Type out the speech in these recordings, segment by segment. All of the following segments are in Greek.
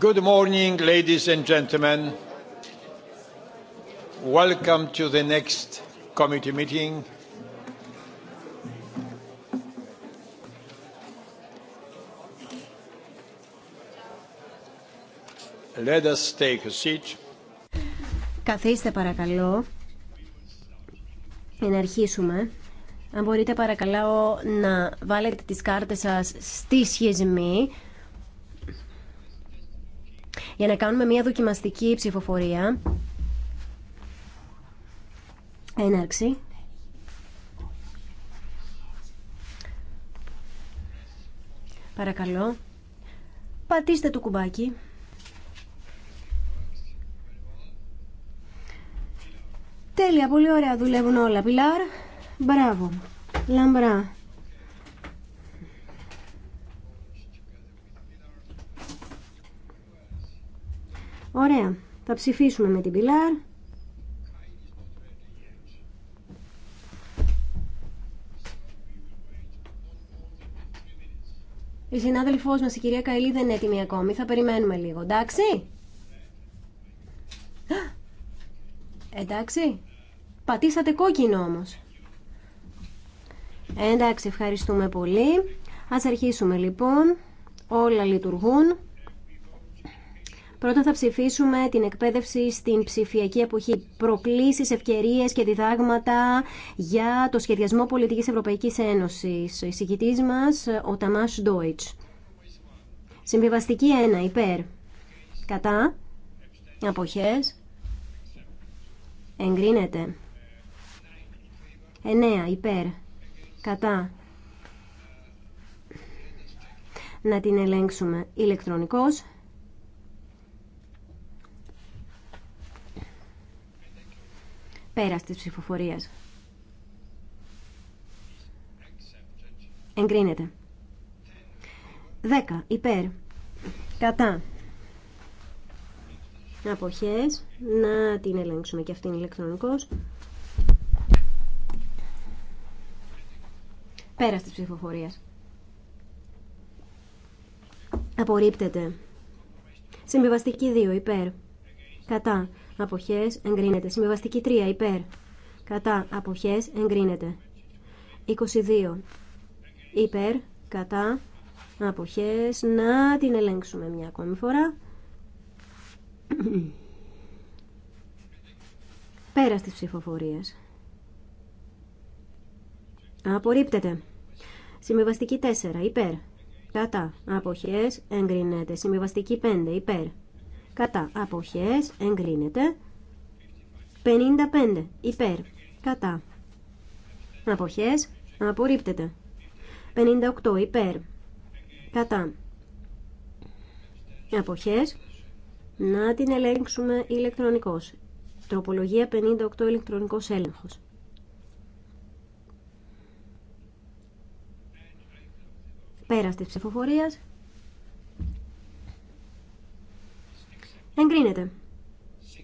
Good morning, ladies and gentlemen. Welcome to the next committee meeting. Let us take a seat. Καθίστε παρακαλώ. Να αρχίσουμε. Αν μπορείτε παρακαλώ να βάλετε τις κάρτες σας στη σχισμή για να κάνουμε μια δοκιμαστική ψηφοφορία. Έναρξη. Παρακαλώ. Πατήστε το κουμπάκι. Τέλεια, πολύ ωραία δουλεύουν όλα. Πιλάρ, μπράβο. Λαμπρά. Ωραία. Θα ψηφίσουμε με την Πιλάρ. Η συνάδελφός μας, η κυρία Καηλή, δεν είναι έτοιμη ακόμη. Θα περιμένουμε λίγο. Εντάξει. Εντάξει. Πατήσατε κόκκινο όμως. Εντάξει, ευχαριστούμε πολύ. Ας αρχίσουμε λοιπόν. Όλα λειτουργούν. Πρώτα θα ψηφίσουμε την εκπαίδευση στην ψηφιακή εποχή. Προκλήσει, ευκαιρίε και διδάγματα για το σχεδιασμό πολιτική Ευρωπαϊκή Ένωση. Ο εισηγητή μα, ο Ταμά Ντόιτ. Συμβιβαστική 1. Υπέρ. Κατά. Αποχέ. Εγκρίνεται. 9. Υπέρ. Κατά. Να την ελέγξουμε ηλεκτρονικός. Πέρας της ψηφοφορίας. Εγκρίνεται. 10. Υπέρ. Κατά. Αποχές. Να την ελέγξουμε και αυτήν ηλεκτρονικός. Πέρας της ψηφοφορίας. Απορρίπτεται. Συμβιβαστική 2. Υπέρ. Κατά αποχές εγκρίνεται. Συμβιβαστική 3 υπέρ. Κατά αποχές εγκρίνεται. 22 υπέρ. Κατά αποχές. Να την ελέγξουμε μια ακόμη φορά. Πέρα στις ψηφοφορίες. Απορρίπτεται. Συμβιβαστική 4 υπέρ. Κατά αποχές εγκρίνεται. Συμβιβαστική 5 υπέρ κατά αποχές εγκρίνεται 55 υπέρ κατά αποχές απορρίπτεται 58 υπέρ κατά αποχές να την ελέγξουμε ηλεκτρονικός τροπολογία 58 ηλεκτρονικός έλεγχος πέρας της ψηφοφορίας Εγκρίνεται.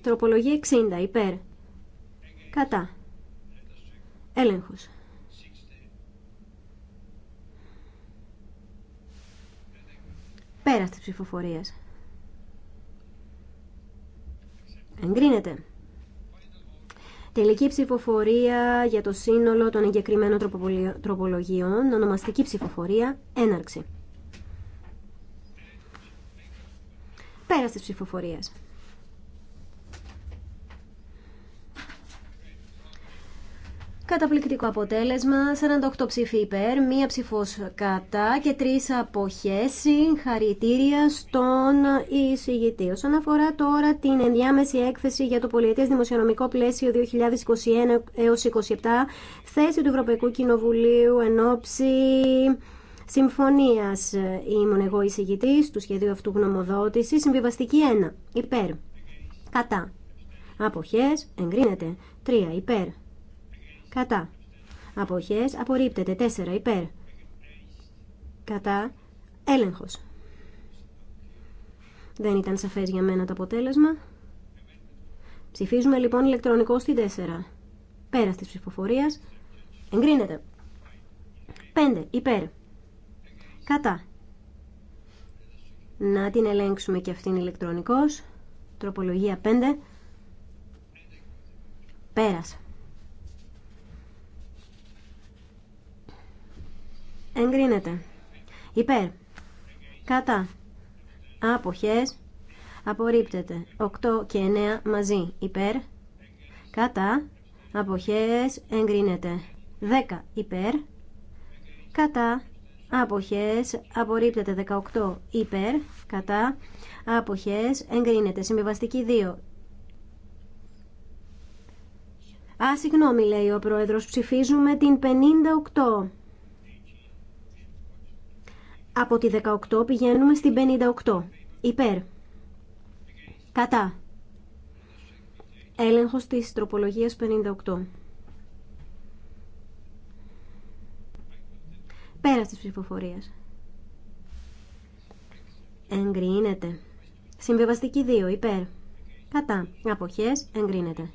Τροπολογία 60 υπέρ. Κατά. Έλεγχος. Πέρα της ψηφοφορίας. Εγκρίνεται. Τελική ψηφοφορία για το σύνολο των εγκεκριμένων τροπολογιών, ονομαστική ψηφοφορία, έναρξη. Πέρα της Καταπληκτικό αποτέλεσμα, 48 ψήφοι υπέρ, μία ψηφός κατά και τρεις αποχές συγχαρητήρια στον εισηγητή. Όσον αφορά τώρα την ενδιάμεση έκθεση για το πολιετές δημοσιονομικό πλαίσιο 2021 έως 2027, θέση του Ευρωπαϊκού Κοινοβουλίου εν ώψη Συμφωνία. Ε, ήμουν εγώ εισηγητή του σχεδίου αυτού γνωμοδότηση. συμβιβαστική 1, υπέρ, κατά. Αποχές, εγκρίνεται, 3, υπέρ, κατά. Αποχέ, απορρίπτεται, 4, υπέρ, κατά, Έλεγχο. Δεν ήταν σαφέ για μένα το αποτέλεσμα. Ψηφίζουμε λοιπόν ηλεκτρονικό στη 4. Πέρα τη ψηφοφορία. Εγκρίνεται. 5. Υπέρ. Κατά. Να την ελέγξουμε και αυτήν ηλεκτρονικός. Τροπολογία 5. Πέρασε. Εγκρίνεται. Υπέρ. Κατά. Αποχές. Απορρίπτεται. 8 και 9 μαζί. Υπέρ. Κατά. Αποχές. Εγκρίνεται. 10. Υπέρ. Κατά αποχές απορρίπτεται 18 υπέρ κατά αποχές εγκρίνεται συμβιβαστική 2 Α, συγγνώμη, λέει ο πρόεδρος, ψηφίζουμε την 58. Από τη 18 πηγαίνουμε στην 58. Υπέρ. Κατά. Έλεγχος της τροπολογίας 58. Πέρα της ψηφοφορίας. Εγκρίνεται. Συμβιβαστική 2. Υπέρ. Κατά. Αποχές. Εγκρίνεται.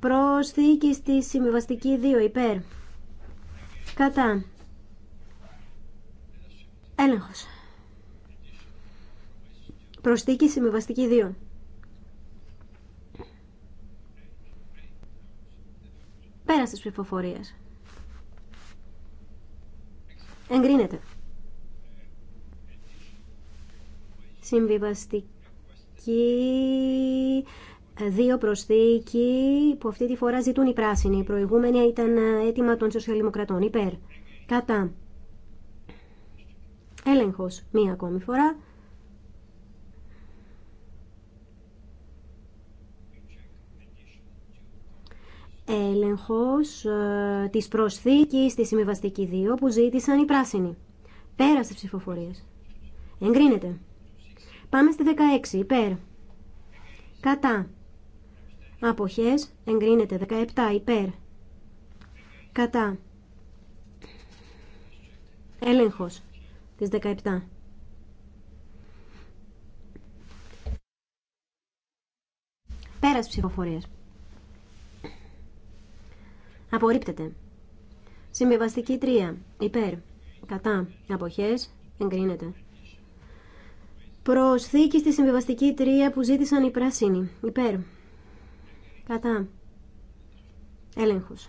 Προσθήκη στη συμβιβαστική 2. Υπέρ. Κατά. Έλεγχος. Προσθήκη συμβιβαστική 2. Πέρα τη ψηφοφορία. Εγκρίνεται. Συμβιβαστική ε, δύο προσθήκη που αυτή τη φορά ζητούν οι πράσινοι. Η προηγούμενη ήταν ε, αίτημα των σοσιαλδημοκρατών. Υπέρ. Κατά. Έλεγχος μία ακόμη φορά. έλεγχος ε, της προσθήκης στη συμβιβαστική 2 που ζήτησαν οι πράσινοι. Πέρασε ψηφοφορίες. Εγκρίνεται. Πάμε στη 16. Υπέρ. Κατά. Αποχές. Εγκρίνεται. 17. Υπέρ. Κατά. Έλεγχος της 17. Πέρας ψηφοφορίας. Απορρίπτεται. Συμβιβαστική 3. Υπέρ. Κατά. Αποχές. Εγκρίνεται. Προσθήκη στη συμβιβαστική 3 που ζήτησαν οι πράσινοι. Υπέρ. Κατά. Έλεγχος.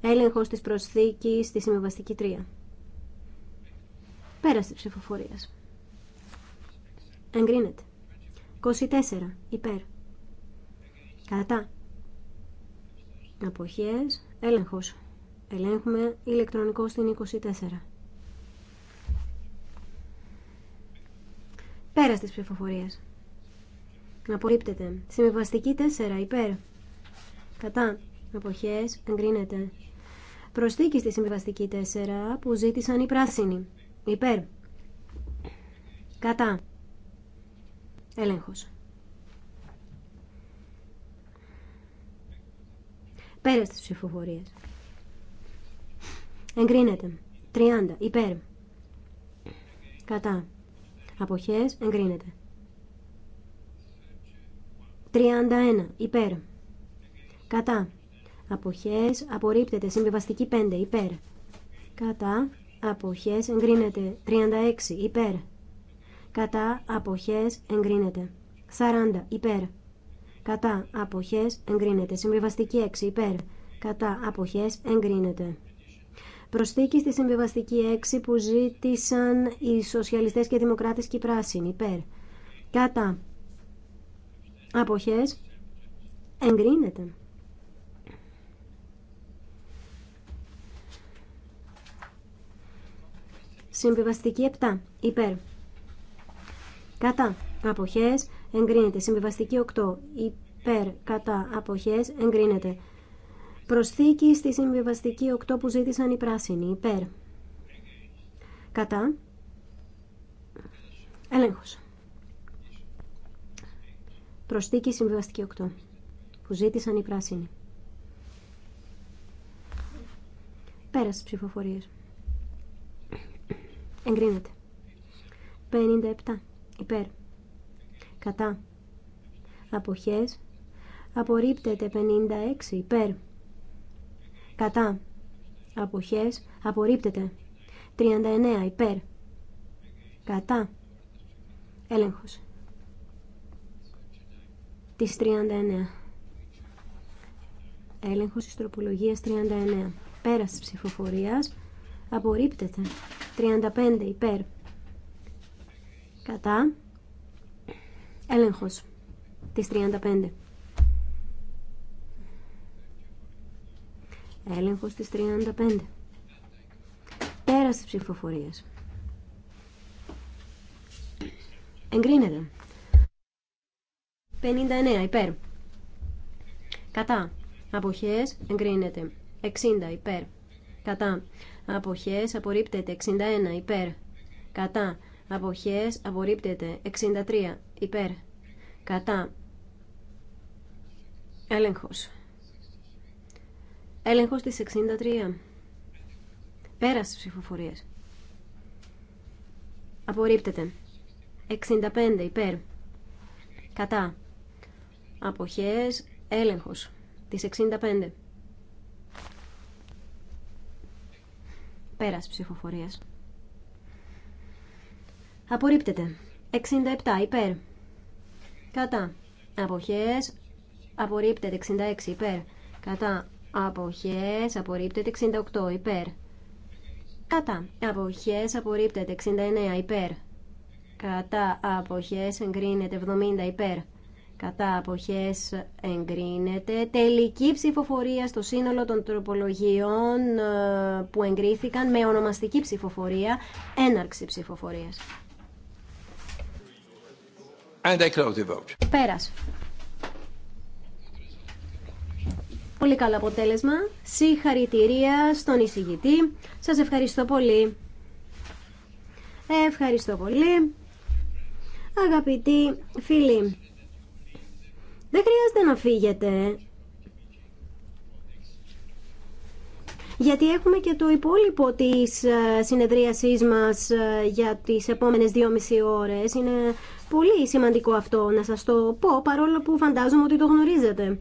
Έλεγχος της προσθήκης στη συμβιβαστική 3. Πέραση ψηφοφορίας. Εγκρίνεται. 24. Υπέρ. Κατά αποχές, έλεγχος. Ελέγχουμε ηλεκτρονικό στην 24. Πέρα της ψηφοφορίας. Απορρίπτεται. Συμβιβαστική 4 υπέρ. Κατά. Αποχές εγκρίνεται. Προσθήκη στη συμβιβαστική 4 που ζήτησαν οι πράσινοι. Υπέρ. Κατά. Έλεγχος. Πέρα στι ψηφοφορία. Εγκρίνεται. 30. Υπέρ. Κατά. Αποχές. Εγκρίνεται. 31. Υπέρ. Κατά. Αποχές. Απορρίπτεται. Συμβιβαστική 5. Υπέρ. Κατά. Αποχές. Εγκρίνεται. 36. Υπέρ. Κατά. Αποχές. Εγκρίνεται. 40. Υπέρ κατά αποχές εγκρίνεται. Συμβιβαστική 6 υπέρ κατά αποχές εγκρίνεται. Προσθήκη στη συμβιβαστική 6 που ζήτησαν οι σοσιαλιστές και δημοκράτες και οι πράσινοι υπέρ κατά αποχές εγκρίνεται. Συμβιβαστική 7 υπέρ κατά αποχές εγκρίνεται. Συμβιβαστική 8 υπέρ κατά αποχέ, εγκρίνεται. Προσθήκη στη συμβιβαστική 8 που ζήτησαν οι πράσινοι υπέρ κατά Έλεγχο. Προσθήκη συμβιβαστική 8 που ζήτησαν οι πράσινοι. Πέρασε ψηφοφορίες. Εγκρίνεται. 57 υπέρ κατά αποχές απορρίπτεται 56 υπέρ κατά αποχές απορρίπτεται 39 υπέρ κατά έλεγχος της 39 έλεγχος της τροπολογίας 39 πέρας της ψηφοφορίας απορρίπτεται 35 υπέρ κατά Έλεγχος της 35. Έλεγχος της 35. Πέραση ψηφοφορίας. Εγκρίνεται. 59 υπέρ. Κατά. Αποχές εγκρίνεται. 60 υπέρ. Κατά. Αποχές απορρίπτεται. 61 υπέρ. Κατά. Αποχές απορρίπτεται. 63 υπέρ, κατά, έλεγχος. Έλεγχος της 63. Πέρασε τις ψηφοφορίες. Απορρίπτεται. 65 υπέρ. Κατά. Αποχές. Έλεγχος. Της 65. Πέρας ψηφοφορίας. Απορρίπτεται. 67 υπέρ. Κατά. Αποχές απορρίπτεται 66 υπέρ. Κατά. Αποχές απορρίπτεται 68 υπέρ. Κατά. Αποχές απορρίπτεται 69 υπέρ. Κατά. Αποχές εγκρίνεται 70 υπέρ. Κατά αποχές εγκρίνεται τελική ψηφοφορία στο σύνολο των τροπολογιών ε, που εγκρίθηκαν με ονομαστική ψηφοφορία, έναρξη ψηφοφορίας. And I close the Πέρας. Πολύ καλό αποτέλεσμα. Συγχαρητηρία στον εισηγητή. Σας ευχαριστώ πολύ. Ευχαριστώ πολύ. Αγαπητοί φίλοι, δεν χρειάζεται να φύγετε. Γιατί έχουμε και το υπόλοιπο της ε, συνεδρίασής μας ε, για τις επόμενες δύο μισή ώρες. Είναι Πολύ σημαντικό αυτό να σας το πω, παρόλο που φαντάζομαι ότι το γνωρίζετε.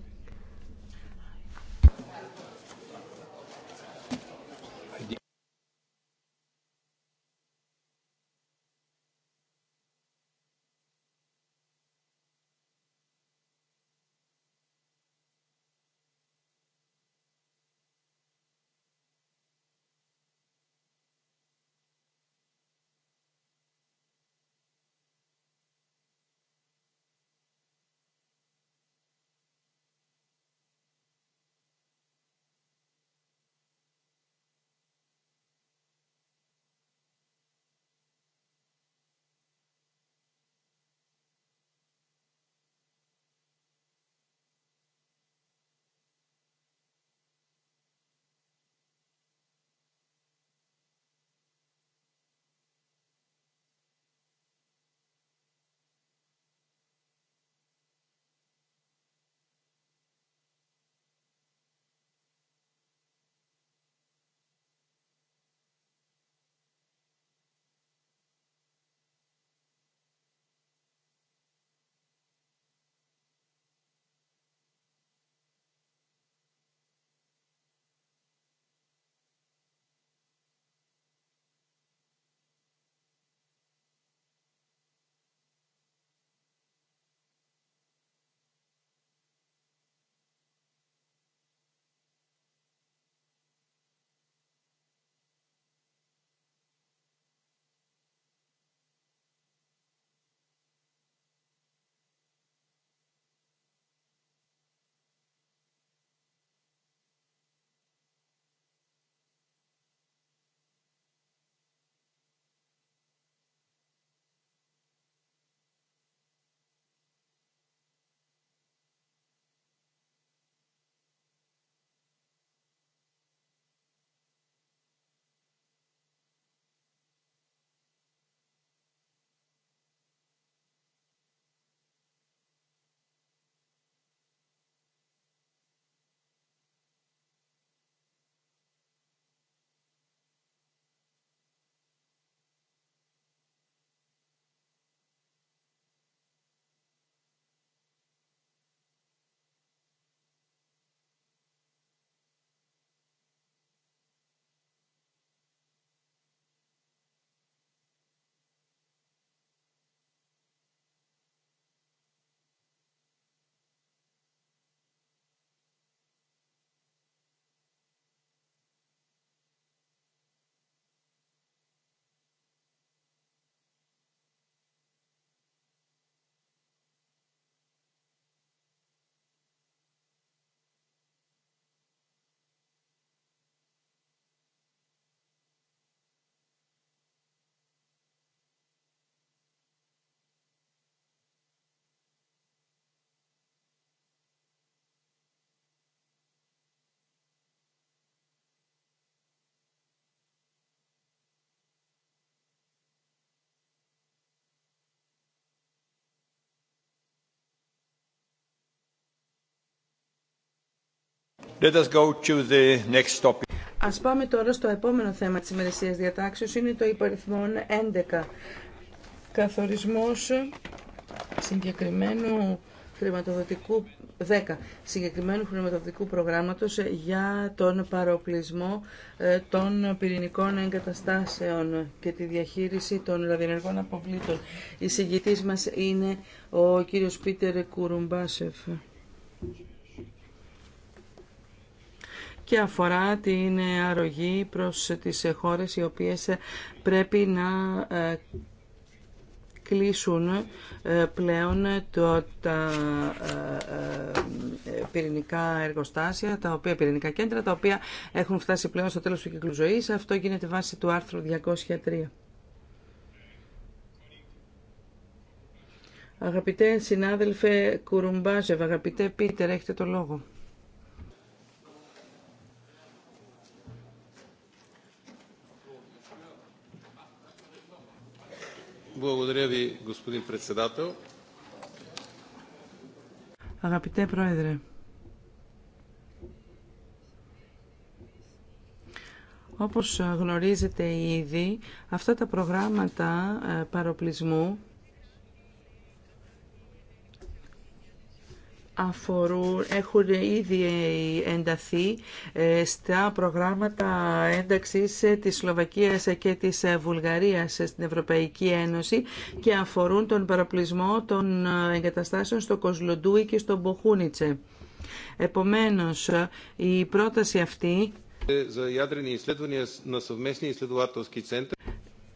Let Ας πάμε τώρα στο επόμενο θέμα της ημερησίας διατάξεως, είναι το υπαριθμόν 11. Καθορισμός συγκεκριμένου χρηματοδοτικού 10 συγκεκριμένου χρηματοδοτικού προγράμματος για τον παροπλισμό ε, των πυρηνικών εγκαταστάσεων και τη διαχείριση των ραδιενεργών αποβλήτων. Η συγκητής μας είναι ο κύριος Πίτερ Κουρουμπάσεφ και αφορά την αρρωγή προς τις χώρες οι οποίες πρέπει να ε, κλείσουν ε, πλέον το, τα ε, πυρηνικά εργοστάσια, τα οποία πυρηνικά κέντρα, τα οποία έχουν φτάσει πλέον στο τέλος του κύκλου ζωής. Αυτό γίνεται βάσει του άρθρου 203. Αγαπητέ συνάδελφε Κουρουμπάζευ, αγαπητέ Πίτερ, έχετε το λόγο. Благодаря ви, господин председател. Агапите Πρόεδρε, όπως γνωρίζετε ήδη, αυτά τα προγράμματα ε, παροπλισμού αφορούν, έχουν ήδη ενταθεί ε, στα προγράμματα ένταξης της Σλοβακίας και της Βουλγαρίας στην Ευρωπαϊκή Ένωση και αφορούν τον παραπλησμό των εγκαταστάσεων στο Κοσλοντούι και στο Μποχούνιτσε. Επομένως, η πρόταση αυτή ε,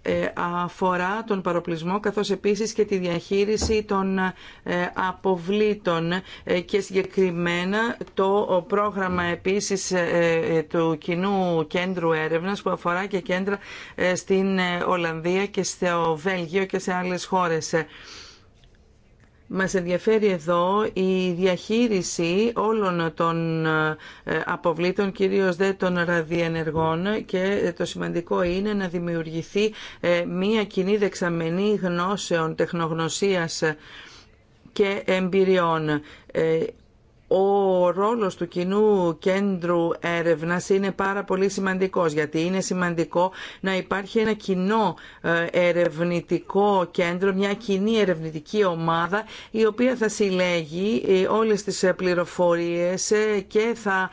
ε, αφορά τον παροπλισμό καθώς επίσης και τη διαχείριση των ε, αποβλήτων ε, και συγκεκριμένα το πρόγραμμα επίσης του κοινού κέντρου έρευνας που αφορά και κέντρα στην Ολλανδία και στο Βέλγιο και σε άλλες χώρες. Μας ενδιαφέρει εδώ η διαχείριση όλων των ε, αποβλήτων, κυρίως δε των ραδιενεργών και το σημαντικό είναι να δημιουργηθεί ε, μία κοινή δεξαμενή γνώσεων, τεχνογνωσίας και εμπειριών ε, ο ρόλος του κοινού κέντρου έρευνας είναι πάρα πολύ σημαντικός γιατί είναι σημαντικό να υπάρχει ένα κοινό ε, ερευνητικό κέντρο, μια κοινή ερευνητική ομάδα η οποία θα συλλέγει ε, όλες τις ε, πληροφορίες και θα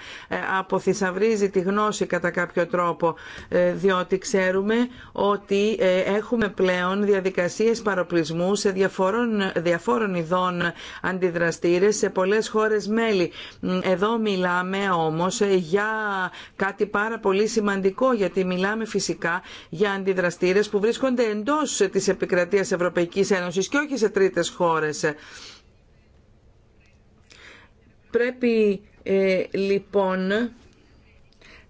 αποθυσαυρίζει τη γνώση κατά κάποιο τρόπο διότι ξέρουμε ότι έχουμε πλέον διαδικασίες παροπλισμού σε διαφόρων, διαφόρων ειδών αντιδραστήρες σε πολλές χώρες εδώ μιλάμε όμως για κάτι πάρα πολύ σημαντικό, γιατί μιλάμε φυσικά για αντιδραστήρες που βρίσκονται εντός της επικρατείας Ευρωπαϊκής Ένωσης και όχι σε τρίτες χώρες. Πρέπει ε, λοιπόν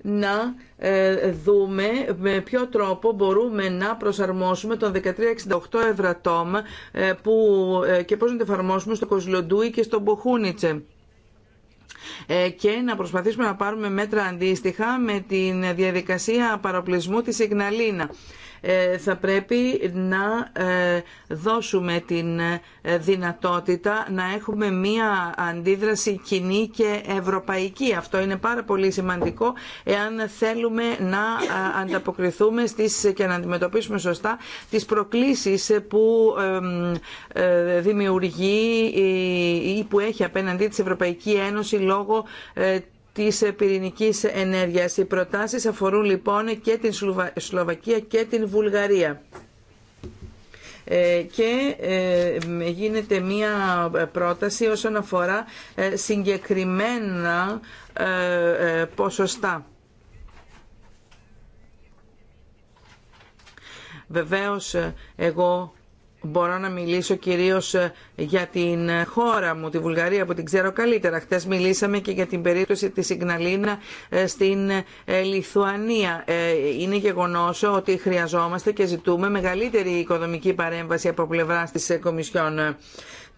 να ε, δούμε με ποιο τρόπο μπορούμε να προσαρμόσουμε τον 1368 Ευρατόμ ε, που, ε, και πώς να το εφαρμόσουμε στο Κοσλοντούι και στο Μποχούνιτσε. Ε, και να προσπαθήσουμε να πάρουμε μέτρα αντίστοιχα με τη διαδικασία παροπλισμού της Ιγναλίνα. Ε, θα πρέπει να ε, δώσουμε την ε, δυνατότητα να έχουμε μία αντίδραση κοινή και ευρωπαϊκή. Αυτό είναι πάρα πολύ σημαντικό εάν θέλουμε να ανταποκριθούμε στις και να αντιμετωπίσουμε σωστά τις προκλήσεις που δημιουργεί ή που έχει απέναντί της Ευρωπαϊκή Ένωση λόγω της πυρηνικής ενέργειας. Οι προτάσεις αφορούν λοιπόν και την Σλοβακία και την Βουλγαρία ε, και ε, γίνεται μία πρόταση όσον αφορά ε, συγκεκριμένα ποσοστά. Βεβαίως εγώ μπορώ να μιλήσω κυρίως ε, για την χώρα μου, τη Βουλγαρία που την ξέρω καλύτερα. Χθες μιλήσαμε και για την περίπτωση της Ιγναλίνα ε, στην ε, Λιθουανία. Είναι γεγονός ότι χρειαζόμαστε και ζητούμε μεγαλύτερη οικοδομική παρέμβαση από πλευρά της Κομισιόν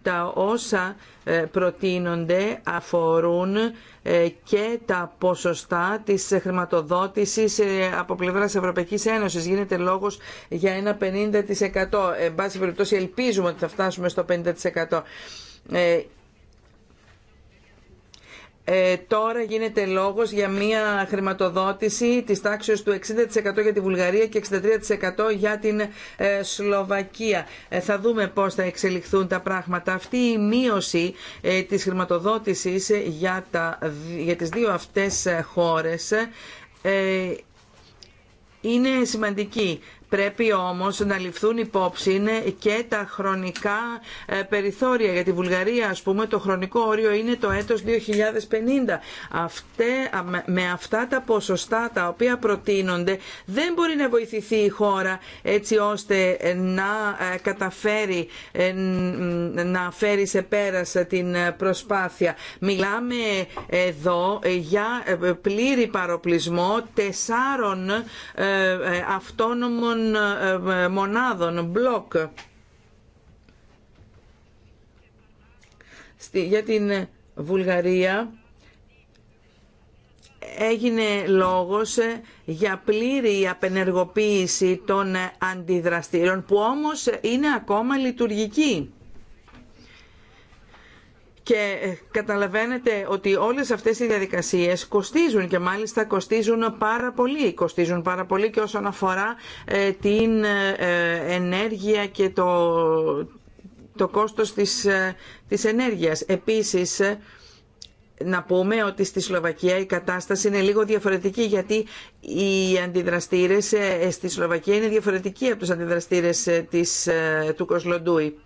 τα όσα ε, προτείνονται αφορούν ε, και τα ποσοστά της χρηματοδότησης ε, από πλευράς Ευρωπαϊκής Ένωσης. Γίνεται λόγος για ένα 50%. Εν πάση περιπτώσει ελπίζουμε ότι θα φτάσουμε στο 50% ε, τώρα γίνεται λόγος για μια χρηματοδότηση της τάξης του 60% για τη Βουλγαρία και 63% για την ε, Σλοβακία. Ε, θα δούμε πώς θα εξελιχθούν τα πράγματα. Αυτή η μείωση ε, της χρηματοδότησης για, τα, για τις δύο αυτές χώρες είναι σημαντική Πρέπει όμως να ληφθούν υπόψη και τα χρονικά ε, περιθώρια. Για τη Βουλγαρία, ας πούμε, το χρονικό όριο είναι το έτος 2050. Αυτέ, με αυτά τα ποσοστά τα οποία προτείνονται δεν μπορεί να βοηθηθεί η χώρα έτσι ώστε ε, να ε, καταφέρει να φέρει σε πέρας την προσπάθεια. Μιλάμε εδώ για πλήρη παροπλισμό τεσσάρων αυτόνομων ε, ε, μονάδων, μπλοκ, για την Βουλγαρία έγινε λόγος ε, για πλήρη απενεργοποίηση των αντιδραστήρων που όμως είναι ακόμα λειτουργική. Και ε, καταλαβαίνετε ότι όλες αυτές οι διαδικασίες κοστίζουν και μάλιστα κοστίζουν πάρα πολύ. Κοστίζουν πάρα πολύ και όσον αφορά ε, την ε, ενέργεια και το, το κόστος της, της ενέργειας. Επίσης, να πούμε ότι στη Σλοβακία η κατάσταση είναι λίγο διαφορετική γιατί οι αντιδραστήρες στη Σλοβακία είναι διαφορετικοί από τους αντιδραστήρες της, του Κοσλοντούι.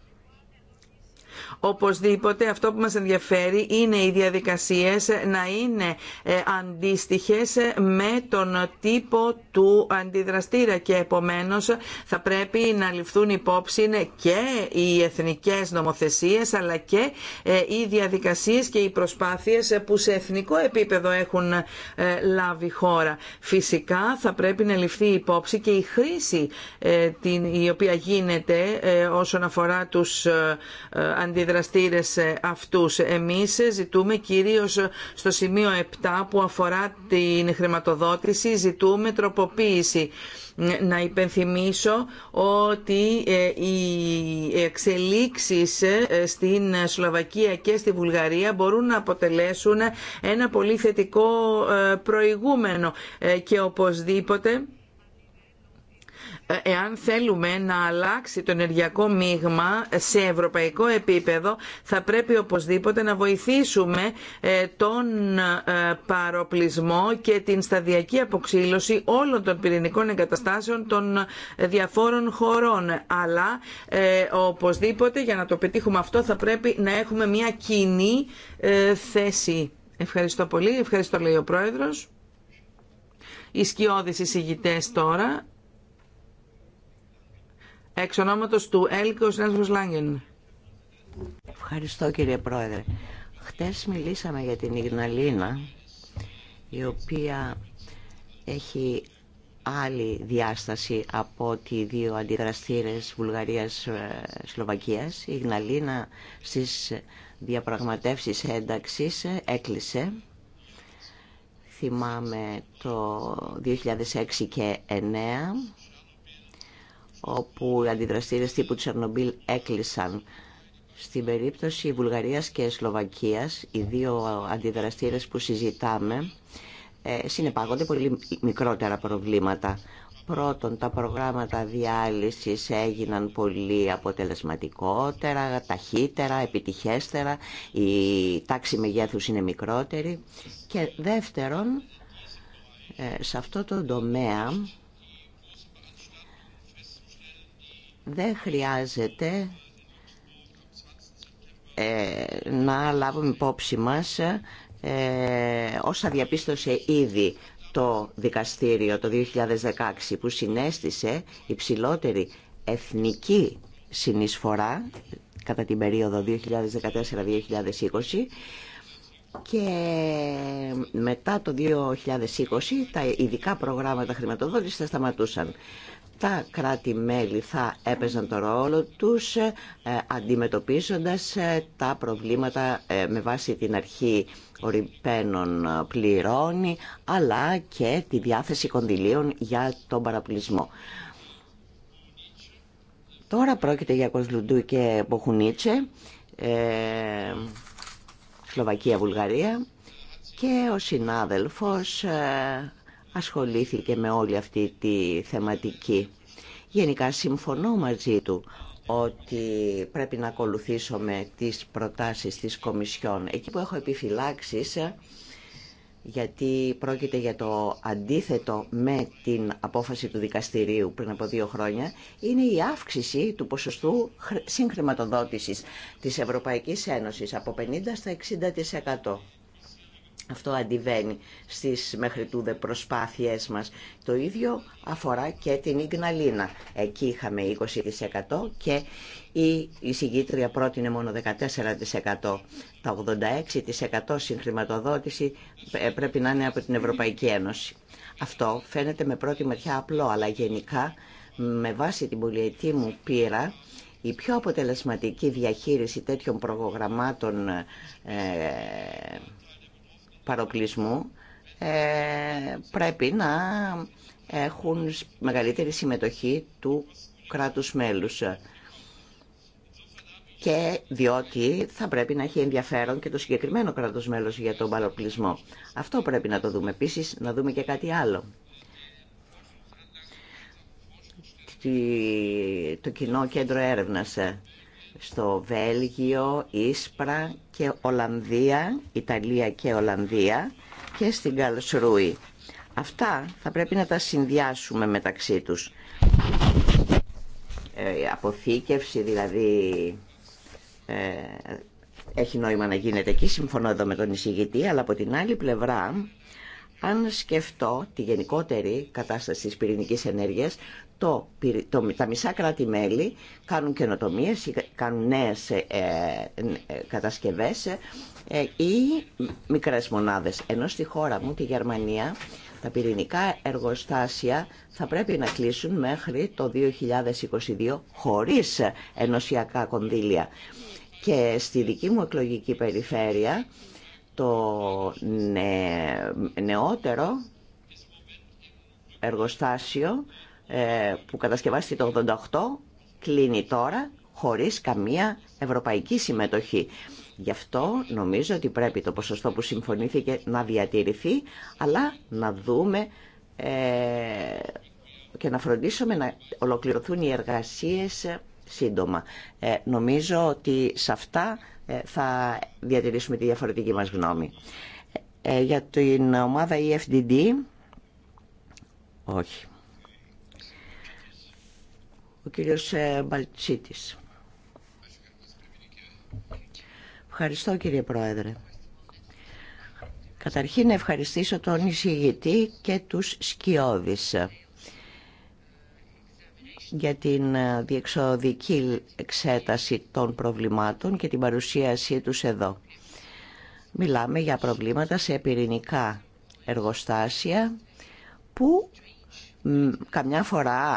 Οπωσδήποτε αυτό που μας ενδιαφέρει είναι οι διαδικασίες να είναι ε, αντίστοιχες με τον τύπο του αντιδραστήρα και επομένως θα πρέπει να ληφθούν υπόψη και οι εθνικές νομοθεσίες αλλά και ε, οι διαδικασίες και οι προσπάθειες που σε εθνικό επίπεδο έχουν ε, λάβει χώρα. Φυσικά θα πρέπει να ληφθεί υπόψη και η χρήση η οποία γίνεται όσον αφορά τους αντιδραστήρες Εμεί αυτούς. Εμείς ζητούμε κυρίω στο σημείο 7 που αφορά την χρηματοδότηση, ζητούμε τροποποίηση. Να υπενθυμίσω ότι ε, οι εξελίξεις ε, στην Σλοβακία και στη Βουλγαρία μπορούν να αποτελέσουν ένα πολύ θετικό ε, προηγούμενο και οπωσδήποτε ε, εάν θέλουμε να αλλάξει το ενεργειακό μείγμα σε ευρωπαϊκό επίπεδο θα πρέπει οπωσδήποτε να βοηθήσουμε ε, τον ε, παροπλισμό και την σταδιακή αποξύλωση όλων των πυρηνικών εγκαταστάσεων των διαφόρων χωρών. Αλλά οπωσδήποτε για να το πετύχουμε αυτό θα πρέπει να έχουμε μια κοινή θέση. Ευχαριστώ πολύ. Ευχαριστώ λέει ο Πρόεδρος. Οι σκιώδεις εισηγητές τώρα Εξ ονόματος του Έλκο Νέσβος Λάγγεν. Ευχαριστώ κύριε Πρόεδρε. Χτες μιλήσαμε για την Ιγναλίνα, η οποία έχει άλλη διάσταση από τις δύο αντιδραστήρες Βουλγαρίας-Σλοβακίας. Ε, η Ιγναλίνα στις διαπραγματεύσεις ένταξης έκλεισε. Θυμάμαι το 2006 και 2009 όπου οι αντιδραστήρε τύπου Τσερνομπίλ έκλεισαν. Στην περίπτωση Βουλγαρίας και Σλοβακίας, οι δύο αντιδραστήρες που συζητάμε, ε, συνεπάγονται πολύ μικρότερα προβλήματα. Πρώτον, τα προγράμματα διάλυσης έγιναν πολύ αποτελεσματικότερα, ταχύτερα, επιτυχέστερα, η τάξη μεγέθους είναι μικρότερη. Και δεύτερον, ε, σε αυτό το τομέα δεν χρειάζεται ε, να λάβουμε υπόψη μας ε, όσα διαπίστωσε ήδη το δικαστήριο το 2016 που συνέστησε υψηλότερη εθνική συνεισφορά κατά την περίοδο 2014-2020 και μετά το 2020 τα ειδικά προγράμματα χρηματοδότησης θα σταματούσαν τα κράτη-μέλη θα έπαιζαν το ρόλο τους ε, αντιμετωπίζοντας ε, τα προβλήματα ε, με βάση την αρχή ορυπαίνων πληρώνει αλλά και τη διάθεση κονδυλίων για τον παραπλησμό. Τώρα πρόκειται για Κοσλουντού και Μποχουνίτσε, Σλοβακία-Βουλγαρία και ο συνάδελφος ασχολήθηκε με όλη αυτή τη θεματική. Γενικά συμφωνώ μαζί του ότι πρέπει να ακολουθήσουμε τις προτάσεις της Κομισιόν. Εκεί που έχω επιφυλάξεις, γιατί πρόκειται για το αντίθετο με την απόφαση του δικαστηρίου πριν από δύο χρόνια, είναι η αύξηση του ποσοστού συγχρηματοδότησης της Ευρωπαϊκής Ένωσης από 50% στα 60%. Αυτό αντιβαίνει στις μέχρι τούδε προσπάθειές μας. Το ίδιο αφορά και την Ιγναλίνα. Εκεί είχαμε 20% και η εισηγήτρια πρότεινε μόνο 14%. Τα 86% συγχρηματοδότηση ε, πρέπει να είναι από την Ευρωπαϊκή Ένωση. Αυτό φαίνεται με πρώτη ματιά απλό, αλλά γενικά με βάση την πολιετή μου πείρα η πιο αποτελεσματική διαχείριση τέτοιων προγραμμάτων ε, παροκλισμού ε, πρέπει να έχουν μεγαλύτερη συμμετοχή του κράτους μέλους και διότι θα πρέπει να έχει ενδιαφέρον και το συγκεκριμένο κράτος μέλος για τον παροπλισμό. Αυτό πρέπει να το δούμε. επίση, να δούμε και κάτι άλλο. Το κοινό κέντρο έρευνας στο Βέλγιο, Ίσπρα και Ολλανδία, Ιταλία και Ολλανδία και στην Καλσρούη. Αυτά θα πρέπει να τα συνδυάσουμε μεταξύ τους. Ε, αποθήκευση δηλαδή ε, έχει νόημα να γίνεται εκεί, συμφωνώ εδώ με τον εισηγητή, αλλά από την άλλη πλευρά αν σκεφτώ τη γενικότερη κατάσταση της πυρηνικής ενέργειας, το, τα μισά κράτη-μέλη κάνουν ή κάνουν νέε ε, ε, ε, κατασκευές ε, ή μικρές μονάδες. Ενώ στη χώρα μου, τη Γερμανία, τα πυρηνικά εργοστάσια θα πρέπει να κλείσουν μέχρι το 2022 χωρίς ενωσιακά κονδύλια. Και στη δική μου εκλογική περιφέρεια το νεότερο εργοστάσιο ε, που κατασκευάστηκε το 88 κλείνει τώρα χωρίς καμία ευρωπαϊκή συμμετοχή. Γι' αυτό νομίζω ότι πρέπει το ποσοστό που συμφωνήθηκε να διατηρηθεί, αλλά να δούμε ε, και να φροντίσουμε να ολοκληρωθούν οι εργασίες σύντομα. Ε, νομίζω ότι σε αυτά θα διατηρήσουμε τη διαφορετική μας γνώμη. Για την ομάδα EFDD, όχι ο κύριος ε, Μπαλτσίτης. Ευχαριστώ κύριε Πρόεδρε. Καταρχήν ευχαριστήσω τον εισηγητή και τους Σκιώδης για την ε, διεξοδική εξέταση των προβλημάτων και την παρουσίασή τους εδώ. Μιλάμε για προβλήματα σε πυρηνικά εργοστάσια που καμιά φορά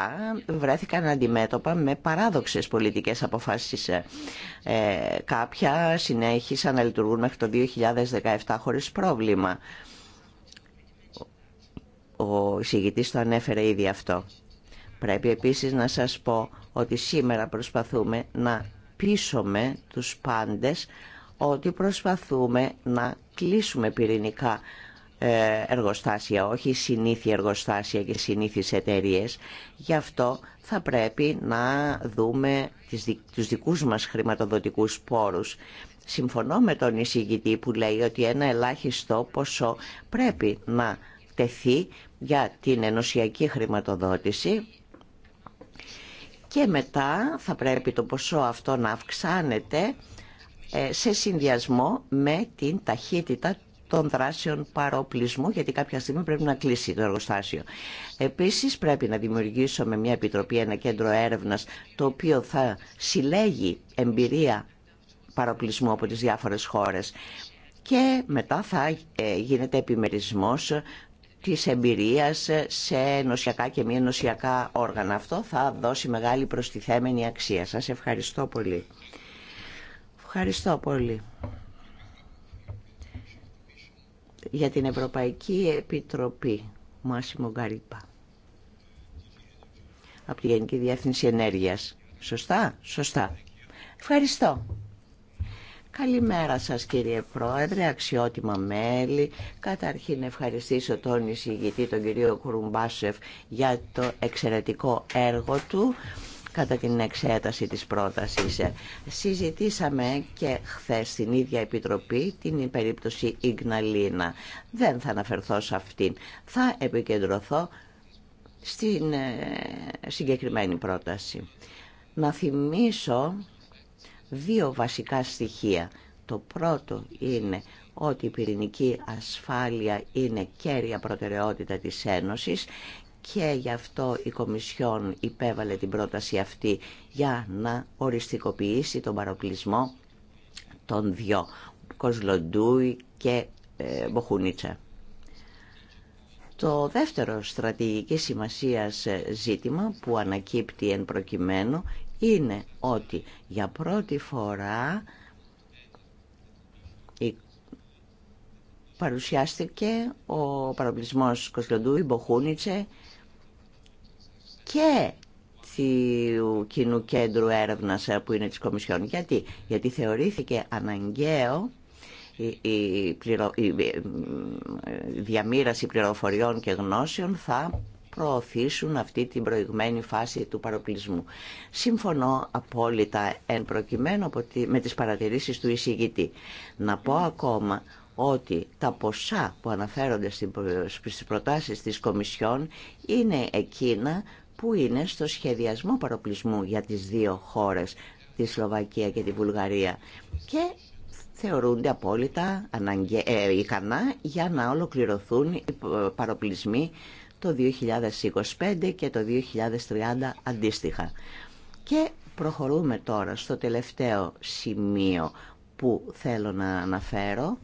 βρέθηκαν αντιμέτωπα με παράδοξες πολιτικές αποφάσεις. Ε, ε, κάποια συνέχισαν να λειτουργούν μέχρι το 2017 χωρίς πρόβλημα. Ο εισηγητής το ανέφερε ήδη αυτό. Πρέπει επίσης να σας πω ότι σήμερα προσπαθούμε να πείσουμε τους πάντες ότι προσπαθούμε να κλείσουμε πυρηνικά ε, εργοστάσια, όχι συνήθεια εργοστάσια και συνήθεις εταιρείε. Γι' αυτό θα πρέπει να δούμε τους δικούς μας χρηματοδοτικούς πόρους. Συμφωνώ με τον εισηγητή που λέει ότι ένα ελάχιστο ποσό πρέπει να τεθεί για την ενωσιακή χρηματοδότηση και μετά θα πρέπει το ποσό αυτό να αυξάνεται ε, σε συνδυασμό με την ταχύτητα των δράσεων παροπλισμού, γιατί κάποια στιγμή πρέπει να κλείσει το εργοστάσιο. Επίσης πρέπει να δημιουργήσουμε μια επιτροπή, ένα κέντρο έρευνας, το οποίο θα συλλέγει εμπειρία παροπλισμού από τις διάφορες χώρες και μετά θα ε, γίνεται επιμερισμός της εμπειρίας σε νοσιακά και μη νοσιακά όργανα. Αυτό θα δώσει μεγάλη προστιθέμενη αξία. Σας ευχαριστώ πολύ. Ευχαριστώ πολύ για την Ευρωπαϊκή Επιτροπή Μάσιμο Γκαρίπα από τη Γενική Διεύθυνση Ενέργειας. Σωστά, σωστά. Ευχαριστώ. Καλημέρα σας κύριε Πρόεδρε, αξιότιμα μέλη. Καταρχήν ευχαριστήσω τον εισηγητή, τον κύριο Κουρουμπάσεφ, για το εξαιρετικό έργο του κατά την εξέταση της πρότασης. Συζητήσαμε και χθες στην ίδια Επιτροπή την περίπτωση Ιγναλίνα. Δεν θα αναφερθώ σε αυτήν. Θα επικεντρωθώ στην ε, συγκεκριμένη πρόταση. Να θυμίσω δύο βασικά στοιχεία. Το πρώτο είναι ότι η πυρηνική ασφάλεια είναι κέρια προτεραιότητα της Ένωσης και γι' αυτό η Κομισιόν υπέβαλε την πρόταση αυτή για να οριστικοποιήσει τον παροπλισμό των δυο, Κοσλοντούι και ε, Μποχουνίτσα. Το δεύτερο στρατηγική σημασίας ε, ζήτημα που ανακύπτει εν προκειμένου είναι ότι για πρώτη φορά παρουσιάστηκε ο παροπλισμός Κοσλοντούι, Μποχούνιτσε και του Κοινού Κέντρου Έρευνας ε, που είναι της Κομισιόν. Γιατί, Γιατί θεωρήθηκε αναγκαίο η, η, διαμήραση πληροφοριών και γνώσεων θα προωθήσουν αυτή την προηγμένη φάση του παροπλισμού. Συμφωνώ απόλυτα εν προκειμένου με τις παρατηρήσεις του εισηγητή. Να πω ακόμα ότι τα ποσά που αναφέρονται στις προτάσεις της Κομισιόν είναι εκείνα που είναι στο σχεδιασμό παροπλισμού για τις δύο χώρες, τη Σλοβακία και τη Βουλγαρία. Και θεωρούνται απόλυτα αναγκαί, ε, ικανά για να ολοκληρωθούν οι ε, παροπλισμοί το 2025 και το 2030 αντίστοιχα. Και προχωρούμε τώρα στο τελευταίο σημείο που θέλω να αναφέρω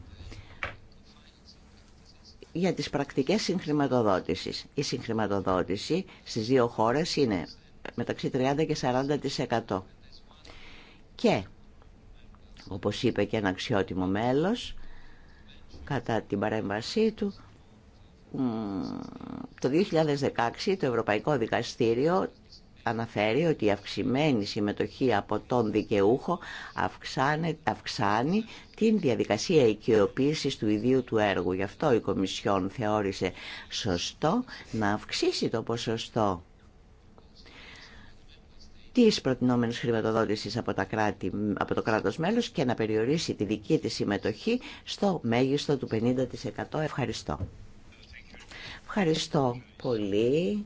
για τις πρακτικές συγχρηματοδότησης. Η συγχρηματοδότηση στις δύο χώρες είναι μεταξύ 30 και 40%. Και, όπως είπε και ένα αξιότιμο μέλος, κατά την παρέμβασή του, το 2016 το Ευρωπαϊκό Δικαστήριο αναφέρει ότι η αυξημένη συμμετοχή από τον δικαιούχο αυξάνε, αυξάνει την διαδικασία οικειοποίησης του ιδίου του έργου. Γι' αυτό η Κομισιόν θεώρησε σωστό να αυξήσει το ποσοστό τη προτινόμενης χρηματοδότηση από, από το κράτος μέλος και να περιορίσει τη δική της συμμετοχή στο μέγιστο του 50%. Ευχαριστώ. Ευχαριστώ πολύ.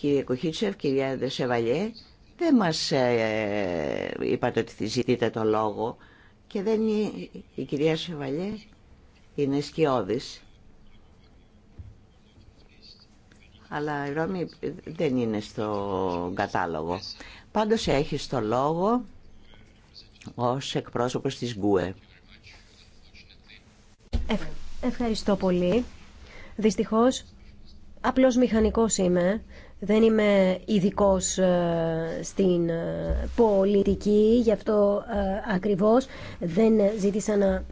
Κύριε Κοχίτσεφ, κυρία Δεσεβαλιέ, δεν μας ε, είπατε ότι ζητείτε το λόγο και δεν η, η κυρία Σεβαλιέ είναι σκιώδης. Αλλά η Ρώμη δεν είναι στο κατάλογο. Πάντως έχει το λόγο ως εκπρόσωπος της ΓΚΟΕ. Ευχαριστώ πολύ. Δυστυχώς, απλός μηχανικός είμαι δεν είμαι ειδικό ε, στην ε, πολιτική, γι' αυτό ε, ακριβώς δεν ζήτησα να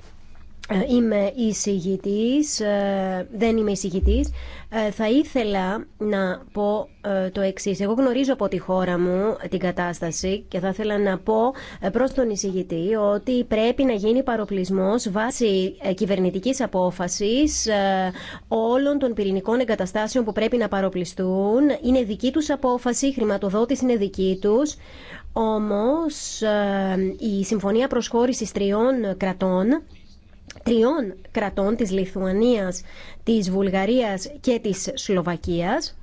ε, είμαι εισηγητής, ε, δεν είμαι εισηγητής. Ε, θα ήθελα να πω το εξής. Εγώ γνωρίζω από τη χώρα μου την κατάσταση και θα ήθελα να πω προς τον εισηγητή ότι πρέπει να γίνει παροπλισμός βάσει κυβερνητικής απόφασης όλων των πυρηνικών εγκαταστάσεων που πρέπει να παροπλιστούν. Είναι δική τους απόφαση, η χρηματοδότηση είναι δική τους. Όμως η Συμφωνία Προσχώρησης Τριών Κρατών τριών κρατών της Λιθουανίας, της Βουλγαρίας και της Σλοβακίας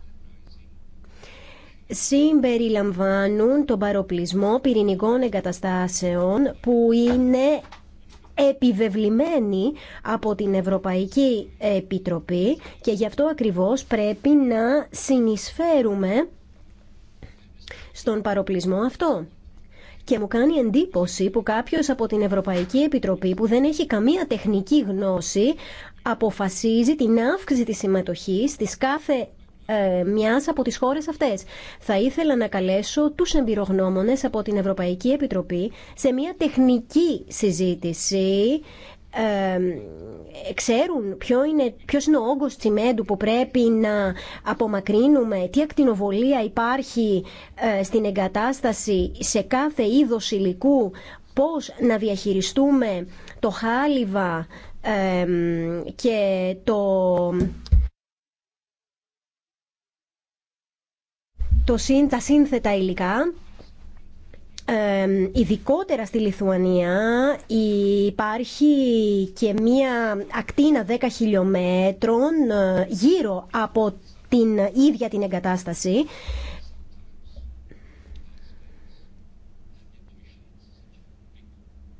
συμπεριλαμβάνουν τον παροπλισμό πυρηνικών εγκαταστάσεων που είναι επιβεβλημένη από την Ευρωπαϊκή Επιτροπή και γι' αυτό ακριβώς πρέπει να συνεισφέρουμε στον παροπλισμό αυτό και μου κάνει εντύπωση που κάποιος από την Ευρωπαϊκή Επιτροπή που δεν έχει καμία τεχνική γνώση αποφασίζει την αύξηση της συμμετοχής της κάθε ε, μιας από τις χώρες αυτές. Θα ήθελα να καλέσω τους εμπειρογνώμονες από την Ευρωπαϊκή Επιτροπή σε μια τεχνική συζήτηση ξέρουν ποιο είναι, ποιος είναι ο όγκος τσιμέντου που πρέπει να απομακρύνουμε, τι ακτινοβολία υπάρχει ε, στην εγκατάσταση σε κάθε είδος υλικού, πώς να διαχειριστούμε το χάλιβα και το... Το τα σύνθετα υλικά ειδικότερα στη Λιθουανία υπάρχει και μία ακτίνα 10 χιλιόμετρων ε, γύρω από την ίδια την εγκατάσταση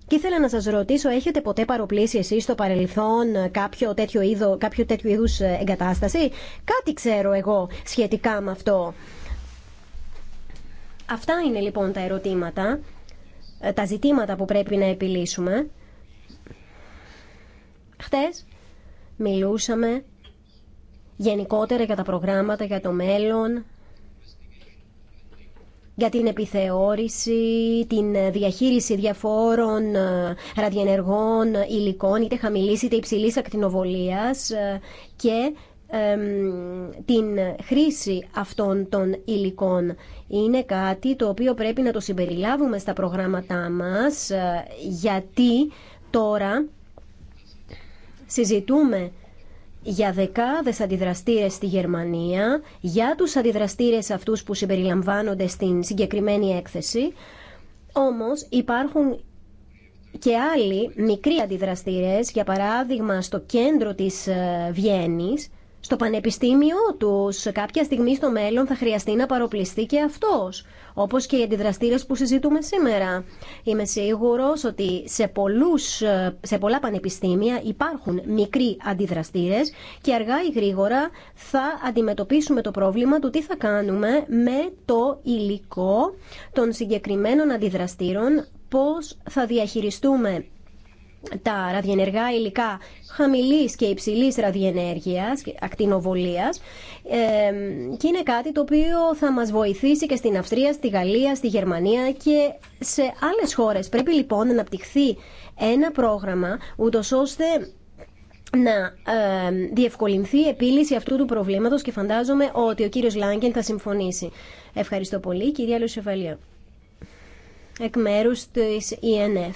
Και ήθελα να σας ρωτήσω, έχετε ποτέ παροπλήσει εσείς στο παρελθόν κάποιο τέτοιο, είδο, κάποιο τέτοιο είδους ε, εγκατάσταση. Κάτι ξέρω εγώ σχετικά με αυτό. Αυτά είναι λοιπόν τα ερωτήματα, ε, τα ζητήματα που πρέπει να επιλύσουμε. Χτες μιλούσαμε γενικότερα για τα προγράμματα, για το μέλλον, για την επιθεώρηση, την διαχείριση διαφόρων ε, ραδιενεργών υλικών, είτε χαμηλής είτε υψηλής ακτινοβολίας ε, και την χρήση αυτών των υλικών. Είναι κάτι το οποίο πρέπει να το συμπεριλάβουμε στα προγράμματά μας ε, γιατί τώρα συζητούμε για δεκάδες αντιδραστήρες στη Γερμανία, για τους αντιδραστήρες αυτούς που συμπεριλαμβάνονται στην συγκεκριμένη έκθεση. Όμως υπάρχουν και άλλοι μικροί αντιδραστήρες, για παράδειγμα στο κέντρο της ε, Βιέννης, στο πανεπιστήμιο τους. Κάποια στιγμή στο μέλλον θα χρειαστεί να παροπληστεί και αυτός, όπως και οι αντιδραστήρε που συζητούμε σήμερα. Είμαι σίγουρο ότι σε, πολλούς, σε πολλά πανεπιστήμια υπάρχουν μικροί αντιδραστήρε και αργά ή γρήγορα θα αντιμετωπίσουμε το πρόβλημα του τι θα κάνουμε με το υλικό των συγκεκριμένων αντιδραστήρων πώς θα διαχειριστούμε τα ραδιενεργά υλικά χαμηλής και υψηλής ραδιενέργειας, ακτινοβολίας και είναι κάτι το οποίο θα μας βοηθήσει και στην Αυστρία, στη Γαλλία, στη Γερμανία και σε άλλες χώρες. Πρέπει λοιπόν να αναπτυχθεί ένα πρόγραμμα ούτω ώστε να διευκολυνθεί η επίλυση αυτού του προβλήματος και φαντάζομαι ότι ο κύριος Λάγκεν θα συμφωνήσει. Ευχαριστώ πολύ. Κυρία Λουσεφαλία. εκ μέρους της ΕΝΕΦ.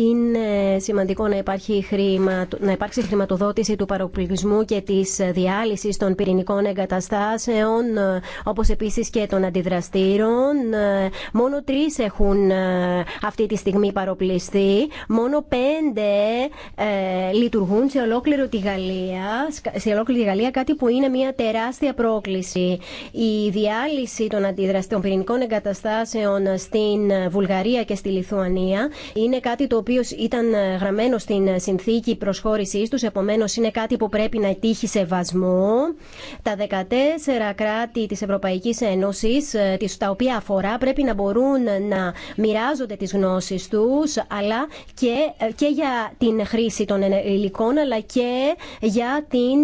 είναι σημαντικό να, υπάρχει χρήμα, να υπάρξει χρηματοδότηση του παροπλισμού και της διάλυσης των πυρηνικών εγκαταστάσεων, όπως επίσης και των αντιδραστήρων. Μόνο τρεις έχουν ε, αυτή τη στιγμή παροπληστεί. μόνο πέντε ε, λειτουργούν σε, ολόκληρο τη Γαλλία, σε ολόκληρη τη Γαλλία, κάτι που είναι μια τεράστια πρόκληση. Η διάλυση των, πυρηνικών εγκαταστάσεων στην Βουλγαρία και στη Λιθουανία είναι κάτι το οποίο ήταν ε, γραμμένο στην ε, συνθήκη προσχώρησής τους, επομένω είναι κάτι που πρέπει να τύχει σεβασμό. Τα 14 κράτη της Ευρωπαϊκής Ένωσης, ε, τα οποία αφορά, πρέπει να μπορούν να μοιράζονται τις γνώσεις τους, αλλά και, και για την χρήση των υλικών, αλλά και για την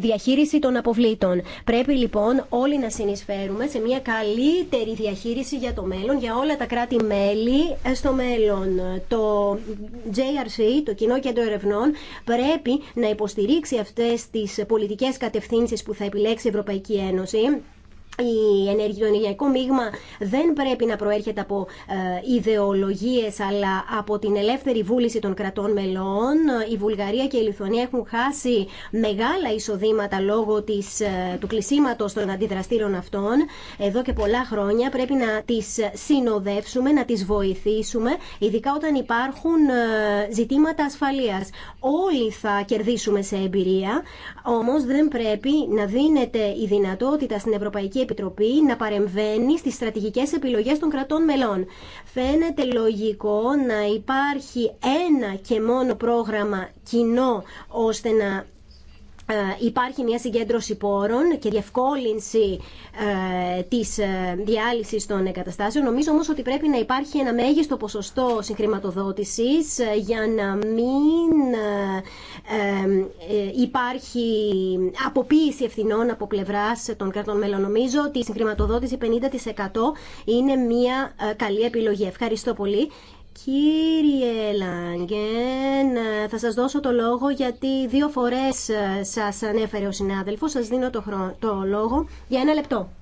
διαχείριση των αποβλήτων. Πρέπει λοιπόν όλοι να συνεισφέρουμε σε μια καλύτερη διαχείριση για το μέλλον, για όλα τα κράτη-μέλη στο μέλλον. Το JRC, το Κοινό Κέντρο Ερευνών, πρέπει να υποστηρίξει αυτές τις πολιτικές κατευθύνσεις που θα επιλέξει η Ευρωπαϊκή Ένωση η το ενεργειακό μείγμα δεν πρέπει να προέρχεται από ε, ιδεολογίες αλλά από την ελεύθερη βούληση των κρατών μελών. Η Βουλγαρία και η Λιθουανία έχουν χάσει μεγάλα εισοδήματα λόγω της, ε, του κλεισίματος των αντιδραστήρων αυτών. Εδώ και πολλά χρόνια πρέπει να τις συνοδεύσουμε, να τις βοηθήσουμε, ειδικά όταν υπάρχουν ε, ζητήματα ασφαλείας. Όλοι θα κερδίσουμε σε εμπειρία, όμως δεν πρέπει να δίνεται η δυνατότητα στην Ευρωπαϊκή Επιτροπή να παρεμβαίνει στις στρατηγικές επιλογές των κρατών μελών. Φαίνεται λογικό να υπάρχει ένα και μόνο πρόγραμμα κοινό ώστε να ε, υπάρχει μια συγκέντρωση πόρων και διευκόλυνση ε, της ε, διάλυσης των εγκαταστάσεων. Νομίζω όμως ότι πρέπει να υπάρχει ένα μέγιστο ποσοστό συγχρηματοδότησης ε, για να μην υπάρχει αποποίηση ευθυνών από πλευράς των κρατών μέλων. Νομίζω ότι η συγχρηματοδότηση 50% είναι μια καλή επιλογή. Ευχαριστώ πολύ. Κύριε Λάγκεν, θα σας δώσω το λόγο γιατί δύο φορές ε, σας ανέφερε ο συνάδελφος. Σας δίνω το, το λόγο για ένα λεπτό.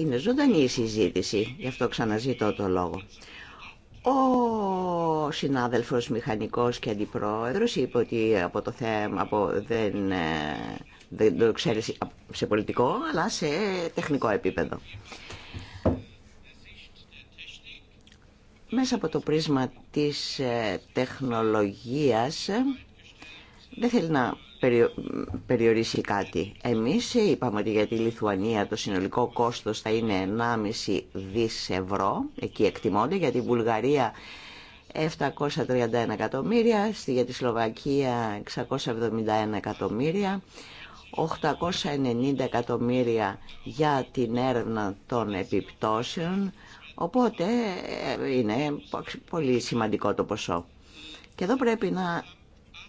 Είναι ζωντανή η συζήτηση, γι' αυτό ξαναζητώ το λόγο. Ο συνάδελφος μηχανικός και αντιπρόεδρος είπε ότι από το θέμα από δεν, ε, δεν το ξέρει σε πολιτικό αλλά σε τεχνικό επίπεδο. Μέσα από το πρίσμα της ε, τεχνολογίας ε, δεν θέλει να περιορίσει κάτι. Εμείς είπαμε ότι για τη Λιθουανία το συνολικό κόστος θα είναι 1,5 δις ευρώ, εκεί εκτιμώνται, για τη Βουλγαρία 731 εκατομμύρια, για τη Σλοβακία 671 εκατομμύρια, 890 εκατομμύρια για την έρευνα των επιπτώσεων, Οπότε ε, είναι πολύ σημαντικό το ποσό. Και εδώ πρέπει να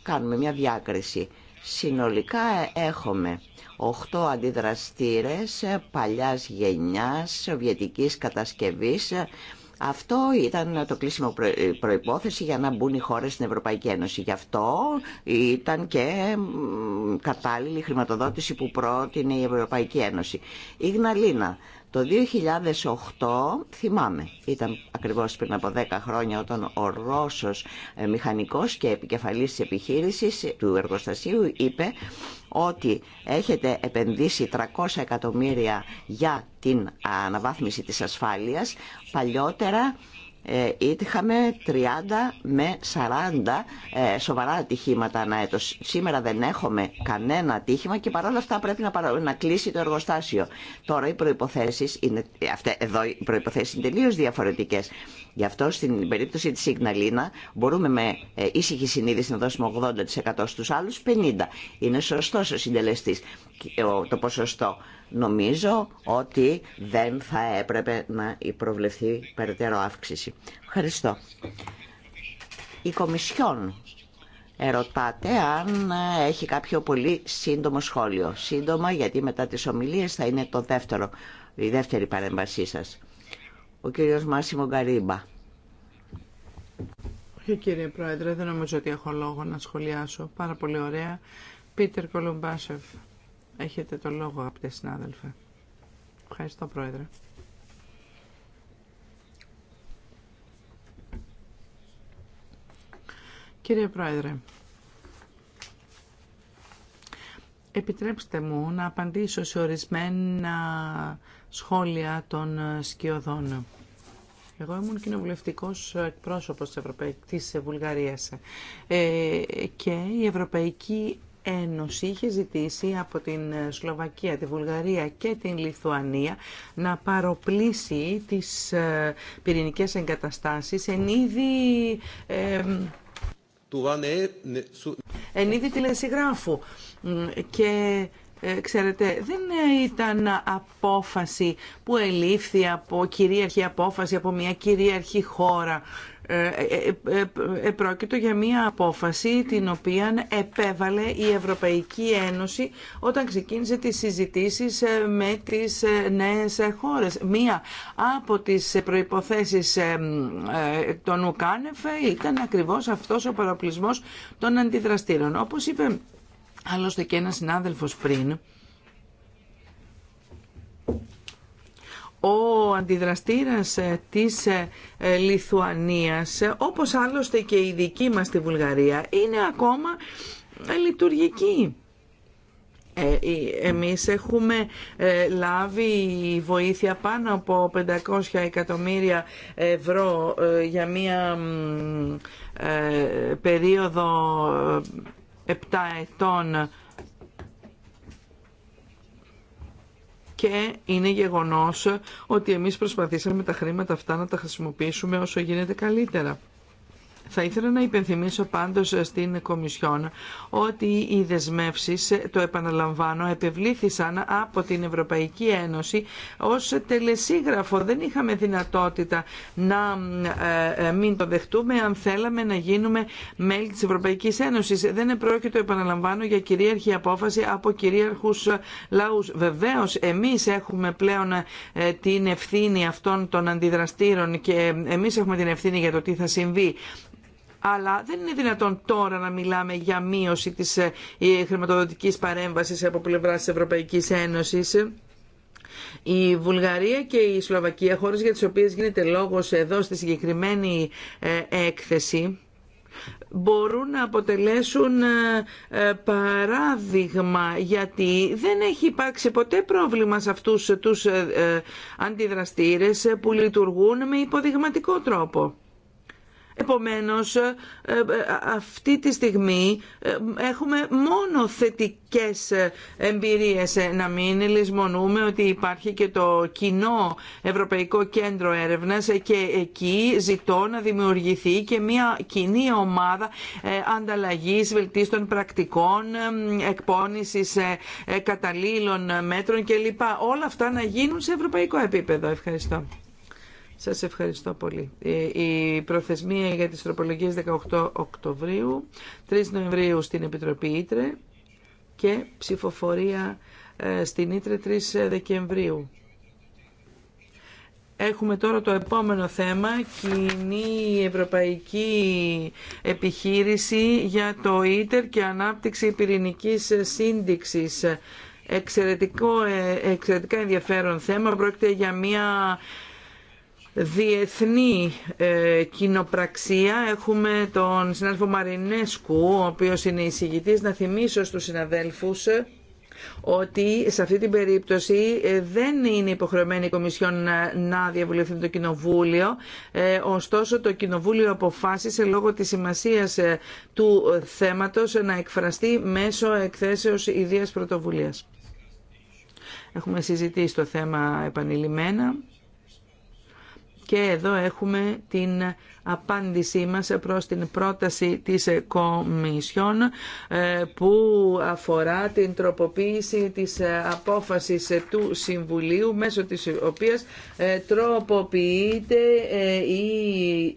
κάνουμε μια διάκριση. Συνολικά ε, έχουμε 8 αντιδραστήρες ε, παλιάς γενιάς σοβιετικής κατασκευής. Αυτό ήταν το κλείσιμο προϋπόθεση για να μπουν οι χώρες στην Ευρωπαϊκή Ένωση. Γι' αυτό ήταν και κατάλληλη χρηματοδότηση που πρότεινε η Ευρωπαϊκή Ένωση. Η το 2008, θυμάμαι, ήταν ακριβώς πριν από 10 χρόνια όταν ο Ρώσος ε, μηχανικός και επικεφαλής της επιχείρησης του εργοστασίου είπε ότι έχετε επενδύσει 300 εκατομμύρια για την αναβάθμιση της ασφάλειας. Παλιότερα είχαμε 30 με 40 ε, σοβαρά ατυχήματα ανά έτος. Σήμερα δεν έχουμε κανένα ατύχημα και παρόλα αυτά πρέπει να, να κλείσει το εργοστάσιο. Τώρα οι προϋποθέσεις είναι, ε, αυτε, εδώ οι προϋποθέσεις είναι τελείως διαφορετικές. Γι' αυτό στην περίπτωση της Ιγναλίνα μπορούμε με ε, ήσυχη συνείδηση να δώσουμε 80% στους άλλους 50%. Είναι σωστός ο συντελεστής το ποσοστό. Νομίζω ότι δεν θα έπρεπε να προβλεφθεί περαιτέρω αύξηση. Ευχαριστώ. Η Κομισιόν ερωτάτε αν ε, έχει κάποιο πολύ σύντομο σχόλιο. Σύντομα γιατί μετά τις ομιλίες θα είναι το δεύτερο, η δεύτερη παρέμβασή σας. Ο κύριος Μάσιμο Γκαρίμπα. Κύριε Πρόεδρε, δεν νομίζω ότι έχω λόγο να σχολιάσω. Πάρα πολύ ωραία. Πίτερ Κολομπάσεφ. Έχετε το λόγο, αγαπητέ συνάδελφε. Ευχαριστώ, Πρόεδρε. Κύριε Πρόεδρε, επιτρέψτε μου να απαντήσω σε ορισμένα σχόλια των σκιωδών. Εγώ ήμουν κοινοβουλευτικό εκπρόσωπο της Βουλγαρία ε, και η Ευρωπαϊκή Ένωση είχε ζητήσει από την ε, Σλοβακία, τη Βουλγαρία και την Λιθουανία να παροπλήσει τις ε, πυρηνικές εγκαταστάσεις εν είδη, ε, εν είδη τηλεσυγράφου. Και ε, ξέρετε, δεν ήταν απόφαση που ελήφθη από κυρίαρχη απόφαση από μια κυρίαρχη χώρα ε, ε, ε, πρόκειτο για μία απόφαση την οποία επέβαλε η Ευρωπαϊκή Ένωση όταν ξεκίνησε τις συζητήσεις με τις νέες χώρες. Μία από τις προϋποθέσεις των ουκάνεφε ήταν ακριβώς αυτός ο παραπλησμός των αντιδραστήρων. Όπως είπε άλλωστε και ένας συνάδελφος πριν, ο αντιδραστήρας ε, της ε, ε, Λιθουανίας, όπως άλλωστε και η δική μας στη Βουλγαρία, είναι ακόμα λειτουργική. Εμείς έχουμε λάβει βοήθεια πάνω από 500 εκατομμύρια ευρώ για μία περίοδο 7 ετών και είναι γεγονός ότι εμείς προσπαθήσαμε τα χρήματα αυτά να τα χρησιμοποιήσουμε όσο γίνεται καλύτερα. Θα ήθελα να υπενθυμίσω πάντως στην Κομισιόν ότι οι δεσμεύσει, το επαναλαμβάνω, επευλήθησαν από την Ευρωπαϊκή Ένωση ως τελεσίγραφο. Δεν είχαμε δυνατότητα να ε, ε, μην το δεχτούμε αν θέλαμε να γίνουμε μέλη της Ευρωπαϊκής Ένωσης. Δεν επρόκειτο, επαναλαμβάνω, για κυρίαρχη απόφαση από κυρίαρχους λαούς. Βεβαίως, εμείς έχουμε πλέον ε, την ευθύνη αυτών των αντιδραστήρων και εμείς έχουμε την ευθύνη για το τι θα συμβεί αλλά δεν είναι δυνατόν τώρα να μιλάμε για μείωση της ε, χρηματοδοτικής παρέμβασης από πλευράς της Ευρωπαϊκής Ένωσης. Η Βουλγαρία και η Σλοβακία, χώρες για τις οποίες γίνεται λόγος εδώ στη συγκεκριμένη ε, έκθεση, μπορούν να αποτελέσουν ε, παράδειγμα γιατί δεν έχει υπάρξει ποτέ πρόβλημα σε αυτούς τους αντιδραστήρες που λειτουργούν με υποδειγματικό τρόπο. Επομένως, ε, ε, αυτή τη στιγμή ε, έχουμε μόνο θετικές εμπειρίες. Να μην λησμονούμε ότι υπάρχει και το κοινό Ευρωπαϊκό Κέντρο Έρευνας και εκεί ζητώ να δημιουργηθεί και μια κοινή ομάδα ανταλλαγής βελτίστων πρακτικών, εκπόνησης καταλήλων μέτρων κλπ. Όλα αυτά να γίνουν σε ευρωπαϊκό επίπεδο. Ευχαριστώ. Σας ευχαριστώ πολύ. Η προθεσμία για τις τροπολογίες 18 Οκτωβρίου, 3 Νοεμβρίου στην Επιτροπή Ήτρε και ψηφοφορία ε, στην Ήτρε 3 Δεκεμβρίου. Έχουμε τώρα το επόμενο θέμα, κοινή ευρωπαϊκή επιχείρηση για το ΙΤΕΡ και ανάπτυξη πυρηνικής σύνδεξης. Εξαιρετικό, ε, εξαιρετικά ενδιαφέρον θέμα. Πρόκειται για μια διεθνή ε, κοινοπραξία έχουμε τον συνάδελφο Μαρινέσκου, ο οποίος είναι εισηγητής. Να θυμίσω στους συναδέλφους ότι σε αυτή την περίπτωση ε, δεν είναι υποχρεωμένη η Κομισιόν να διαβουλευτεί το Κοινοβούλιο. Ε, ωστόσο, το Κοινοβούλιο αποφάσισε λόγω της σημασίας ε, του θέματος να εκφραστεί μέσω εκθέσεως ιδίας πρωτοβουλίας. Έχουμε συζητήσει το θέμα επανειλημμένα και εδώ έχουμε την απάντησή μας προς την πρόταση της Κομισιόν ε, που αφορά την τροποποίηση της απόφασης του Συμβουλίου μέσω της οποίας ε, τροποποιείται ε, η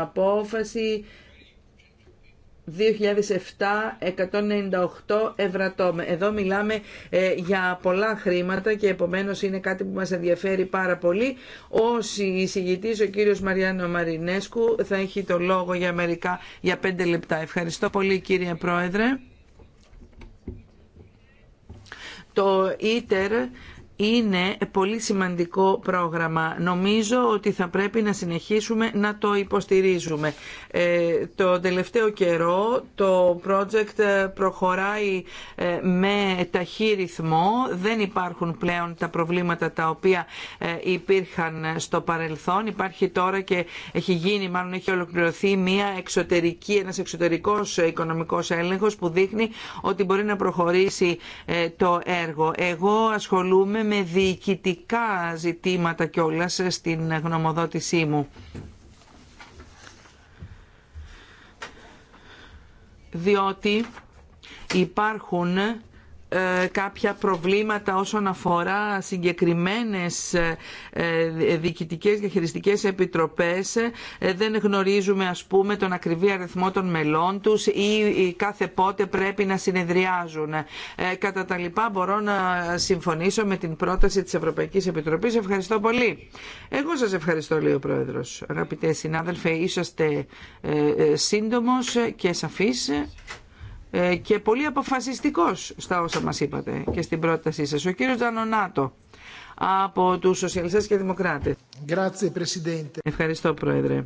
απόφαση 2007-198 Εδώ μιλάμε ε, για πολλά χρήματα και επομένως είναι κάτι που μας ενδιαφέρει πάρα πολύ. Όσοι εισηγητής ο κύριος Μαριάννο Μαρινέσκου θα έχει το λόγο για μερικά, για πέντε λεπτά. Ευχαριστώ πολύ κύριε Πρόεδρε. Το ίτερ είναι πολύ σημαντικό πρόγραμμα. Νομίζω ότι θα πρέπει να συνεχίσουμε να το υποστηρίζουμε. Ε, το τελευταίο καιρό το project προχωράει ε, με ταχύ ρυθμό. Δεν υπάρχουν πλέον τα προβλήματα τα οποία ε, υπήρχαν στο παρελθόν. Υπάρχει τώρα και έχει γίνει, μάλλον έχει ολοκληρωθεί μια εξωτερική, ένας εξωτερικός οικονομικός έλεγχος που δείχνει ότι μπορεί να προχωρήσει το έργο. Εγώ ασχολούμαι με διοικητικά ζητήματα κιόλα στην γνωμοδότησή μου. Διότι υπάρχουν ε, κάποια προβλήματα όσον αφορά συγκεκριμένες ε, ε, διοικητικές και χειριστικές επιτροπές. Δεν γνωρίζουμε ας πούμε τον ακριβή αριθμό των μελών τους ή κάθε πότε πρέπει να συνεδριάζουν. Κατά τα λοιπά μπορώ να συμφωνήσω με την πρόταση της Ευρωπαϊκής Επιτροπής. Ευχαριστώ πολύ. Εγώ σας ευχαριστώ λέει ο Πρόεδρος. Αγαπητέ συνάδελφε, είσαστε σύντομος και σαφής. Ε, και πολύ αποφασιστικός στα όσα μας είπατε και στην πρότασή σας. Ο κύριος Τζανονάτο από τους Σοσιαλιστές και Δημοκράτες. Ευχαριστώ, Πρόεδρε.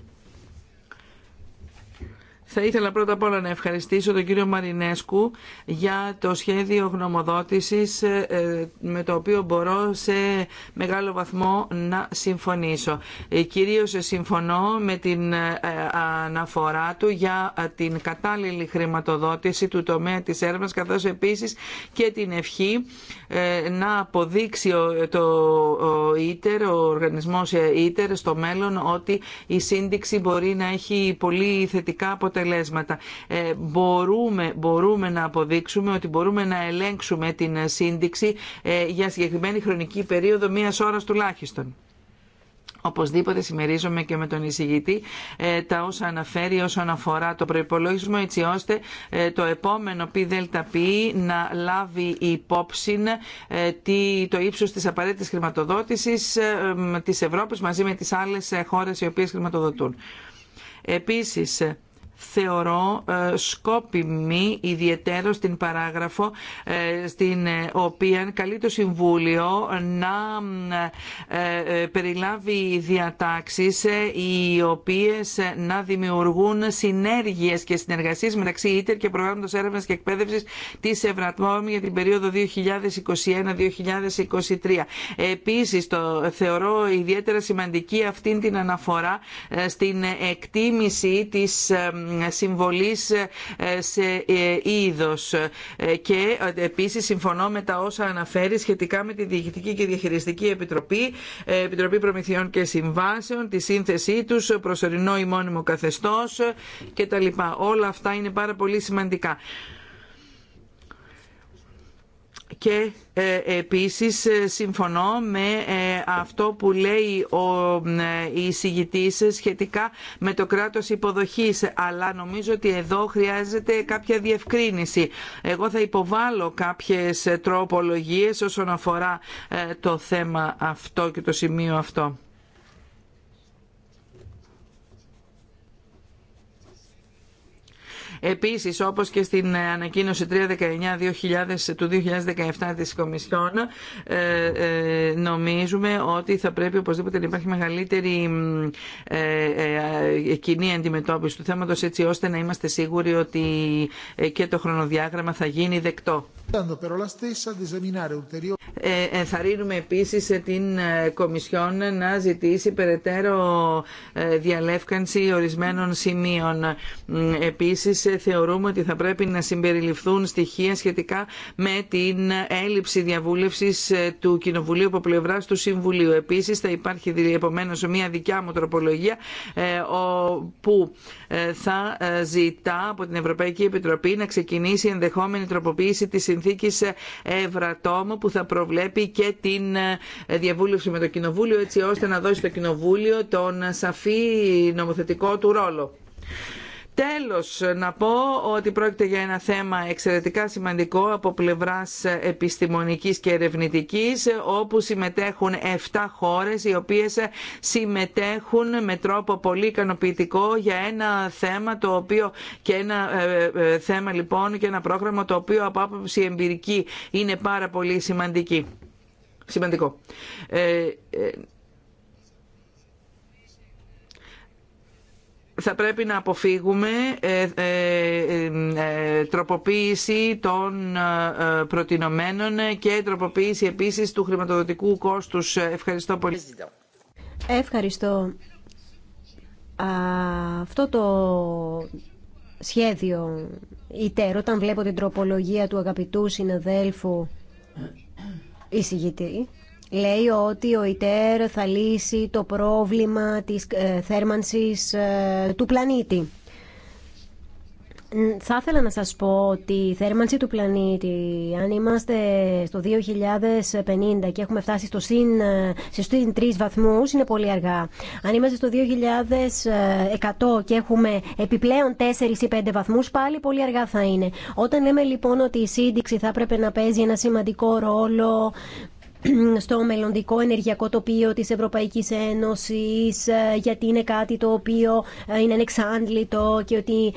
Θα ήθελα πρώτα απ' όλα να ευχαριστήσω τον κύριο Μαρινέσκου για το σχέδιο γνωμοδότησης ε, με το οποίο μπορώ σε μεγάλο βαθμό να συμφωνήσω. Ε, κυρίως συμφωνώ με την ε, αναφορά του για την κατάλληλη χρηματοδότηση του τομέα της έρευνας καθώς επίσης και την ευχή να αποδείξει το ίτερ, ο οργανισμός ίτερ στο μέλλον ότι η σύνδεξη μπορεί να έχει πολύ θετικά αποτελέσματα αποτελέσματα. Ε, μπορούμε, μπορούμε να αποδείξουμε ότι μπορούμε να ελέγξουμε την σύνδεξη ε, για συγκεκριμένη χρονική περίοδο μίας ώρας τουλάχιστον. Οπωσδήποτε συμμερίζομαι και με τον εισηγητή ε, τα όσα αναφέρει όσον αφορά το προπολογισμό έτσι ώστε το επόμενο ΠΔΠ να λάβει υπόψη τι, το ύψος της απαραίτητης χρηματοδότησης της Ευρώπης μαζί με τις άλλες χώρες οι οποίες χρηματοδοτούν. Επίσης, θεωρώ ε, σκόπιμη ιδιαίτερο ε, στην παράγραφο ε, στην οποία καλεί το Συμβούλιο να περιλάβει διατάξεις οι οποίες να δημιουργούν συνέργειες και συνεργασίες μεταξύ ΙΤΕΡ και Προγράμματος Έρευνας και Εκπαίδευσης της Ευρατμόμ για την περίοδο 2021-2023. Επίσης, το θεωρώ ιδιαίτερα σημαντική αυτή την αναφορά στην εκτίμηση της συμβολής ε, σε ε, είδος. Ε, και επίσης συμφωνώ με τα όσα αναφέρει σχετικά με τη Διοικητική και Διαχειριστική Επιτροπή, Επιτροπή Προμηθειών και Συμβάσεων, τη σύνθεσή τους, προσωρινό ή μόνιμο καθεστώς κτλ. Όλα αυτά είναι πάρα πολύ σημαντικά και ε, επίσης ε, συμφωνώ με ε, αυτό που λέει ο εισηγητής σχετικά με το κράτος υποδοχής αλλά νομίζω ότι εδώ χρειάζεται κάποια διευκρίνηση. Εγώ θα υποβάλω κάποιες τροπολογίες όσον αφορά το θέμα αυτό και το σημείο αυτό. Επίσης, όπως και στην ανακοίνωση 319 του 2017 της Κομισιόν, ε, ε, νομίζουμε ότι θα πρέπει οπωσδήποτε να υπάρχει μεγαλύτερη ε, κοινή αντιμετώπιση του θέματος έτσι ώστε να είμαστε σίγουροι ότι και το χρονοδιάγραμμα θα γίνει δεκτό. Θα ε, ενθαρρύνουμε επίσης ε, την ε, Κομισιόν να ζητήσει περαιτέρω διαλεύκανση ορισμένων σημείων. Επίσης θεωρούμε ότι θα πρέπει να συμπεριληφθούν στοιχεία σχετικά με την έλλειψη διαβούλευσης του Κοινοβουλίου από πλευρά του Συμβουλίου. Επίσης θα υπάρχει επομένως μια δικιά μου τροπολογία που ε, θα ε, ζητά από την Ευρωπαϊκή Επιτροπή να ξεκινήσει ενδεχόμενη τροποποίηση της συνθήκης Ευρατόμου που θα προβλέπει και την ε, διαβούλευση με το Κοινοβούλιο έτσι ώστε να δώσει το Κοινοβούλιο τον σαφή νομοθετικό του ρόλο. Τέλος, να πω ότι πρόκειται για ένα θέμα εξαιρετικά σημαντικό από πλευράς επιστημονικής και ερευνητικής, όπου συμμετέχουν 7 χώρες, οι οποίες συμμετέχουν με τρόπο πολύ ικανοποιητικό για ένα θέμα το οποίο και ένα ε, ε, ε, θέμα λοιπόν και ένα πρόγραμμα το οποίο από άποψη εμπειρική είναι πάρα πολύ σημαντική. σημαντικό. θα πρέπει να αποφύγουμε ε, ε, ε, τροποποίηση των προτινομένων και τροποποίηση επίσης του χρηματοδοτικού κόστους. Ευχαριστώ πολύ. Ευχαριστώ. Αυτό το σχέδιο ιτέρ, όταν βλέπω την τροπολογία του αγαπητού συναδέλφου εισηγητή, λέει ότι ο ΙΤΕΡ θα λύσει το πρόβλημα της ε, θέρμανσης ε, του πλανήτη. Θα ήθελα να σας πω ότι η θέρμανση του πλανήτη, αν είμαστε στο 2050 και έχουμε φτάσει στο συν, σε 3 βαθμούς, είναι πολύ αργά. Αν είμαστε στο 2100 και έχουμε επιπλέον 4 ή 5 βαθμούς, πάλι πολύ αργά θα είναι. Όταν λέμε λοιπόν ότι η σύνδεξη θα έπρεπε να παίζει ένα σημαντικό ρόλο στο μελλοντικό ενεργειακό τοπίο της Ευρωπαϊκής Ένωσης ε, γιατί είναι κάτι το οποίο ε, είναι ανεξάντλητο και ότι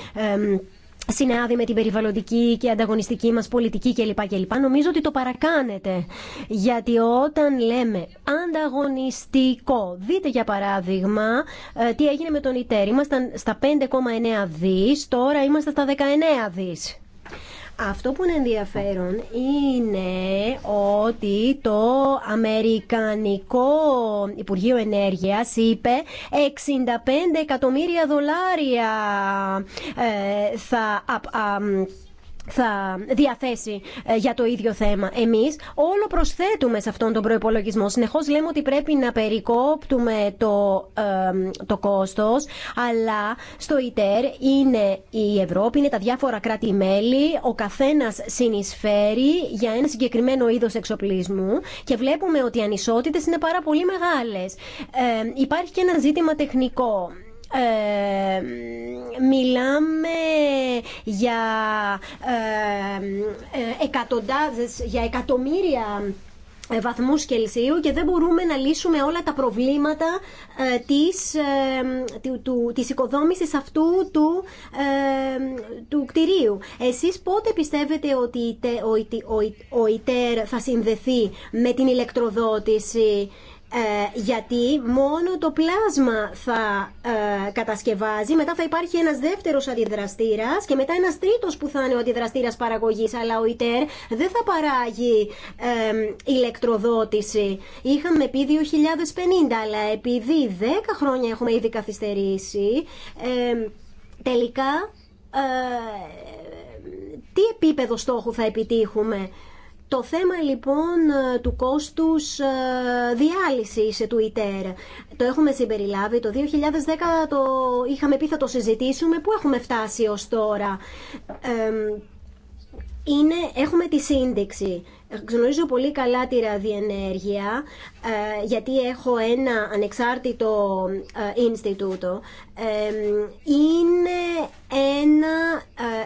συνάδει με την περιβαλλοντική και ανταγωνιστική μας πολιτική κλπ. κλπ. Νομίζω ότι το παρακάνετε, γιατί όταν λέμε ανταγωνιστικό, δείτε για παράδειγμα ε, τι έγινε με τον ΙΤΕΡ. Ήμασταν στα 5,9 δις, τώρα είμαστε στα 19 δις. Αυτό που είναι ενδιαφέρον είναι ότι το Αμερικανικό Υπουργείο Ενέργειας είπε 65 εκατομμύρια δολάρια ε, θα θα διαθέσει ε, για το ίδιο θέμα. Εμείς όλο προσθέτουμε σε αυτόν τον προπολογισμό. Συνεχώς λέμε ότι πρέπει να περικόπτουμε το, το κόστος, αλλά στο ΙΤΕΡ είναι η Ευρώπη, είναι τα διάφορα κράτη-μέλη, ο καθένα συνεισφέρει για ένα συγκεκριμένο είδος εξοπλισμού και βλέπουμε ότι οι ανισότητες είναι πάρα πολύ μεγάλε. υπάρχει και ένα ζήτημα τεχνικό. Ε, μιλάμε για ε, ε, εκατοντάδες, για εκατομμύρια ε, βαθμούς Κελσίου και δεν μπορούμε να λύσουμε όλα τα προβλήματα της, του, της οικοδόμησης αυτού του, του κτηρίου. Εσείς πότε πιστεύετε ότι ο, ο ΙΤΕΡ θα συνδεθεί με την ηλεκτροδότηση ε, γιατί μόνο το πλάσμα θα ε, κατασκευάζει, μετά θα υπάρχει ένας δεύτερος αντιδραστήρας και μετά ένας τρίτος που θα είναι ο αντιδραστήρας παραγωγής, αλλά ο ΙΤΕΡ δεν θα παράγει ε, ηλεκτροδότηση. Είχαμε πει 2050, αλλά επειδή 10 χρόνια έχουμε ήδη καθυστερήσει, τελικά τι επίπεδο στόχου θα επιτύχουμε. Το θέμα λοιπόν ε, του κόστους ε, διάλυσης του ΙΤΕΡ το έχουμε συμπεριλάβει. Το 2010 το είχαμε πει θα το συζητήσουμε. Πού έχουμε φτάσει ως τώρα είναι, έχουμε τη σύνδεξη. Γνωρίζω πολύ καλά τη ραδιενέργεια, ε, γιατί έχω ένα ανεξάρτητο Ινστιτούτο. Ε, ε, είναι ένα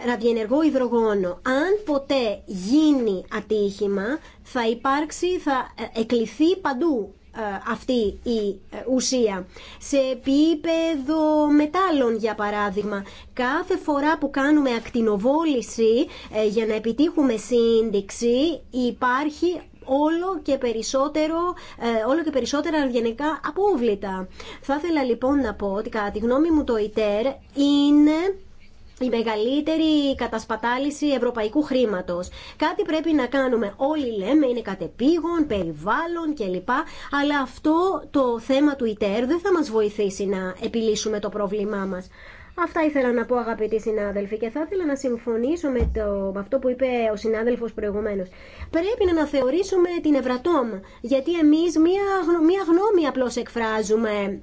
ραδιενεργό υδρογόνο. Αν ποτέ γίνει ατύχημα, θα υπάρξει, θα εκλειθεί παντού ε, αυτή η ε, ουσία. Σε επίπεδο μετάλλων, για παράδειγμα, κάθε φορά που κάνουμε ακτινοβόληση ε, για να επιτύχουμε σύνδεξη υπάρχει όλο και, περισσότερο, όλο και περισσότερα αργενικά απόβλητα. Θα ήθελα λοιπόν να πω ότι κατά τη γνώμη μου το ΙΤΕΡ είναι η μεγαλύτερη κατασπατάληση ευρωπαϊκού Χρήματο. Κάτι πρέπει να κάνουμε. Όλοι λέμε είναι κατεπήγον, περιβάλλον κλπ. Αλλά αυτό το θέμα του ΙΤΕΡ δεν θα μα βοηθήσει να επιλύσουμε το πρόβλημά μα. Αυτά ήθελα να πω αγαπητοί συνάδελφοι και θα ήθελα να συμφωνήσω με, αυτό που είπε ο συνάδελφο προηγουμένω. Πρέπει να αναθεωρήσουμε την Ευρατόμ, γιατί εμεί μία, μία γνώμη απλώ εκφράζουμε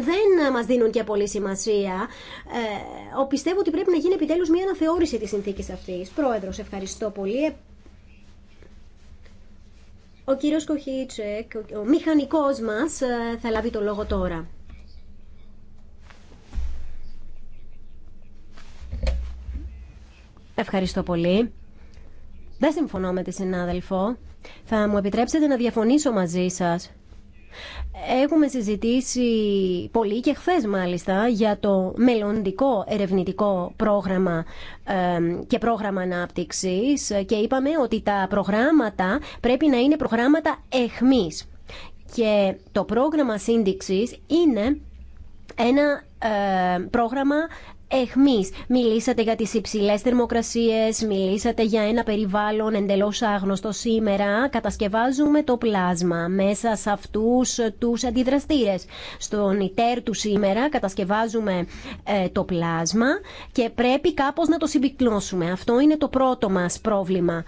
δεν ε, μας δίνουν και πολύ σημασία. Ε, πιστεύω ότι πρέπει να γίνει επιτέλους μια αναθεώρηση της συνθήκης αυτής. Πρόεδρος, ευχαριστώ πολύ. Ε, ο κύριος Κοχίτσεκ, ο μηχανικός μας, ε, θα λάβει το λόγο τώρα. Ευχαριστώ πολύ. Δεν συμφωνώ με τη συνάδελφο. Θα μου επιτρέψετε να διαφωνήσω μαζί σας. Έχουμε συζητήσει πολύ και χθε μάλιστα για το μελλοντικό ερευνητικό πρόγραμμα και πρόγραμμα ανάπτυξης και είπαμε ότι τα προγράμματα πρέπει να είναι προγράμματα εχμής. Και το πρόγραμμα σύνδεξης είναι ένα ε, πρόγραμμα Εχμή, Μιλήσατε για τις υψηλές θερμοκρασίες, μιλήσατε για ένα περιβάλλον εντελώς άγνωστο σήμερα. Κατασκευάζουμε το πλάσμα μέσα σε αυτούς τους αντιδραστήρες. Στον ιτέρ του σήμερα κατασκευάζουμε ε, το πλάσμα και πρέπει κάπως να το συμπυκνώσουμε. Αυτό είναι το πρώτο μας πρόβλημα.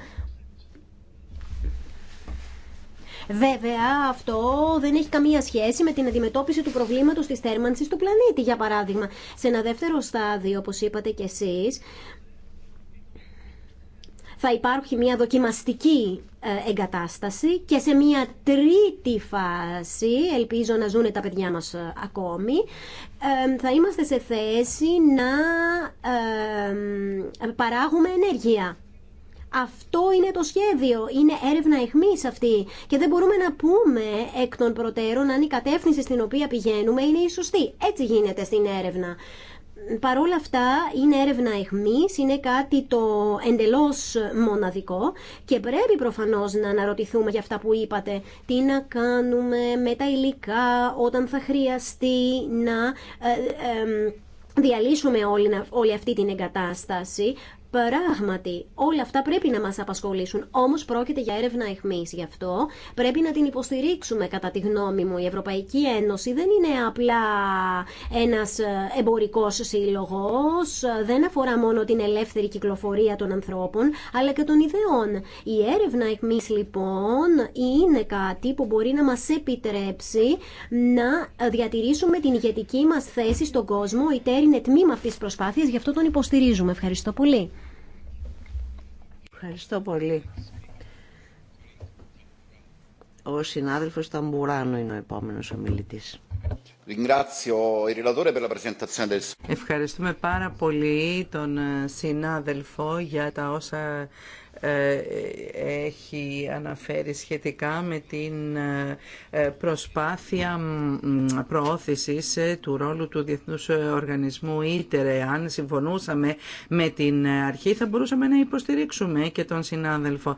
Βέβαια, αυτό δεν έχει καμία σχέση με την αντιμετώπιση του προβλήματος της θέρμανσης του πλανήτη, για παράδειγμα. Σε ένα δεύτερο στάδιο, όπως είπατε κι εσείς, θα υπάρχει μια δοκιμαστική ε, εγκατάσταση και σε μια τρίτη φάση, ελπίζω να ζουν τα παιδιά μας ε, ακόμη, ε, θα είμαστε σε θέση να παράγουμε ενέργεια. Αυτό είναι το σχέδιο. Είναι έρευνα αιχμή αυτή. Και δεν μπορούμε να πούμε εκ των προτέρων αν η κατεύθυνση στην οποία πηγαίνουμε είναι η σωστή. Έτσι γίνεται στην έρευνα. Παρ' όλα αυτά είναι έρευνα εχμής είναι κάτι το εντελώς μοναδικό και πρέπει προφανώς να αναρωτηθούμε για αυτά που είπατε. Τι να κάνουμε με τα υλικά όταν θα χρειαστεί να... Ε, ε, διαλύσουμε όλη αυτή την εγκατάσταση Πράγματι, όλα αυτά πρέπει να μα απασχολήσουν, Όμω πρόκειται για έρευνα αιχμή. Γι' αυτό πρέπει να την υποστηρίξουμε, κατά τη γνώμη μου. Η Ευρωπαϊκή Ένωση δεν είναι απλά ένα ε, εμπορικό σύλλογο. Ε, δεν αφορά μόνο την ελεύθερη κυκλοφορία των ανθρώπων, αλλά και των ιδεών. Η έρευνα αιχμή, λοιπόν, είναι κάτι που μπορεί να μα επιτρέψει να διατηρήσουμε την ηγετική μα θέση στον κόσμο. Η ΤΕΡ είναι τμήμα αυτή τη προσπάθεια, γι' αυτό τον υποστηρίζουμε. Ευχαριστώ πολύ. Ευχαριστώ πολύ. Ο συνάδελφος Ταμπουράνο είναι ο επόμενος ομιλητή. Ευχαριστούμε πάρα πολύ τον συνάδελφο για τα όσα ε, έχει αναφέρει σχετικά με την ε, προσπάθεια προώθησης ε, του ρόλου του Διεθνούς Οργανισμού Ίτερε. Αν συμφωνούσαμε με την αρχή θα μπορούσαμε να υποστηρίξουμε και τον συνάδελφο.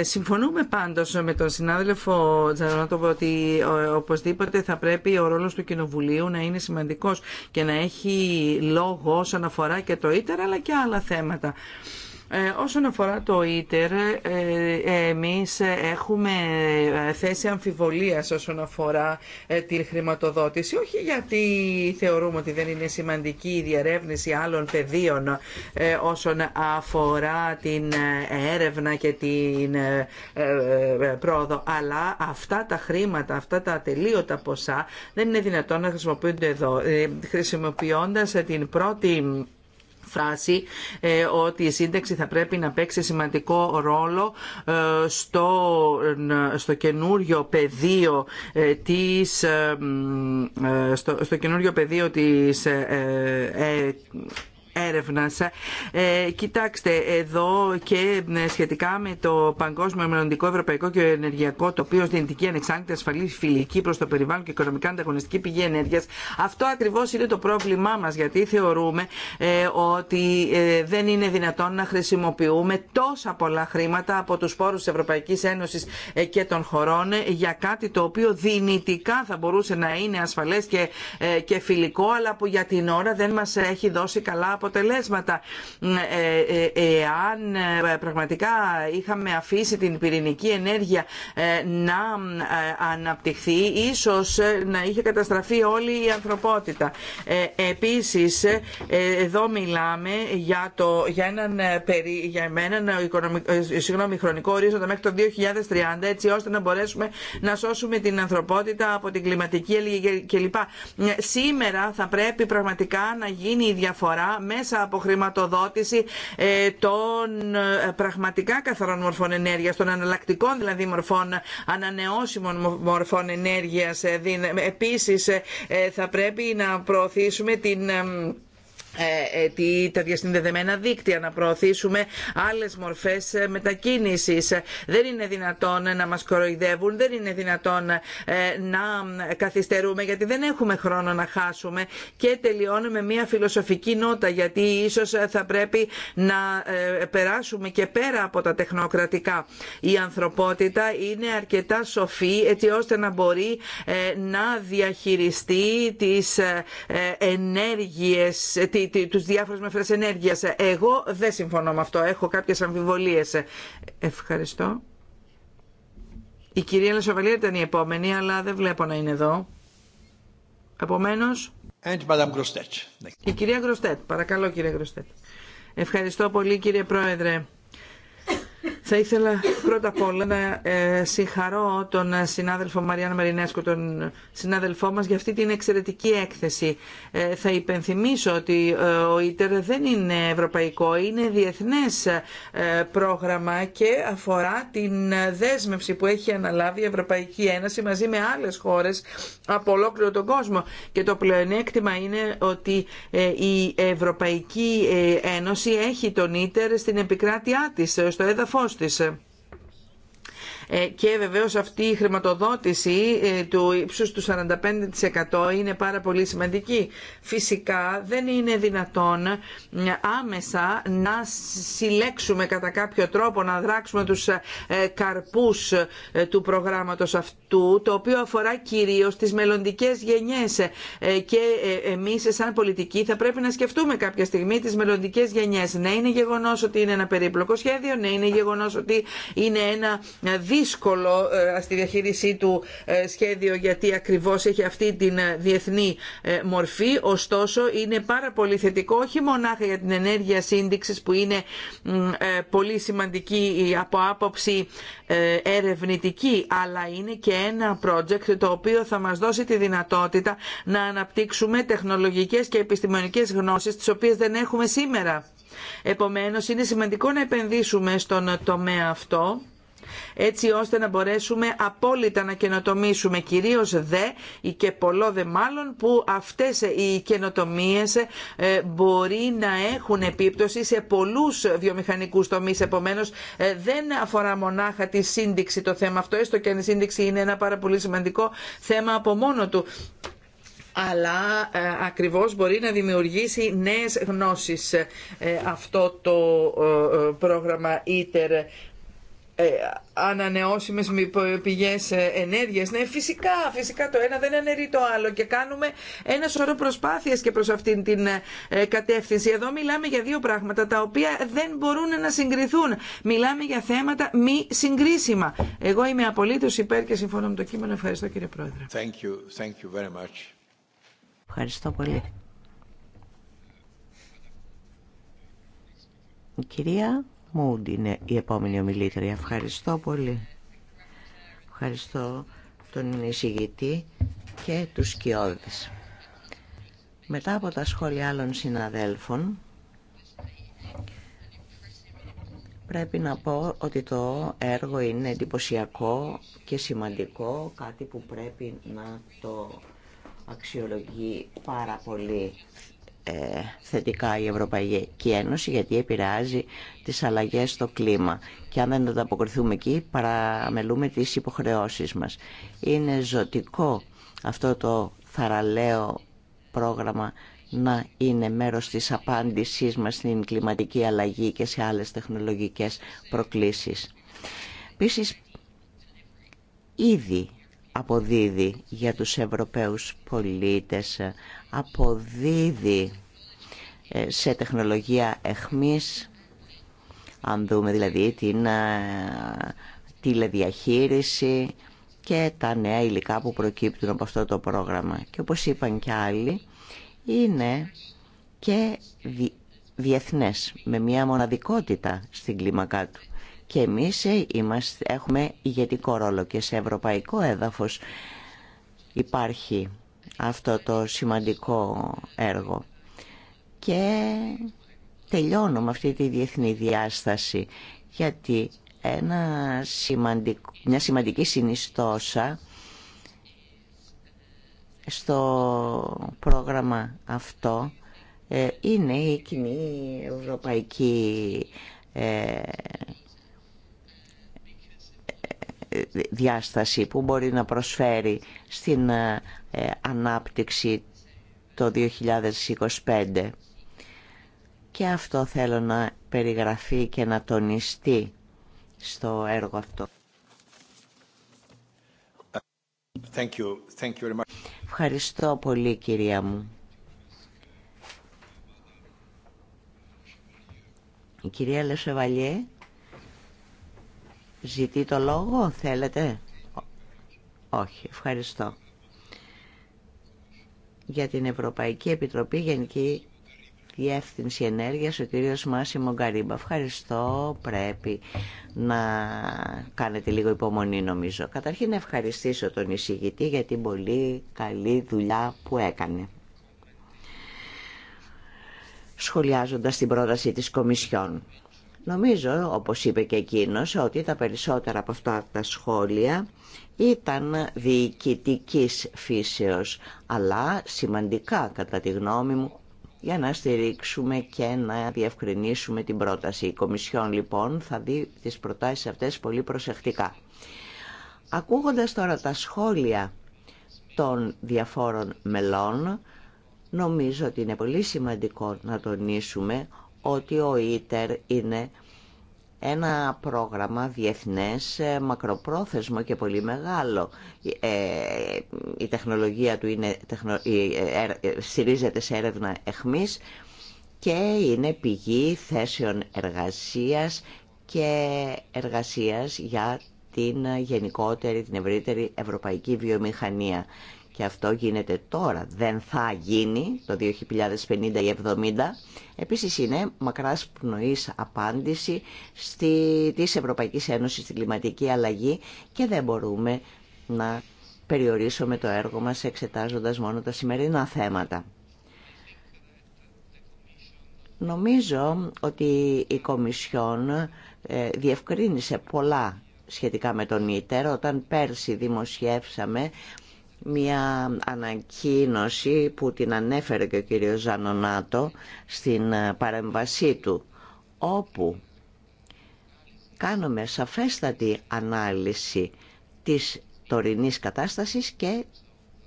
συμφωνούμε πάντως με τον συνάδελφο Τζανάτοβο ότι οπωσδήποτε θα πρέπει ο ρόλος του Κοινοβουλίου να είναι σημαντικός και να έχει λόγο όσον αφορά και το Ίτερε αλλά και άλλα θέματα. Ε, όσον αφορά το ίτερ, ε, ε, εμείς έχουμε θέση αμφιβολίας όσον αφορά τη χρηματοδότηση. Όχι γιατί θεωρούμε ότι δεν είναι σημαντική η διαρεύνηση άλλων πεδίων όσον αφορά την έρευνα και την πρόοδο, αλλά αυτά τα χρήματα, αυτά τα ατελείωτα ποσά δεν είναι δυνατόν να χρησιμοποιούνται εδώ. Χρησιμοποιώντας την πρώτη φράση ε, ότι η σύνταξη θα πρέπει να παίξει σημαντικό ρόλο στο, στο καινούριο πεδίο της, στο, στο καινούριο πεδίο της έρευνας. Ε, κοιτάξτε, εδώ και ε, σχετικά με το Παγκόσμιο Μελλοντικό Ευρωπαϊκό και Ενεργειακό Τοπίο, Δυνητική Ανεξάρτητη, Ασφαλή, Φιλική προ το Περιβάλλον και Οικονομικά Ανταγωνιστική Πηγή Ενέργεια, αυτό ακριβώ είναι το πρόβλημά μα, γιατί θεωρούμε ε, ότι ε, δεν είναι δυνατόν να χρησιμοποιούμε τόσα πολλά χρήματα από του πόρου τη Ευρωπαϊκή Ένωση ε, και των χωρών ε, για κάτι το οποίο δυνητικά θα μπορούσε να είναι ασφαλέ και, και φιλικό, αλλά που για την ώρα δεν μα έχει δώσει καλά αποτελέσματα. Ε, ε, ε, εάν πραγματικά είχαμε αφήσει την πυρηνική ενέργεια να αναπτυχθεί, ίσως να είχε καταστραφεί όλη η ανθρωπότητα. Επίσης, εδώ μιλάμε για, το, για έναν, για συγγνώμη, χρονικό ορίζοντα μέχρι το 2030, έτσι ώστε να μπορέσουμε να σώσουμε την ανθρωπότητα από την κλιματική αλληλεγγύη κλπ. Σήμερα θα πρέπει πραγματικά να γίνει η διαφορά μέσα από χρηματοδότηση ε, των ε, πραγματικά καθαρών μορφών ενέργεια, των αναλλακτικών δηλαδή μορφών ανανεώσιμων μορφών ενέργειας. Ε, επίσης θα πρέπει να προωθήσουμε την ε, ε, τα διασυνδεδεμένα δίκτυα, να προωθήσουμε άλλε μορφές ε, μετακίνηση. Δεν είναι δυνατόν να μας κοροϊδεύουν, δεν είναι δυνατόν να καθυστερούμε γιατί δεν έχουμε χρόνο να χάσουμε και τελειώνουμε με μια φιλοσοφική νότα γιατί ίσως θα πρέπει να περάσουμε και πέρα από τα τεχνοκρατικά. Η ανθρωπότητα είναι αρκετά σοφή έτσι ώστε να μπορεί να διαχειριστεί τις ενέργειες, τους διάφορες μεφρές ενέργεια. Εγώ δεν συμφωνώ με αυτό. Έχω κάποιες αμφιβολίες. Ευχαριστώ. Η κυρία Λεσοβαλία ήταν η επόμενη, αλλά δεν βλέπω να είναι εδώ. Επομένω. η κυρία Γκροστέτ. Παρακαλώ κύριε Γκροστέτ. Ευχαριστώ πολύ κύριε Πρόεδρε. Θα ήθελα πρώτα απ' όλα να ε, συγχαρώ τον συνάδελφο Μαριάν Μαρινέσκο, τον συνάδελφό μας, για αυτή την εξαιρετική έκθεση. Ε, θα υπενθυμίσω ότι ε, ο ΙΤΕΡ δεν είναι ευρωπαϊκό, είναι διεθνές πρόγραμμα και αφορά την δέσμευση που έχει αναλάβει η Ευρωπαϊκή Ένωση μαζί με άλλες χώρες από ολόκληρο τον κόσμο. Και το πλεονέκτημα είναι ότι η Ευρωπαϊκή Ένωση έχει τον ΙΤΕΡ στην επικράτειά της, στο έδαφος της ρώτησε ε, και βεβαίως αυτή η χρηματοδότηση ε, του ύψους του 45% είναι πάρα πολύ σημαντική. Φυσικά δεν είναι δυνατόν ε, άμεσα να συλλέξουμε κατά κάποιο τρόπο, να δράξουμε τους καρπούς του προγράμματος αυτού, το οποίο αφορά κυρίως τις μελλοντικέ γενιές και εμείς σαν πολιτικοί θα πρέπει να σκεφτούμε κάποια στιγμή τις μελλοντικέ γενιές. Ναι, είναι γεγονός ότι είναι ένα περίπλοκο σχέδιο, ναι, είναι γεγονός ότι είναι ένα δύσκολο ε, στη διαχείρισή του ε, σχέδιο γιατί ακριβώς έχει αυτή την ε, διεθνή μορφή. Ωστόσο είναι πάρα πολύ θετικό όχι μονάχα για την ενέργεια σύνδεξης που είναι πολύ σημαντική από άποψη ερευνητική αλλά είναι και ένα project το οποίο θα μας δώσει τη δυνατότητα να αναπτύξουμε τεχνολογικές και επιστημονικές γνώσεις τις οποίες δεν έχουμε σήμερα. Επομένως είναι σημαντικό να επενδύσουμε στον τομέα αυτό έτσι ώστε να μπορέσουμε απόλυτα να καινοτομήσουμε, κυρίως δε ή και πολλό δε μάλλον που αυτές οι καινοτομίες ε, μπορεί να έχουν επίπτωση σε πολλούς βιομηχανικούς τομείς. Επομένως ε, δεν αφορά μονάχα τη σύνδεξη το θέμα αυτό, έστω και αν η σύνδεξη είναι ένα πάρα πολύ σημαντικό θέμα από μόνο του αλλά ε, ακριβώς μπορεί να δημιουργήσει νέες γνώσεις ε, αυτό το πρόγραμμα ITER ε, ανανεώσιμες πηγές ε, ενέργειας. Ναι, φυσικά, φυσικά το ένα δεν αναιρεί το άλλο και κάνουμε ένα σωρό προσπάθειες και προς αυτήν την ε, ε, κατεύθυνση. Εδώ μιλάμε για δύο πράγματα τα οποία δεν μπορούν να συγκριθούν. Μιλάμε για θέματα μη συγκρίσιμα. Εγώ είμαι απολύτως υπέρ και συμφωνώ με το κείμενο. Ευχαριστώ κύριε Πρόεδρε. Thank you. Thank you very much. Ευχαριστώ πολύ. κυρία Μούντ είναι η επόμενη ομιλήτρια. Ευχαριστώ πολύ. Ευχαριστώ τον εισηγητή και τους σκιώδες. Μετά από τα σχόλια άλλων συναδέλφων, πρέπει να πω ότι το έργο είναι εντυπωσιακό και σημαντικό, κάτι που πρέπει να το αξιολογεί πάρα πολύ ε, θετικά η Ευρωπαϊκή Ένωση γιατί επηρεάζει τις αλλαγές στο κλίμα και αν δεν ανταποκριθούμε εκεί παραμελούμε τις υποχρεώσεις μας. Είναι ζωτικό αυτό το θαραλέο πρόγραμμα να είναι μέρος της απάντησής μας στην κλιματική αλλαγή και σε άλλες τεχνολογικές προκλήσεις. Επίση, ήδη αποδίδει για τους Ευρωπαίους πολίτες αποδίδει ε, σε τεχνολογία εχμής, αν δούμε δηλαδή την ε, τηλεδιαχείριση και τα νέα υλικά που προκύπτουν από αυτό το πρόγραμμα. Και όπως είπαν και άλλοι, είναι και διεθνές, με μια μοναδικότητα στην κλίμακά του. Και εμείς ε, είμαστε, έχουμε ηγετικό ρόλο και σε ευρωπαϊκό έδαφος υπάρχει αυτό το σημαντικό έργο. Και τελειώνω με αυτή τη διεθνή διάσταση, γιατί ένα μια σημαντική συνιστόσα στο πρόγραμμα αυτό ε, είναι η κοινή ευρωπαϊκή ε, διάσταση που μπορεί να προσφέρει στην ε, ε, ανάπτυξη το 2025. Και αυτό θέλω να περιγραφεί και να τονιστεί στο έργο αυτό. Thank you. Thank you Ευχαριστώ πολύ κυρία μου. Η κυρία Λεσεβαλιέ Ζητεί το λόγο, θέλετε. Όχι, ευχαριστώ. Για την Ευρωπαϊκή Επιτροπή Γενική Διεύθυνση Ενέργειας, ο κύριος Μάσιμο Γκαρίμπα. Ευχαριστώ, πρέπει να κάνετε λίγο υπομονή νομίζω. Καταρχήν να ευχαριστήσω τον εισηγητή για την πολύ καλή δουλειά που έκανε. Σχολιάζοντας την πρόταση της Κομισιόν. Νομίζω, όπως είπε και εκείνος, ότι τα περισσότερα από αυτά τα σχόλια ήταν διοικητικής φύσεως, αλλά σημαντικά κατά τη γνώμη μου για να στηρίξουμε και να διευκρινίσουμε την πρόταση. Η Κομισιόν λοιπόν θα δει τις προτάσεις αυτές πολύ προσεκτικά. Ακούγοντας τώρα τα σχόλια των διαφόρων μελών, νομίζω ότι είναι πολύ σημαντικό να τονίσουμε ότι ο ΙΤΕΡ είναι ένα πρόγραμμα διεθνές ε, μακροπρόθεσμο και πολύ μεγάλο. Ε, ε, η τεχνολογία του είναι, στηρίζεται σε έρευνα εχμής και είναι πηγή θέσεων εργασίας και εργασίας για την γενικότερη, την ευρύτερη ευρωπαϊκή βιομηχανία και αυτό γίνεται τώρα, δεν θα γίνει το 2050 ή 70. Επίσης είναι μακράς πνοής απάντηση στη, της Ευρωπαϊκής Ένωσης στην κλιματική αλλαγή και δεν μπορούμε να περιορίσουμε το έργο μας εξετάζοντας μόνο τα σημερινά θέματα. Νομίζω ότι η Κομισιόν ε, διευκρίνησε πολλά σχετικά με τον Ίτερ όταν πέρσι δημοσιεύσαμε μια ανακοίνωση που την ανέφερε και ο κύριος Ζανονάτο στην ε, παρεμβασή του, όπου κάνουμε σαφέστατη ανάλυση της τωρινής κατάστασης και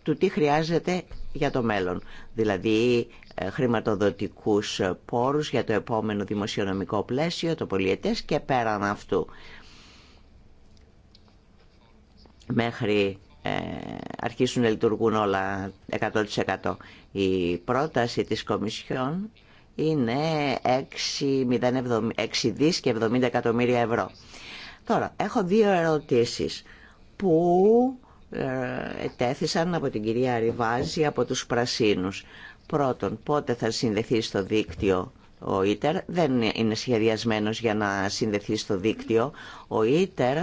του τι χρειάζεται για το μέλλον. Δηλαδή ε, χρηματοδοτικούς πόρους για το επόμενο δημοσιονομικό πλαίσιο, το πολιετές και πέραν αυτού. Μέχρι ε, αρχίσουν να λειτουργούν όλα 100%. Η πρόταση της Κομισιόν είναι 6, δις και 70 εκατομμύρια ευρώ. Τώρα, έχω δύο ερωτήσεις που ε, ετέθησαν από την κυρία Ριβάζη από τους Πρασίνους. Πρώτον, πότε θα συνδεθεί στο δίκτυο ο ΙΤΕΡ. Δεν είναι σχεδιασμένος για να συνδεθεί στο δίκτυο. Ο ΙΤΕΡ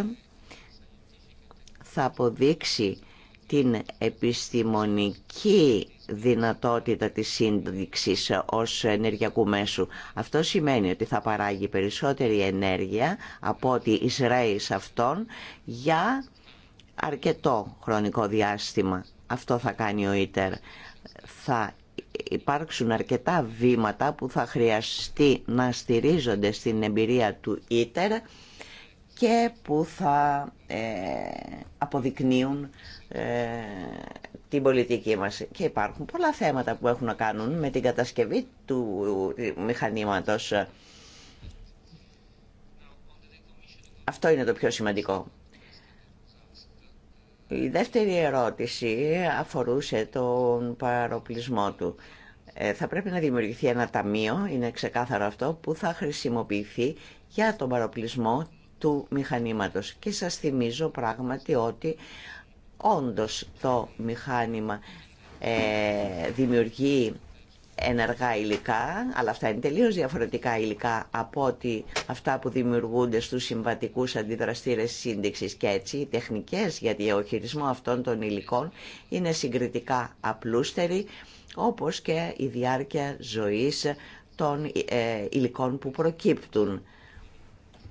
θα αποδείξει την επιστημονική δυνατότητα της σύνδεξης ως ενεργειακού μέσου. Αυτό σημαίνει ότι θα παράγει περισσότερη ενέργεια από ό,τι εισραίει σε αυτόν για αρκετό χρονικό διάστημα. Αυτό θα κάνει ο ΙΤΕΡ. Θα υπάρξουν αρκετά βήματα που θα χρειαστεί να στηρίζονται στην εμπειρία του ΙΤΕΡ και που θα ε, αποδεικνύουν ε, την πολιτική μας. Και υπάρχουν πολλά θέματα που έχουν να κάνουν με την κατασκευή του μηχανήματος. Αυτό είναι το πιο σημαντικό. Η δεύτερη ερώτηση αφορούσε τον παροπλισμό του. Ε, θα πρέπει να δημιουργηθεί ένα ταμείο, είναι ξεκάθαρο αυτό, που θα χρησιμοποιηθεί για τον παροπλισμό του μηχανήματος. Και σας θυμίζω πράγματι ότι όντως το μηχάνημα ε, δημιουργεί ενεργά υλικά, αλλά αυτά είναι τελείως διαφορετικά υλικά από ότι αυτά που δημιουργούνται στους συμβατικούς αντιδραστήρες σύνδεξης και έτσι οι τεχνικές για το χειρισμό αυτών των υλικών είναι συγκριτικά απλούστεροι όπως και η διάρκεια ζωής των ε, υλικών που προκύπτουν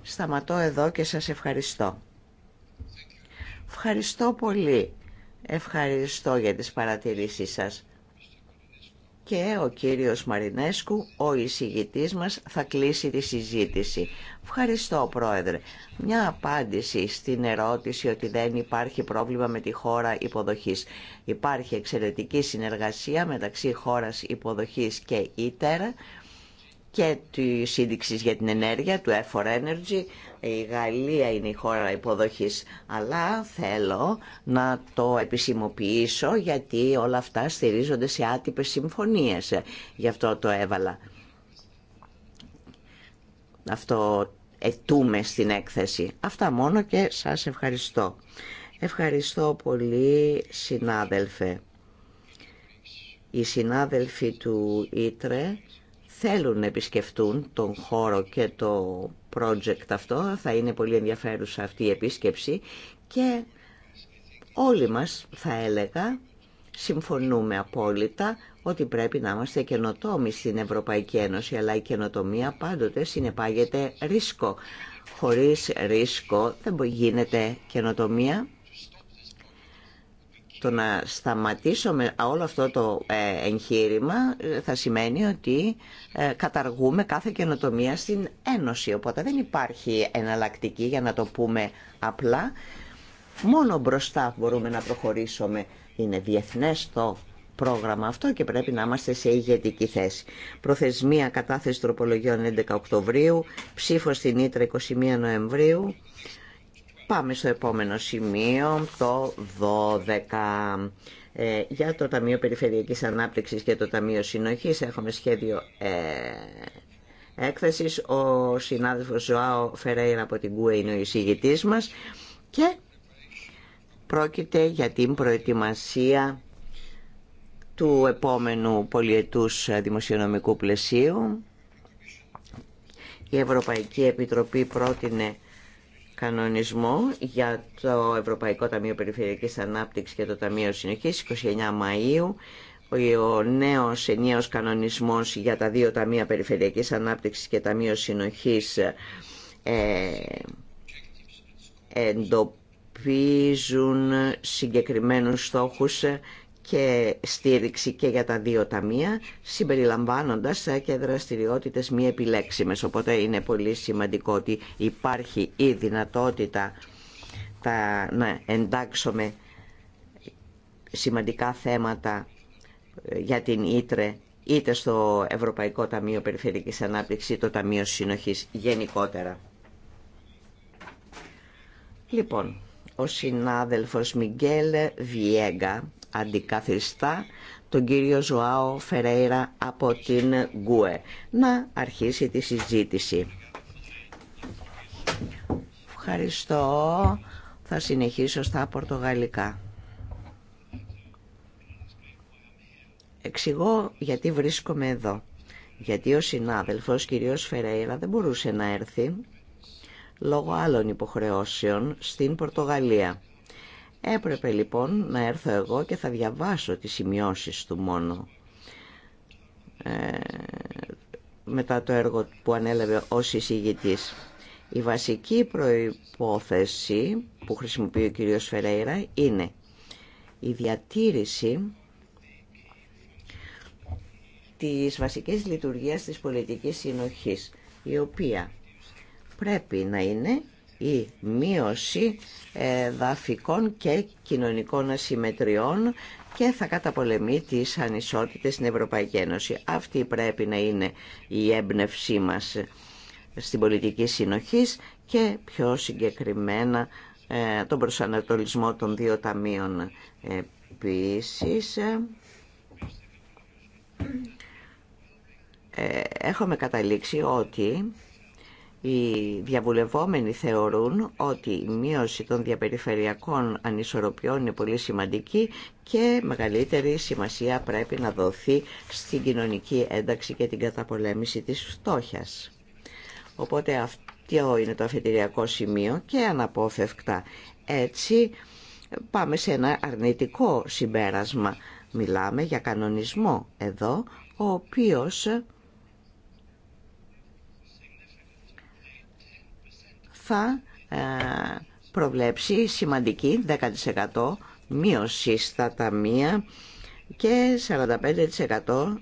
Σταματώ εδώ και σας ευχαριστώ. Ευχαριστώ πολύ. Ευχαριστώ για τις παρατηρήσεις σας. Και ο κύριος Μαρινέσκου, ο εισηγητής μας, θα κλείσει τη συζήτηση. Ευχαριστώ, Πρόεδρε. Μια απάντηση στην ερώτηση ότι δεν υπάρχει πρόβλημα με τη χώρα υποδοχής. Υπάρχει εξαιρετική συνεργασία μεταξύ χώρας υποδοχής και ΙΤΕΡ και τη σύνδεξη για την ενέργεια, του F4 Energy. Η Γαλλία είναι η χώρα υποδοχής, αλλά θέλω να το επισημοποιήσω γιατί όλα αυτά στηρίζονται σε άτυπες συμφωνίες. Γι' αυτό το έβαλα. Αυτό ετούμε στην έκθεση. Αυτά μόνο και σας ευχαριστώ. Ευχαριστώ πολύ συνάδελφε. Οι συνάδελφοι του Ήτρε θέλουν να επισκεφτούν τον χώρο και το project αυτό. Θα είναι πολύ ενδιαφέρουσα αυτή η επίσκεψη και όλοι μας θα έλεγα συμφωνούμε απόλυτα ότι πρέπει να είμαστε καινοτόμοι στην Ευρωπαϊκή Ένωση, αλλά η καινοτομία πάντοτε συνεπάγεται ρίσκο. Χωρίς ρίσκο δεν γίνεται καινοτομία το να σταματήσουμε όλο αυτό το ε, εγχείρημα ε, θα σημαίνει ότι ε, καταργούμε κάθε καινοτομία στην Ένωση. Οπότε δεν υπάρχει εναλλακτική για να το πούμε απλά. Μόνο μπροστά μπορούμε να προχωρήσουμε. Είναι διεθνές το πρόγραμμα αυτό και πρέπει να είμαστε σε ηγετική θέση. Προθεσμία κατάθεση τροπολογιών 11 Οκτωβρίου, ψήφο στην Ήτρα 21 Νοεμβρίου, Πάμε στο επόμενο σημείο, το 12. Ε, για το Ταμείο Περιφερειακής Ανάπτυξης και το Ταμείο Συνοχής έχουμε σχέδιο ε, έκθεσης. Ο συνάδελφος Ζωάο Φερέιρα από την ΚΟΕ είναι ο εισηγητής μας και πρόκειται για την προετοιμασία του επόμενου πολιετούς δημοσιονομικού πλαισίου. Η Ευρωπαϊκή Επιτροπή πρότεινε κανονισμό για το Ευρωπαϊκό Ταμείο Περιφερειακής Ανάπτυξης και το Ταμείο Συνοχής 29 Μαΐου ο νέος ενιαίος κανονισμός για τα δύο Ταμεία Περιφερειακής Ανάπτυξης και Ταμείο Συνοχής ε, εντοπίζουν συγκεκριμένους στόχους και στήριξη και για τα δύο ταμεία, συμπεριλαμβάνοντας ε, και δραστηριότητες μη επιλέξιμες. Οπότε είναι πολύ σημαντικό ότι υπάρχει η δυνατότητα τα, να εντάξουμε σημαντικά θέματα ε, για την Ήτρε είτε στο Ευρωπαϊκό Ταμείο Περιφερειακής Ανάπτυξης είτε το Ταμείο Συνοχής γενικότερα. Λοιπόν, ο συνάδελφος Μιγγέλ Βιέγκα αντικαθιστά τον κύριο Ζωάο Φερέιρα από την Γκουε να αρχίσει τη συζήτηση. Ευχαριστώ. Θα συνεχίσω στα πορτογαλικά. Εξηγώ γιατί βρίσκομαι εδώ. Γιατί ο συνάδελφος κύριος Φερέιρα δεν μπορούσε να έρθει λόγω άλλων υποχρεώσεων στην Πορτογαλία. Έπρεπε λοιπόν να έρθω εγώ και θα διαβάσω τις σημειώσεις του μόνο. Ε, μετά το έργο που ανέλαβε ως εισηγητής. Η βασική προϋπόθεση που χρησιμοποιεί ο κύριος Φερέιρα είναι η διατήρηση της βασικής λειτουργίας της πολιτικής συνοχής, η οποία πρέπει να είναι η μείωση ε, δαφικών και κοινωνικών ασυμμετριών και θα καταπολεμεί τις ανισότητες στην Ευρωπαϊκή Ένωση. Αυτή πρέπει να είναι η έμπνευσή μας στην πολιτική συνοχής και πιο συγκεκριμένα ε, τον προσανατολισμό των δύο ταμείων επίσης. Ε, έχουμε καταλήξει ότι οι διαβουλευόμενοι θεωρούν ότι η μείωση των διαπεριφερειακών ανισορροπιών είναι πολύ σημαντική και μεγαλύτερη σημασία πρέπει να δοθεί στην κοινωνική ένταξη και την καταπολέμηση της φτώχειας. Οπότε αυτό είναι το αφετηριακό σημείο και αναπόφευκτα. Έτσι πάμε σε ένα αρνητικό συμπέρασμα. Μιλάμε για κανονισμό εδώ, ο οποίος θα ε, προβλέψει σημαντική 10% μείωση στα ταμεία και 45%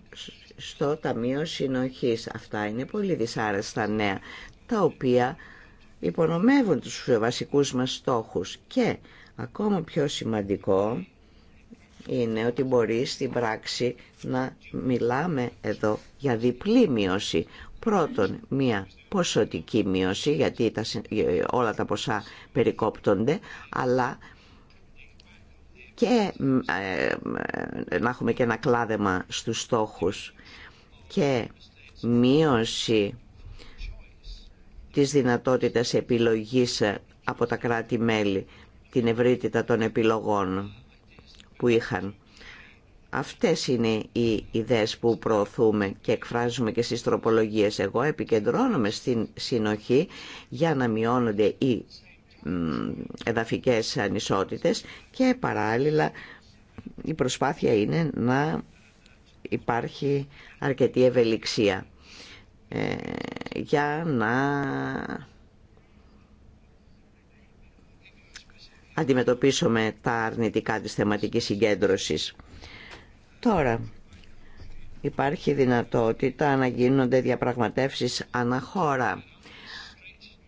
στο Ταμείο Συνοχής. Αυτά είναι πολύ δυσάρεστα νέα, τα οποία υπονομεύουν τους βασικούς μας στόχους. Και ακόμα πιο σημαντικό είναι ότι μπορεί στην πράξη να μιλάμε εδώ για διπλή μείωση, Πρώτον, μία ποσοτική μείωση, γιατί τα, ε, όλα τα ποσά περικόπτονται, αλλά και ε, ε, να έχουμε και ένα κλάδεμα στους στόχους και μείωση της δυνατότητας επιλογής ε, από τα κράτη-μέλη, την ευρύτητα των επιλογών που είχαν. Αυτές είναι οι ιδέες που προωθούμε και εκφράζουμε και στις τροπολογίες. Εγώ επικεντρώνομαι στην συνοχή για να μειώνονται οι εδαφικές ανισότητες και παράλληλα η προσπάθεια είναι να υπάρχει αρκετή ευελιξία ε, για να αντιμετωπίσουμε τα αρνητικά της θεματικής συγκέντρωσης. Τώρα, υπάρχει δυνατότητα να γίνονται διαπραγματεύσεις αναχώρα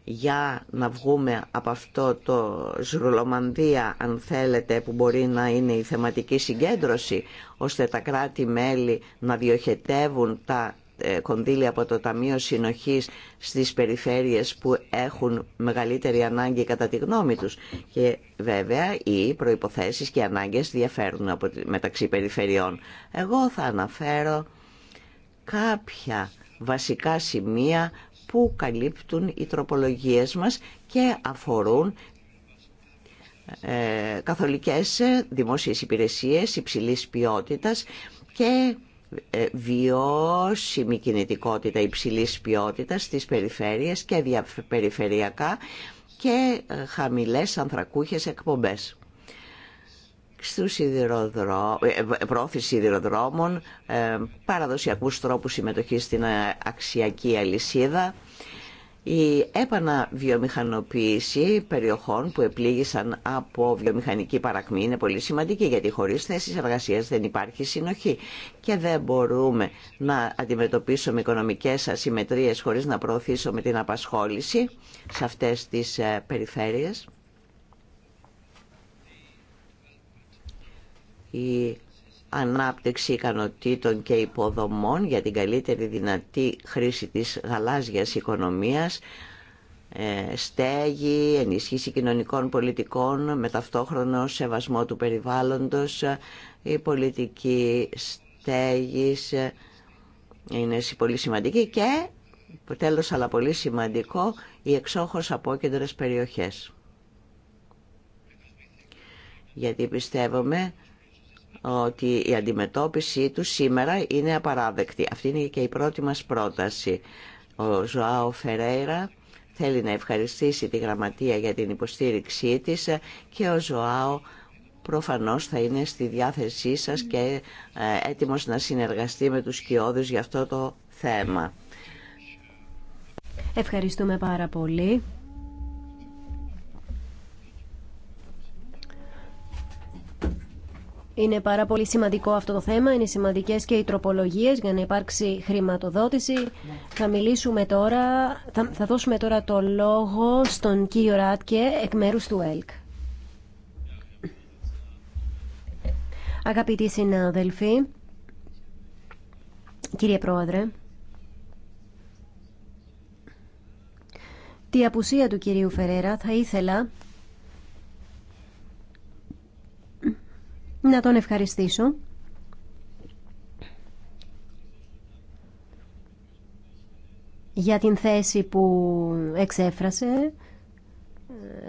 για να βγούμε από αυτό το ζρουλομανδία, αν θέλετε που μπορεί να είναι η θεματική συγκέντρωση ώστε τα κράτη-μέλη να διοχετεύουν τα ε, κονδύλια από το Ταμείο Συνοχής στις περιφέρειες που έχουν μεγαλύτερη ανάγκη κατά τη γνώμη τους. Και βέβαια οι προϋποθέσεις και οι ανάγκες διαφέρουν από, μεταξύ περιφερειών. Εγώ θα αναφέρω κάποια βασικά σημεία που καλύπτουν οι τροπολογίες μας και αφορούν ε, καθολικές ε, δημόσιες υπηρεσίες υψηλής ποιότητας και ε, βιώσιμη κινητικότητα υψηλής ποιότητας στις περιφέρειες και διαπεριφερειακά και ε, χαμηλές ανθρακούχες εκπομπές. Στους σιδηροδρό... Ε, πρόθεση σιδηροδρόμων, παραδοσιακούς τρόπους συμμετοχής στην αξιακή αλυσίδα, η επαναβιομηχανοποίηση περιοχών που επλήγησαν από βιομηχανική παρακμή είναι πολύ σημαντική γιατί χωρίς θέσεις εργασίας δεν υπάρχει συνοχή και δεν μπορούμε να αντιμετωπίσουμε οικονομικές ασυμμετρίες χωρίς να προωθήσουμε την απασχόληση σε αυτές τις ε, περιφέρειες ανάπτυξη ικανοτήτων και υποδομών για την καλύτερη δυνατή χρήση της γαλάζιας οικονομίας, ε, στέγη, ενίσχυση κοινωνικών πολιτικών με ταυτόχρονο σεβασμό του περιβάλλοντος, ε, η πολιτική στέγη... Ε, είναι πολύ σημαντική και τέλος αλλά πολύ σημαντικό οι εξόχως απόκεντρες περιοχές. Γιατί πιστεύομαι ότι η αντιμετώπιση του σήμερα είναι απαράδεκτη. Αυτή είναι και η πρώτη μας πρόταση. Ο Ζωάο Φερέιρα θέλει να ευχαριστήσει τη Γραμματεία για την υποστήριξή της και ο Ζωάο προφανώς θα είναι στη διάθεσή σας και ε, έτοιμος να συνεργαστεί με τους κοιόδους για αυτό το θέμα. Ευχαριστούμε πάρα πολύ. Είναι πάρα πολύ σημαντικό αυτό το θέμα, είναι σημαντικές και οι τροπολογίες για να υπάρξει χρηματοδότηση. Θα μιλήσουμε τώρα, θα, δώσουμε τώρα το λόγο στον κύριο Ράτκε εκ μέρου του ΕΛΚ. Αγαπητοί συνάδελφοι, κύριε Πρόεδρε, τη απουσία του κυρίου Φερέρα θα ήθελα να τον ευχαριστήσω. για την θέση που εξέφρασε.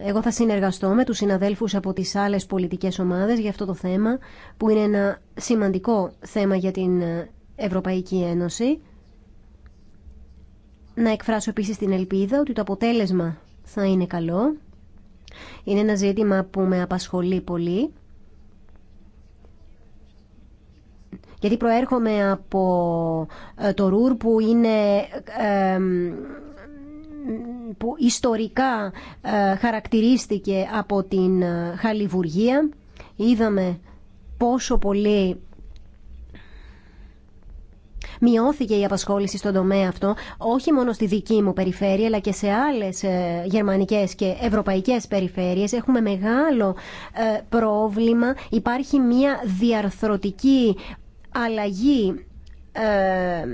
Εγώ θα συνεργαστώ με τους συναδέλφους από τις άλλες πολιτικές ομάδες για αυτό το θέμα, που είναι ένα σημαντικό θέμα για την Ευρωπαϊκή Ένωση. Να εκφράσω επίσης την ελπίδα ότι το αποτέλεσμα θα είναι καλό. Είναι ένα ζήτημα που με απασχολεί πολύ. Γιατί προέρχομαι από ε, το Ρούρ που είναι που ιστορικά ε, χαρακτηρίστηκε από την ε, Χαλιβουργία. Είδαμε πόσο πολύ μειώθηκε η απασχόληση στον τομέα αυτό, όχι μόνο στη δική μου περιφέρεια, αλλά και σε άλλες γερμανικές και ευρωπαϊκές περιφέρειες. Έχουμε μεγάλο πρόβλημα. Υπάρχει μια διαρθρωτική αλλαγή ε,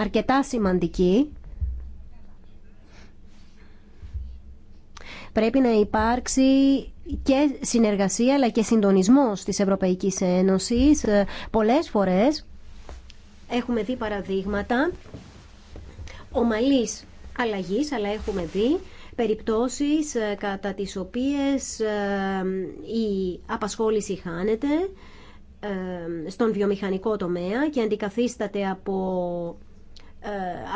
αρκετά σημαντική. Πρέπει να υπάρξει και συνεργασία αλλά και συντονισμός της Ευρωπαϊκής Ένωσης. Ε, πολλές φορές έχουμε δει παραδείγματα ομαλής αλλαγής, αλλά έχουμε δει περιπτώσεις ε, κατά τις οποίες η απασχόληση χάνεται στον βιομηχανικό τομέα και αντικαθίσταται από ε,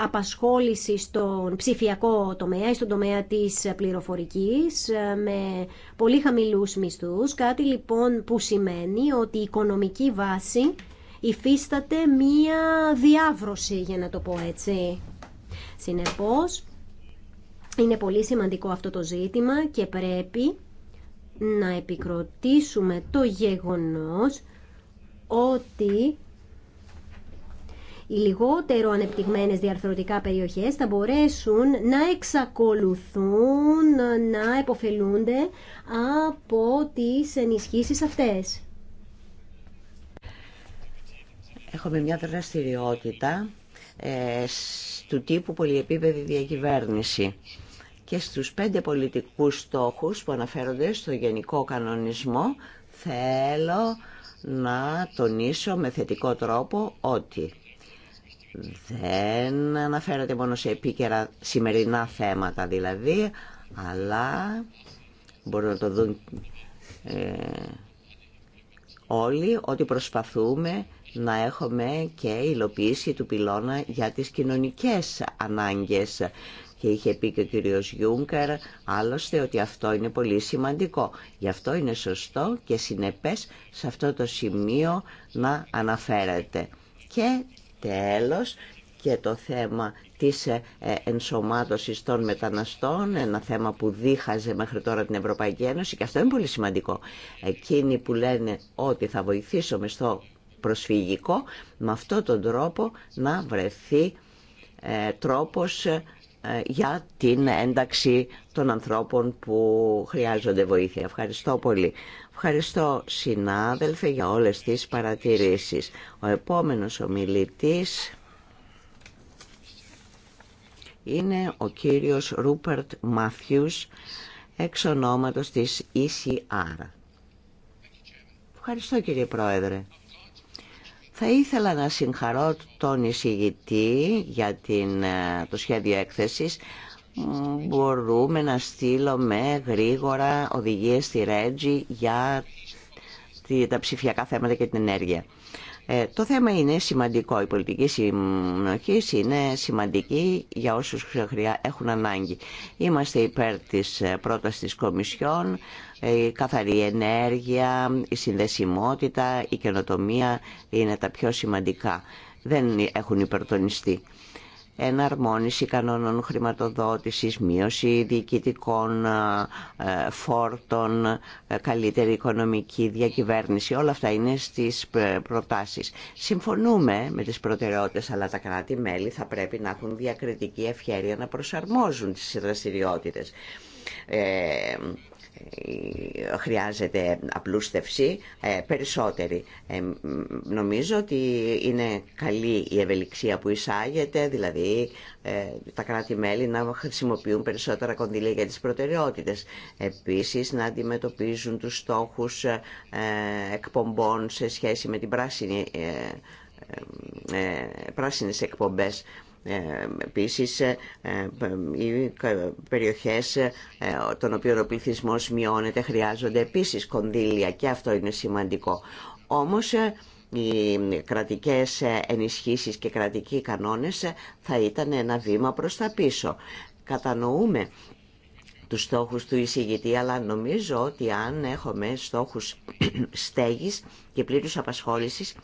απασχόληση στον ψηφιακό τομέα ή στον τομέα της πληροφορικής ε, με πολύ χαμηλούς μισθούς, κάτι λοιπόν που σημαίνει ότι η οικονομική βάση υφίσταται μία διάβρωση, για να το πω έτσι. Συνεπώς, είναι πολύ σημαντικό αυτό το ζήτημα και πρέπει να επικροτήσουμε το γεγονός ότι οι λιγότερο ανεπτυγμένες διαρθρωτικά περιοχές θα μπορέσουν να εξακολουθούν να επωφελούνται από τις ενισχύσεις αυτές. Έχουμε μια δραστηριότητα ε, του τύπου πολυεπίπεδη διακυβέρνηση και στους πέντε πολιτικούς στόχους που αναφέρονται στο γενικό κανονισμό θέλω να τονίσω με θετικό τρόπο ότι δεν αναφέρεται μόνο σε επίκαιρα σημερινά θέματα δηλαδή, αλλά μπορούν να το δουν ε, όλοι ότι προσπαθούμε να έχουμε και υλοποίηση του πυλώνα για τις κοινωνικές ανάγκες και είχε πει και ο κύριος Γιούγκερ άλλωστε ότι αυτό είναι πολύ σημαντικό. Γι' αυτό είναι σωστό και συνεπές σε αυτό το σημείο να αναφέρεται. Και τέλος και το θέμα της ε, ε, ενσωμάτωσης των μεταναστών, ένα θέμα που δίχαζε μέχρι τώρα την Ευρωπαϊκή Ένωση και αυτό είναι πολύ σημαντικό. Εκείνοι που λένε ότι θα βοηθήσουμε στο προσφυγικό, με αυτόν τον τρόπο να βρεθεί ε, τρόπος ε, για την ένταξη των ανθρώπων που χρειάζονται βοήθεια. Ευχαριστώ πολύ. Ευχαριστώ συνάδελφε για όλες τις παρατηρήσεις. Ο επόμενος ομιλητής είναι ο κύριος Ρούπερτ Μάθιους, εξ ονόματος της ECR. Ευχαριστώ κύριε Πρόεδρε. Θα ήθελα να συγχαρώ τον εισηγητή για την, ε, το σχέδιο έκθεσης. Μπορούμε να στείλουμε γρήγορα οδηγίες στη Ρέτζη για τα ψηφιακά θέματα και την ενέργεια. Ε, το θέμα είναι σημαντικό. Η πολιτική συνοχή είναι σημαντική για όσους έχουν ανάγκη. Είμαστε υπέρ της ε, πρότασης της Κομισιόν ε, η καθαρή ενέργεια, η συνδεσιμότητα, η καινοτομία είναι τα πιο σημαντικά. Δεν έχουν υπερτονιστεί. Εναρμόνιση κανόνων χρηματοδότησης, μείωση διοικητικών ε, φόρτων, ε, καλύτερη οικονομική διακυβέρνηση. Όλα αυτά είναι στις προτάσεις. Συμφωνούμε με τις προτεραιότητες, αλλά τα κράτη-μέλη θα πρέπει να έχουν διακριτική ευχαίρεια να προσαρμόζουν τις δραστηριότητε. Ε, χρειάζεται απλούστευση ε, περισσότερη. Ε, νομίζω ότι είναι καλή η ευελιξία που εισάγεται, δηλαδή τα κράτη-μέλη να χρησιμοποιούν περισσότερα κονδύλια για τις προτεραιότητες. Επίσης να αντιμετωπίζουν τους στόχους εκπομπών σε σχέση με την πράσινη πράσινες εκπομπές Επίσης, ε, οι περιοχές ε, των οποίων ο πληθυσμός μειώνεται χρειάζονται επίσης κονδύλια και αυτό είναι σημαντικό. Όμως, ε, οι κρατικές ενισχύσεις και κρατικοί κανόνες θα ήταν ένα βήμα προς τα πίσω. Κατανοούμε τους στόχους του εισηγητή, αλλά νομίζω ότι αν έχουμε στόχους στέγης και πλήρους απασχόλησης,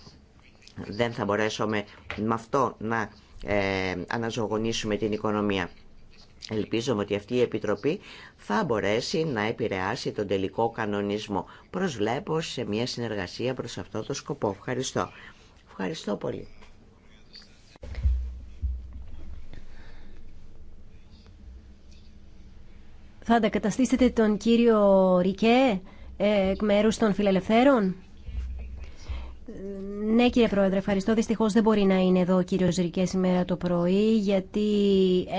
δεν θα μπορέσουμε με αυτό να ε, αναζωογονήσουμε την οικονομία. Ελπίζω ότι αυτή η Επιτροπή θα μπορέσει να επηρεάσει τον τελικό κανονισμό. Προσβλέπω σε μια συνεργασία προς αυτό το σκοπό. Ευχαριστώ. Ευχαριστώ πολύ. Θα αντακαταστήσετε τον κύριο Ρικέ ε, εκ μέρους των φιλελευθέρων. Ναι κύριε Πρόεδρε, ευχαριστώ. Δυστυχώ δεν μπορεί να είναι εδώ ο κύριο Ρικέ σήμερα το πρωί γιατί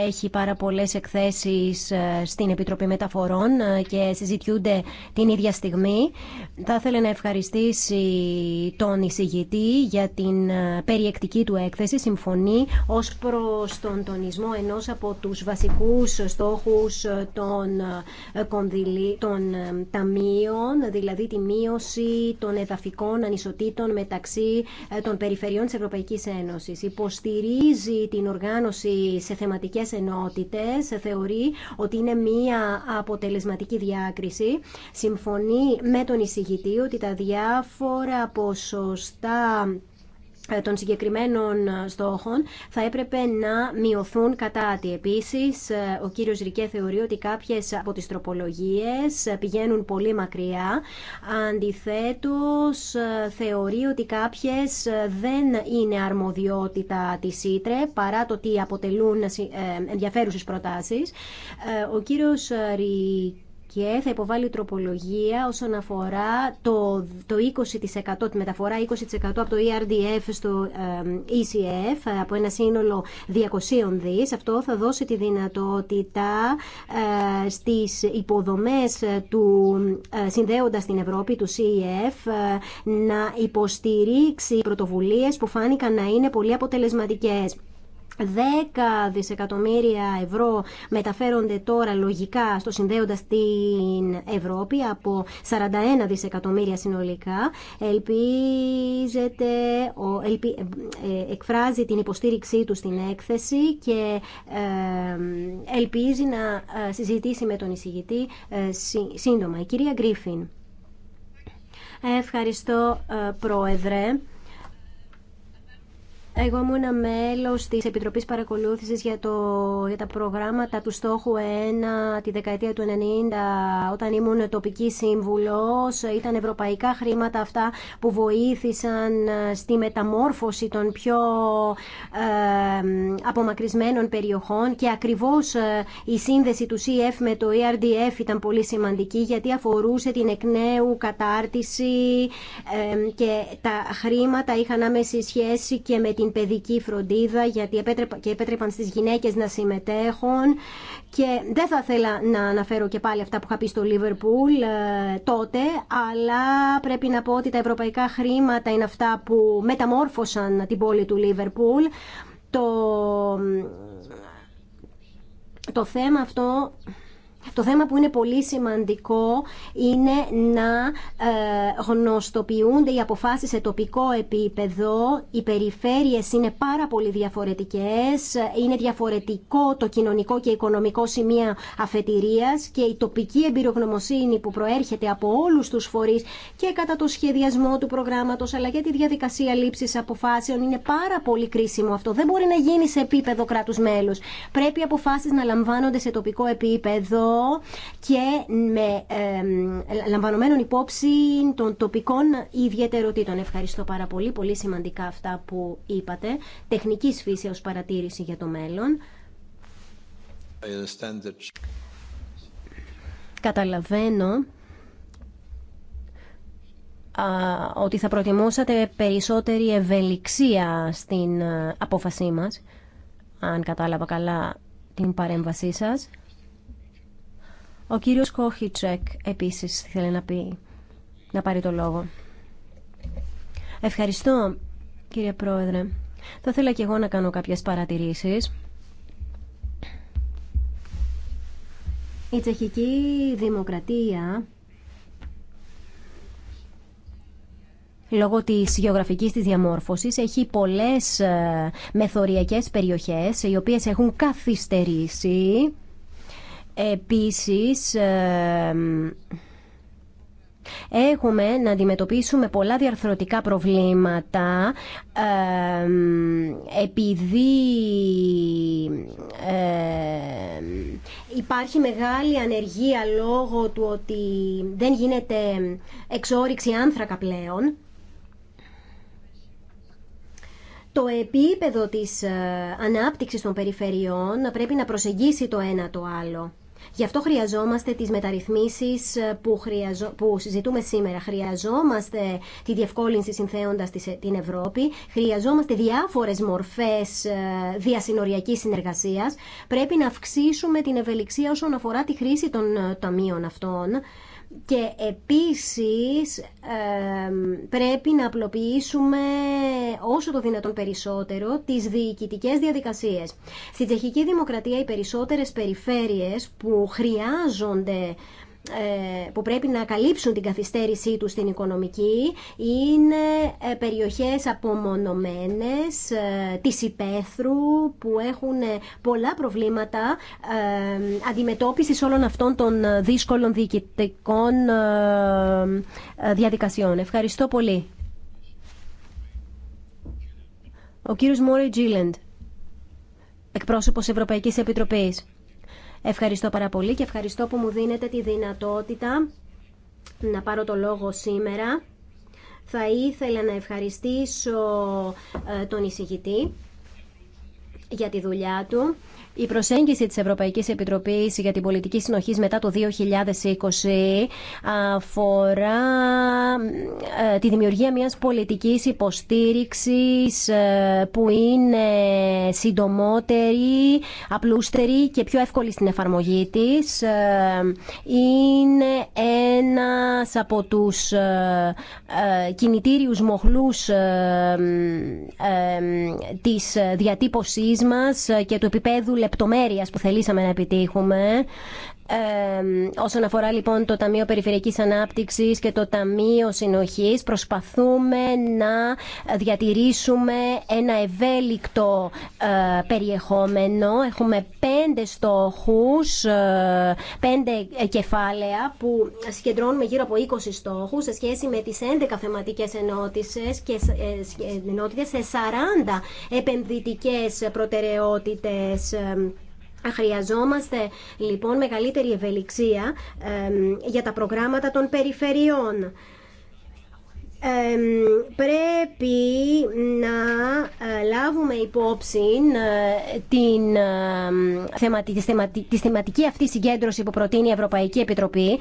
έχει πάρα πολλέ εκθέσει ε, στην Επιτροπή Μεταφορών ε, και συζητιούνται την ίδια στιγμή. Θα ήθελε να ευχαριστήσει τον εισηγητή για την ε, περιεκτική του έκθεση. Συμφωνεί ως προ τον τονισμό ενός από τους βασικούς στόχους των, των ταμείων, δηλαδή τη μείωση των εδαφικών ανισοτήτων μεταξύ ε, των περιφερειών της Ευρωπαϊκής Ένωσης. Υποστηρίζει την οργάνωση σε θεματικές ενότητες, ε, θεωρεί ότι είναι μία αποτελεσματική διάκριση. Συμφωνεί με τον εισηγητή ότι τα διάφορα ποσοστά ε, των συγκεκριμένων ε, στόχων θα έπρεπε να μειωθούν κατά τη. Επίσης, ε, ο κύριος Ρικέ θεωρεί ότι κάποιες από τις τροπολογίες πηγαίνουν πολύ μακριά. Αντιθέτως, θεωρεί ότι κάποιες δεν είναι αρμοδιότητα της Ήτρε, παρά το ότι αποτελούν ενδιαφέρουσες προτάσεις. Ο κύριος Ρικέ και θα υποβάλει τροπολογία όσον αφορά το, το 20%, τη μεταφορά 20% από το ERDF στο ECF, από ένα σύνολο 200 δις. Αυτό θα δώσει τη δυνατότητα ε, στις υποδομές του ε, συνδέοντας την Ευρώπη, του CEF, ε, να υποστηρίξει πρωτοβουλίες που φάνηκαν να είναι πολύ αποτελεσματικές. 10 δισεκατομμύρια ευρώ μεταφέρονται τώρα λογικά στο συνδέοντα την Ευρώπη από 41 δισεκατομμύρια συνολικά. Ελπίζεται, ο, ε, εκφράζει την υποστήριξή του στην έκθεση και ελπίζει να ε, συζητήσει με τον εισηγητή ε, σύντομα. Η κυρία Γκρίφιν. Ευχαριστώ, Πρόεδρε. Εγώ ήμουν μέλο τη Επιτροπή Παρακολούθηση για, για τα προγράμματα του στόχου 1 τη δεκαετία του 90, όταν ήμουν τοπική σύμβουλο. Ήταν ευρωπαϊκά χρήματα αυτά που βοήθησαν ε, στη μεταμόρφωση των πιο ε, απομακρυσμένων περιοχών και ακριβώ ε, η σύνδεση του CF με το ERDF ήταν πολύ σημαντική γιατί αφορούσε την εκ νέου κατάρτιση και τα χρήματα είχαν άμεση σχέση και με την παιδική φροντίδα γιατί και επέτρεπαν στις γυναίκες να συμμετέχουν και δεν θα ήθελα να αναφέρω και πάλι αυτά που είχα πει στο Λίβερπουλ ε, τότε αλλά πρέπει να πω ότι τα ευρωπαϊκά χρήματα είναι αυτά που μεταμόρφωσαν την πόλη του Λίβερπουλ το, το θέμα αυτό το θέμα που είναι πολύ σημαντικό είναι να ε, γνωστοποιούνται οι αποφάσεις σε τοπικό επίπεδο. Οι περιφέρειες είναι πάρα πολύ διαφορετικές. Είναι διαφορετικό το κοινωνικό και οικονομικό σημείο αφετηρίας και η τοπική εμπειρογνωμοσύνη που προέρχεται από όλους τους φορείς και κατά το σχεδιασμό του προγράμματος αλλά και τη διαδικασία λήψης αποφάσεων είναι πάρα πολύ κρίσιμο αυτό. Δεν μπορεί να γίνει σε επίπεδο κράτους μέλους. Πρέπει οι αποφάσεις να λαμβάνονται σε τοπικό επίπεδο και με ε, λαμβανομένων υπόψη των τοπικών ιδιαιτεροτήτων. Ευχαριστώ πάρα πολύ. Πολύ σημαντικά αυτά που είπατε. Τεχνικής ω παρατήρηση για το μέλλον. Καταλαβαίνω ότι θα προτιμούσατε περισσότερη ευελιξία στην ε, απόφασή μας, αν κατάλαβα καλά την παρέμβασή σας. Ο κύριος Κόχιτσεκ επίσης θέλει να πει, να πάρει το λόγο. Ευχαριστώ κύριε Πρόεδρε. Θα ήθελα και εγώ να κάνω κάποιες παρατηρήσεις. Η τσεχική δημοκρατία λόγω της γεωγραφικής της διαμόρφωσης έχει πολλές ε, μεθοριακές περιοχές οι οποίες έχουν καθυστερήσει Επίσης, έχουμε να αντιμετωπίσουμε πολλά διαρθρωτικά προβλήματα επειδή υπάρχει μεγάλη ανεργία λόγω του ότι δεν γίνεται εξόριξη άνθρακα πλέον. Το επίπεδο της ε, ανάπτυξης των περιφερειών πρέπει να προσεγγίσει το ένα το άλλο. Γι' αυτό χρειαζόμαστε τις μεταρρυθμίσεις ε, που, χρειαζο... που συζητούμε σήμερα. Χρειαζόμαστε τη διευκόλυνση συνθέοντας ε, την Ευρώπη. Χρειαζόμαστε διάφορες μορφές ε, διασυνοριακής συνεργασίας. Πρέπει να αυξήσουμε την ευελιξία όσον αφορά τη χρήση των ταμείων αυτών. Και επίσης πρέπει να απλοποιήσουμε όσο το δυνατόν περισσότερο τις διοικητικές διαδικασίες. Στη Τσεχική Δημοκρατία οι περισσότερες περιφέρειες που χρειάζονται ε, που πρέπει να καλύψουν την καθυστέρησή τους στην οικονομική είναι ε, περιοχές απομονωμένες ε, της υπαίθρου που έχουν πολλά προβλήματα αντιμετώπισης όλων αυτών των δύσκολων διοικητικών διαδικασιών. Ευχαριστώ πολύ. Ο κύριος Μόρι Τζίλεντ, εκπρόσωπος Ευρωπαϊκής Επιτροπής. Ευχαριστώ πάρα πολύ και ευχαριστώ που μου δίνετε τη δυνατότητα να πάρω το λόγο σήμερα. Θα ήθελα να ευχαριστήσω ε, τον εισηγητή για τη δουλειά του. Η προσέγγιση της Ευρωπαϊκής Επιτροπής για την πολιτική συνοχής μετά το 2020 αφορά ε, τη δημιουργία μιας πολιτικής υποστήριξης ε, που είναι συντομότερη, απλούστερη και πιο εύκολη στην εφαρμογή της. Ε, είναι ένας από τους κινητήριους μοχλούς της διατύπωσής μας και του επίπεδου λεπτομέρειας που θελήσαμε να επιτύχουμε όσον αφορά λοιπόν το Ταμείο Περιφερειακής Ανάπτυξης και το Ταμείο Συνοχής προσπαθούμε να διατηρήσουμε ένα ευέλικτο ε, περιεχόμενο. Έχουμε πέντε στόχους, ε, πέντε κεφάλαια που συγκεντρώνουμε γύρω από 20 στόχους σε σχέση με τις 11 θεματικές ενότητες και ε, σε 40 επενδυτικές προτεραιότητες Χρειαζόμαστε λοιπόν μεγαλύτερη ευελιξία για τα προγράμματα των περιφερειών. πρέπει να ε, λάβουμε υπόψη ε, την, ε, τη θεματική αυτή συγκέντρωση που προτείνει η Ευρωπαϊκή Επιτροπή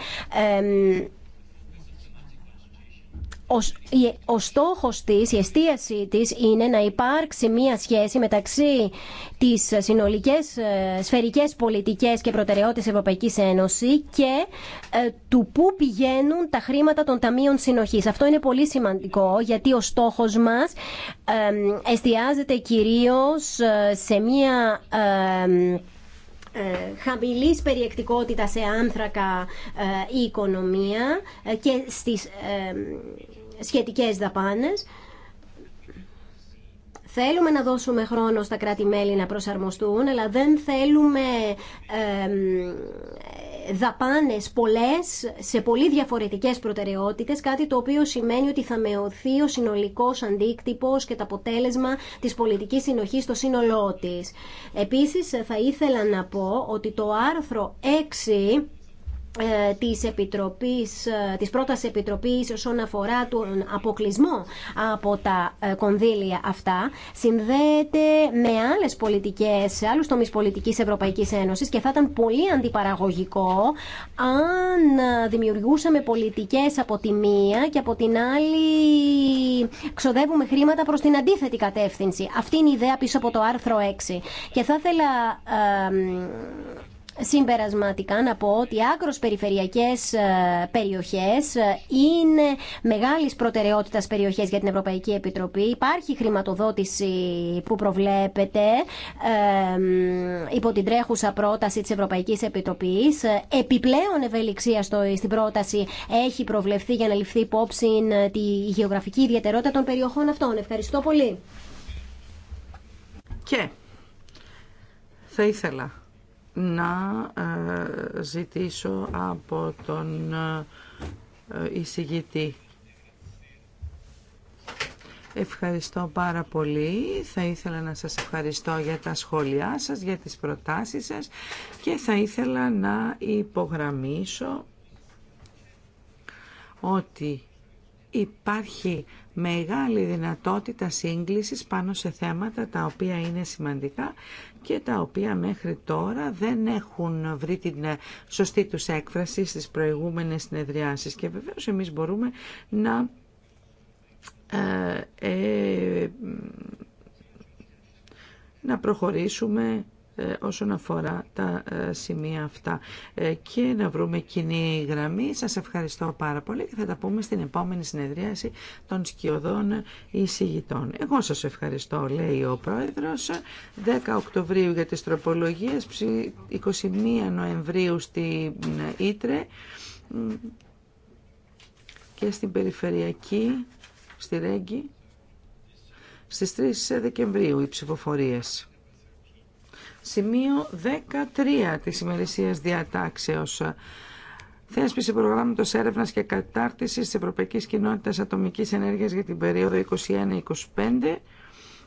ο στόχος της, η εστίαση της είναι να υπάρξει μία σχέση μεταξύ της συνολικές ε, σφαιρικές πολιτικές και προτεραιότητες Ευρωπαϊκής Ένωση και ε, του πού πηγαίνουν τα χρήματα των ταμείων συνοχής. Αυτό είναι πολύ σημαντικό γιατί ο στόχος μας ε, εστιάζεται κυρίως σε μία χαμηλής περιεκτικότητα σε άνθρακα η οικονομία και στις σχετικές δαπάνες. Θέλουμε να δώσουμε χρόνο στα κράτη-μέλη να προσαρμοστούν, αλλά δεν θέλουμε δαπάνες πολλές σε πολύ διαφορετικές προτεραιότητες, κάτι το οποίο σημαίνει ότι θα μεωθεί ο συνολικός αντίκτυπος και το αποτέλεσμα της πολιτικής συνοχής στο σύνολό της. Επίσης, θα ήθελα να πω ότι το άρθρο 6 ε, της, επιτροπής, ε, της πρώτας επιτροπής όσον αφορά τον αποκλεισμό από τα ε, κονδύλια αυτά συνδέεται με άλλες πολιτικές, σε άλλους τομείς πολιτικής Ευρωπαϊκής Ένωσης και θα ήταν πολύ αντιπαραγωγικό αν δημιουργούσαμε πολιτικές από τη μία και από την άλλη ξοδεύουμε χρήματα προς την αντίθετη κατεύθυνση. Αυτή είναι η ιδέα πίσω από το άρθρο 6. Και θα ήθελα Συμπερασματικά να πω ότι άκρος περιφερειακές ε, περιοχές ε, είναι μεγάλης προτεραιότητας περιοχές για την Ευρωπαϊκή Επιτροπή. Υπάρχει χρηματοδότηση που προβλέπεται υπό την τρέχουσα πρόταση της Ευρωπαϊκής Επιτροπής. Ε, επιπλέον ευελιξία στο, στην πρόταση έχει προβλεφθεί για να ληφθεί υπόψη τη γεωγραφική ιδιαιτερότητα των περιοχών αυτών. Ευχαριστώ πολύ. Και θα ήθελα να ε, ζητήσω από τον ε, εισηγητή. Ευχαριστώ πάρα πολύ. Θα ήθελα να σας ευχαριστώ για τα σχόλιά σας, για τις προτάσεις σας και θα ήθελα να υπογραμμίσω ότι υπάρχει μεγάλη δυνατότητα σύγκλησης πάνω σε θέματα τα οποία είναι σημαντικά και τα οποία μέχρι τώρα δεν έχουν βρει την σωστή τους έκφραση στις προηγούμενες συνεδριάσεις. Και βεβαίως εμείς μπορούμε να ε, ε, να προχωρήσουμε ε, όσον αφορά τα ε, σημεία αυτά ε, και να βρούμε κοινή γραμμή. Σας ευχαριστώ πάρα πολύ και θα τα πούμε στην επόμενη συνεδρίαση των σκιωδών εισηγητών. Εγώ σας ευχαριστώ, λέει ο Πρόεδρος, 10 Οκτωβρίου για τις τροπολογίες, 21 Νοεμβρίου στην Ήτρε και στην Περιφερειακή, στη Ρέγγι, στις 3 Δεκεμβρίου οι ψηφοφορίες. Σημείο 13 της ημερησίας διατάξεως. Θέσπιση προγράμματο έρευνα και κατάρτιση τη Ευρωπαϊκή Κοινότητα Ατομική Ενέργεια για την περιοδο 2021 2021-2025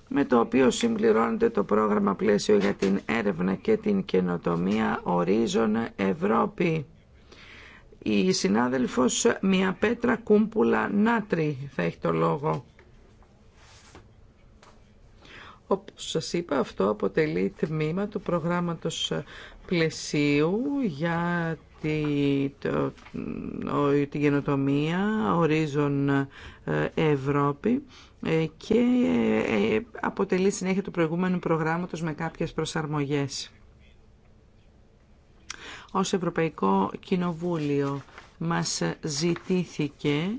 με το οποίο συμπληρώνεται το πρόγραμμα πλαίσιο για την έρευνα και την καινοτομία ορίζων Ευρώπη. Η συνάδελφος Μια Πέτρα Κούμπουλα Νάτρη θα έχει το λόγο. Όπως σας είπα, αυτό αποτελεί τμήμα του προγράμματος πλαισίου για τη, το, τη γενοτομία ορίζων ε, Ευρώπη ε, και ε, αποτελεί συνέχεια του προηγούμενου προγράμματος με κάποιες προσαρμογές. Ως Ευρωπαϊκό Κοινοβούλιο μας ζητήθηκε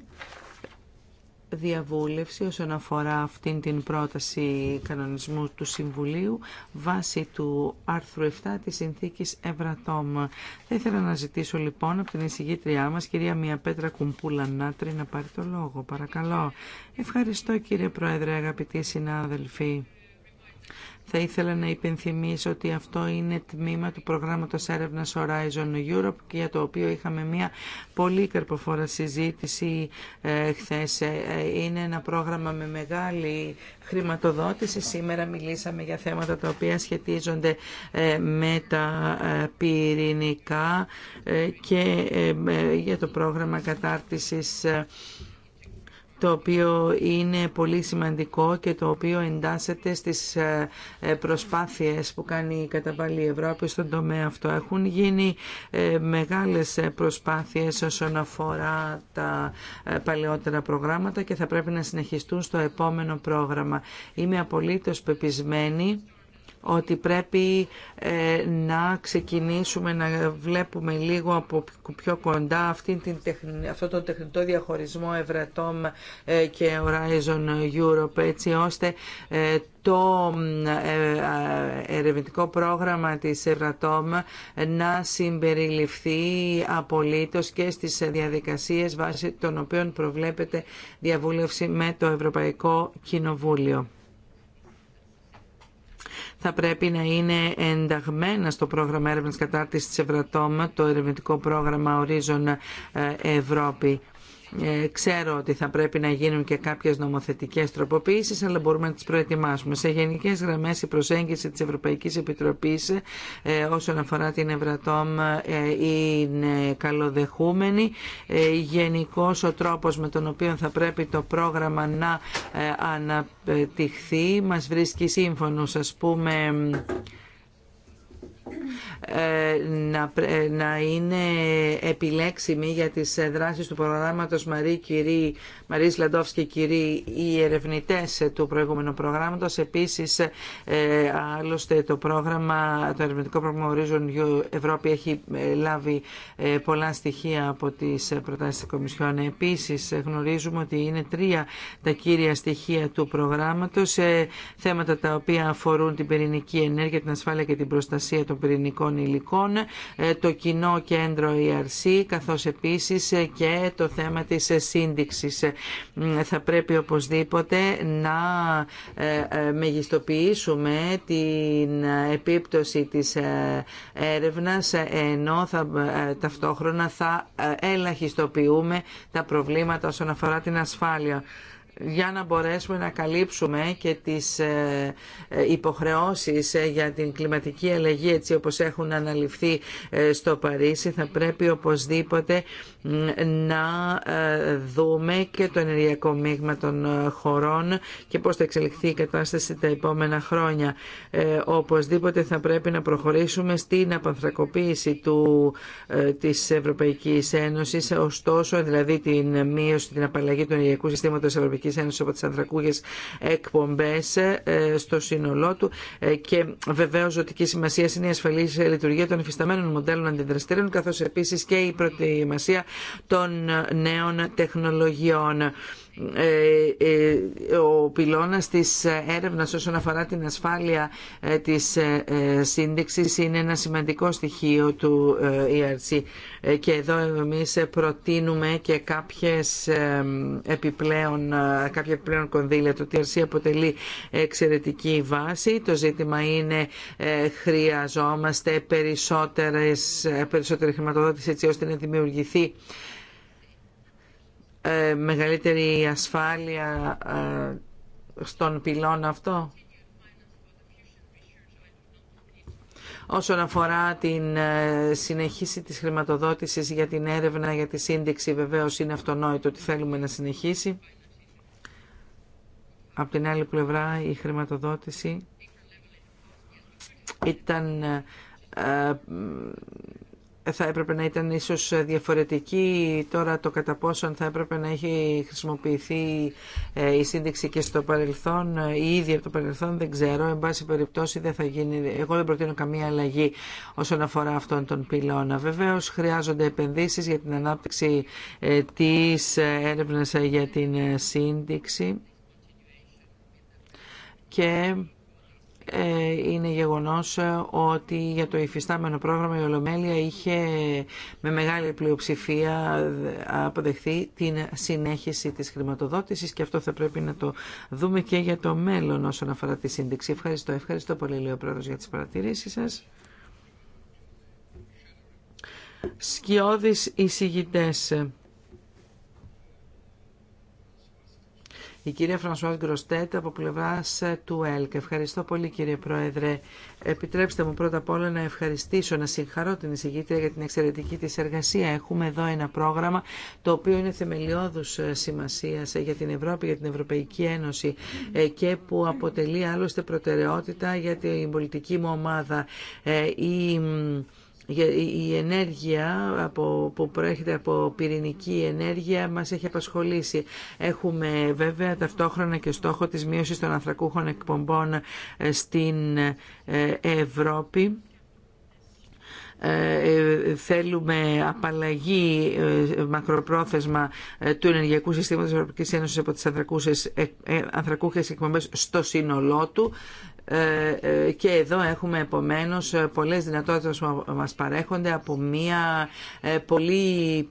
διαβούλευση όσον αφορά αυτήν την πρόταση κανονισμού του Συμβουλίου βάσει του άρθρου 7 της Συνθήκης Ευρατόμ. Θα ήθελα να ζητήσω λοιπόν από την εισηγήτριά μας, κυρία Μια Πέτρα Κουμπούλα Νάτρη, να πάρει το λόγο. Παρακαλώ. Ευχαριστώ κύριε Πρόεδρε, αγαπητοί συνάδελφοι. Θα ήθελα να υπενθυμίσω ότι αυτό είναι τμήμα του προγράμματος έρευνας Horizon Europe για το οποίο είχαμε μια πολύ καρποφόρα συζήτηση ε, χθες. Ε, ε, είναι ένα πρόγραμμα με μεγάλη χρηματοδότηση. Σήμερα μιλήσαμε για θέματα τα οποία σχετίζονται με τα πυρηνικά και για το πρόγραμμα κατάρτισης το οποίο είναι πολύ σημαντικό και το οποίο εντάσσεται στις ε, ε, προσπάθειες που κάνει η καταβάλη Ευρώπη στον τομέα αυτό. Έχουν γίνει ε, μεγάλες προσπάθειες όσον αφορά τα παλαιότερα προγράμματα και θα πρέπει να συνεχιστούν στο επόμενο πρόγραμμα. Είμαι απολύτως πεπισμένη ότι πρέπει ε, να ξεκινήσουμε να βλέπουμε λίγο από πιο κοντά αυτή την αυτό τον τεχνητό διαχωρισμό Ευρατόμ και Horizon Europe έτσι ώστε ε, το ε, ερευνητικό πρόγραμμα της Ευρατόμ να συμπεριληφθεί απολύτως και στις διαδικασίες βάσει των οποίων προβλέπεται διαβούλευση με το Ευρωπαϊκό Κοινοβούλιο θα πρέπει να είναι ενταγμένα στο πρόγραμμα έρευνας κατάρτισης τη το ερευνητικό πρόγραμμα Horizon ε, Ευρώπη. Ε, ξέρω ότι θα πρέπει να γίνουν και κάποιες νομοθετικές τροποποιήσεις, αλλά μπορούμε να τις προετοιμάσουμε. Σε γενικές γραμμές η προσέγγιση της Ευρωπαϊκής Επιτροπής ε, όσον αφορά την Ευρατόμ ε, είναι καλοδεχούμενη. Γενικώ ο τρόπος με τον οποίο θα πρέπει το πρόγραμμα να αναπτυχθεί μας βρίσκει σύμφωνο, πούμε ε, ε, να είναι επιλέξιμοι για τις ε, δράσεις του προγράμματος Μαρή Κυρί, Μαρής Λαντόφσκη, και οι ερευνητές του προηγούμενου προγράμματος. Επίσης, άλλωστε το πρόγραμμα, το ερευνητικό πρόγραμμα Horizon Europe έχει λάβει πολλά στοιχεία από τις προτάσεις της Κομισιόν. Επίσης, γνωρίζουμε ότι είναι τρία τα κύρια στοιχεία του προγράμματος, θέματα τα οποία αφορούν την πυρηνική ενέργεια, την ασφάλεια και την προστασία των πυρηνικών ε, το κοινό κέντρο ERC, καθώς επίσης ε, και το θέμα της ε, σύνδεξης. Θα πρέπει οπωσδήποτε να μεγιστοποιήσουμε την επίπτωση της έρευνας, ενώ θα, ταυτόχρονα θα ελαχιστοποιούμε τα προβλήματα όσον αφορά την ασφάλεια για να μπορέσουμε να καλύψουμε και τις ε, ε, υποχρεώσεις ε, για την κλιματική αλλαγή έτσι όπως έχουν αναλυφθεί στο Παρίσι θα πρέπει οπωσδήποτε να ε, δούμε και το ενεργειακό μείγμα των ε, χωρών και πώς θα εξελιχθεί η κατάσταση τα επόμενα χρόνια. Ε, οπωσδήποτε θα πρέπει να προχωρήσουμε στην απανθρακοποίηση του, της Ευρωπαϊκής Ένωσης, ωστόσο δηλαδή την μείωση, την απαλλαγή του ενεργειακού συστήματος της Ευρωπαϊκής Ένωσης από τις ανθρακούγες εκπομπές στο σύνολό του και βεβαίως ζωτική σημασία είναι η ασφαλή λειτουργία των υφισταμένων μοντέλων αντιδραστήρων καθώς επίσης και η προετοιμασία των νέων τεχνολογιών. Ε, ε, ο πυλώνας της έρευνας όσον αφορά την ασφάλεια ε, της σύνδεξης είναι ένα σημαντικό στοιχείο του ERC και εδώ εμείς προτείνουμε και κάποιες επιπλέον, κάποια επιπλέον κονδύλια. Το ERC αποτελεί εξαιρετική βάση. Το ζήτημα είναι χρειαζόμαστε περισσότερες, περισσότερη χρηματοδότηση έτσι ώστε να δημιουργηθεί ε, μεγαλύτερη ασφάλεια ε, στον πυλών αυτό. όσον αφορά την ε, συνεχίση της χρηματοδότησης για την έρευνα, για τη σύνδεξη, βεβαίως είναι αυτονόητο ότι θέλουμε να συνεχίσει. Από την άλλη πλευρά η χρηματοδότηση ήταν θα έπρεπε να ήταν ίσως διαφορετική τώρα το κατά πόσον θα έπρεπε να έχει χρησιμοποιηθεί ε, η σύνδεξη και στο παρελθόν ή ήδη από το παρελθόν δεν ξέρω εν πάση περιπτώσει δεν θα γίνει εγώ δεν προτείνω καμία αλλαγή όσον αφορά αυτόν τον πυλώνα βεβαίως χρειάζονται επενδύσεις για την ανάπτυξη ε, της ε, έρευνας για την σύνδεξη και ε, είναι γεγονός ε, ότι για το υφιστάμενο πρόγραμμα η Ολομέλεια είχε με μεγάλη πλειοψηφία ε, αποδεχθεί την συνέχιση της χρηματοδότησης και αυτό θα πρέπει να το δούμε και για το μέλλον όσον αφορά τη σύνδεξη. Ευχαριστώ, ευχαριστώ πολύ λέει ο Πρόεδρος για τις παρατηρήσεις σας. Σκιώδης εισηγητές. Η κυρία Φρανσουάς Γκροστέτ από πλευράς ε, του ΕΛΚ. Ευχαριστώ πολύ κύριε Πρόεδρε. Επιτρέψτε μου πρώτα απ' όλα να ευχαριστήσω, να συγχαρώ την εισηγήτρια για την εξαιρετική της εργασία. Έχουμε εδώ ένα πρόγραμμα το οποίο είναι θεμελιώδους ε, σημασίας ε, για την Ευρώπη, για την Ευρωπαϊκή Ένωση και που αποτελεί άλλωστε προτεραιότητα για την πολιτική μου ομάδα. Η η ενέργεια από, που προέρχεται από πυρηνική ενέργεια μας έχει απασχολήσει. Έχουμε βέβαια ταυτόχρονα και στόχο της μείωσης των ανθρακούχων εκπομπών ε, στην ε, Ευρώπη. Ε, θέλουμε απαλλαγή μακροπρόθεσμα του ενεργειακού συστήματος της Ευρωπαϊκής Ένωσης από τις ανθρακούχες εκπομπές στο σύνολό του ε, ε, και εδώ έχουμε επομένως πολλές δυνατότητες που μας παρέχονται από μια ε, πολύ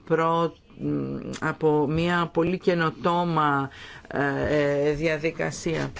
από μια πολύ καινοτόμα διαδικασία.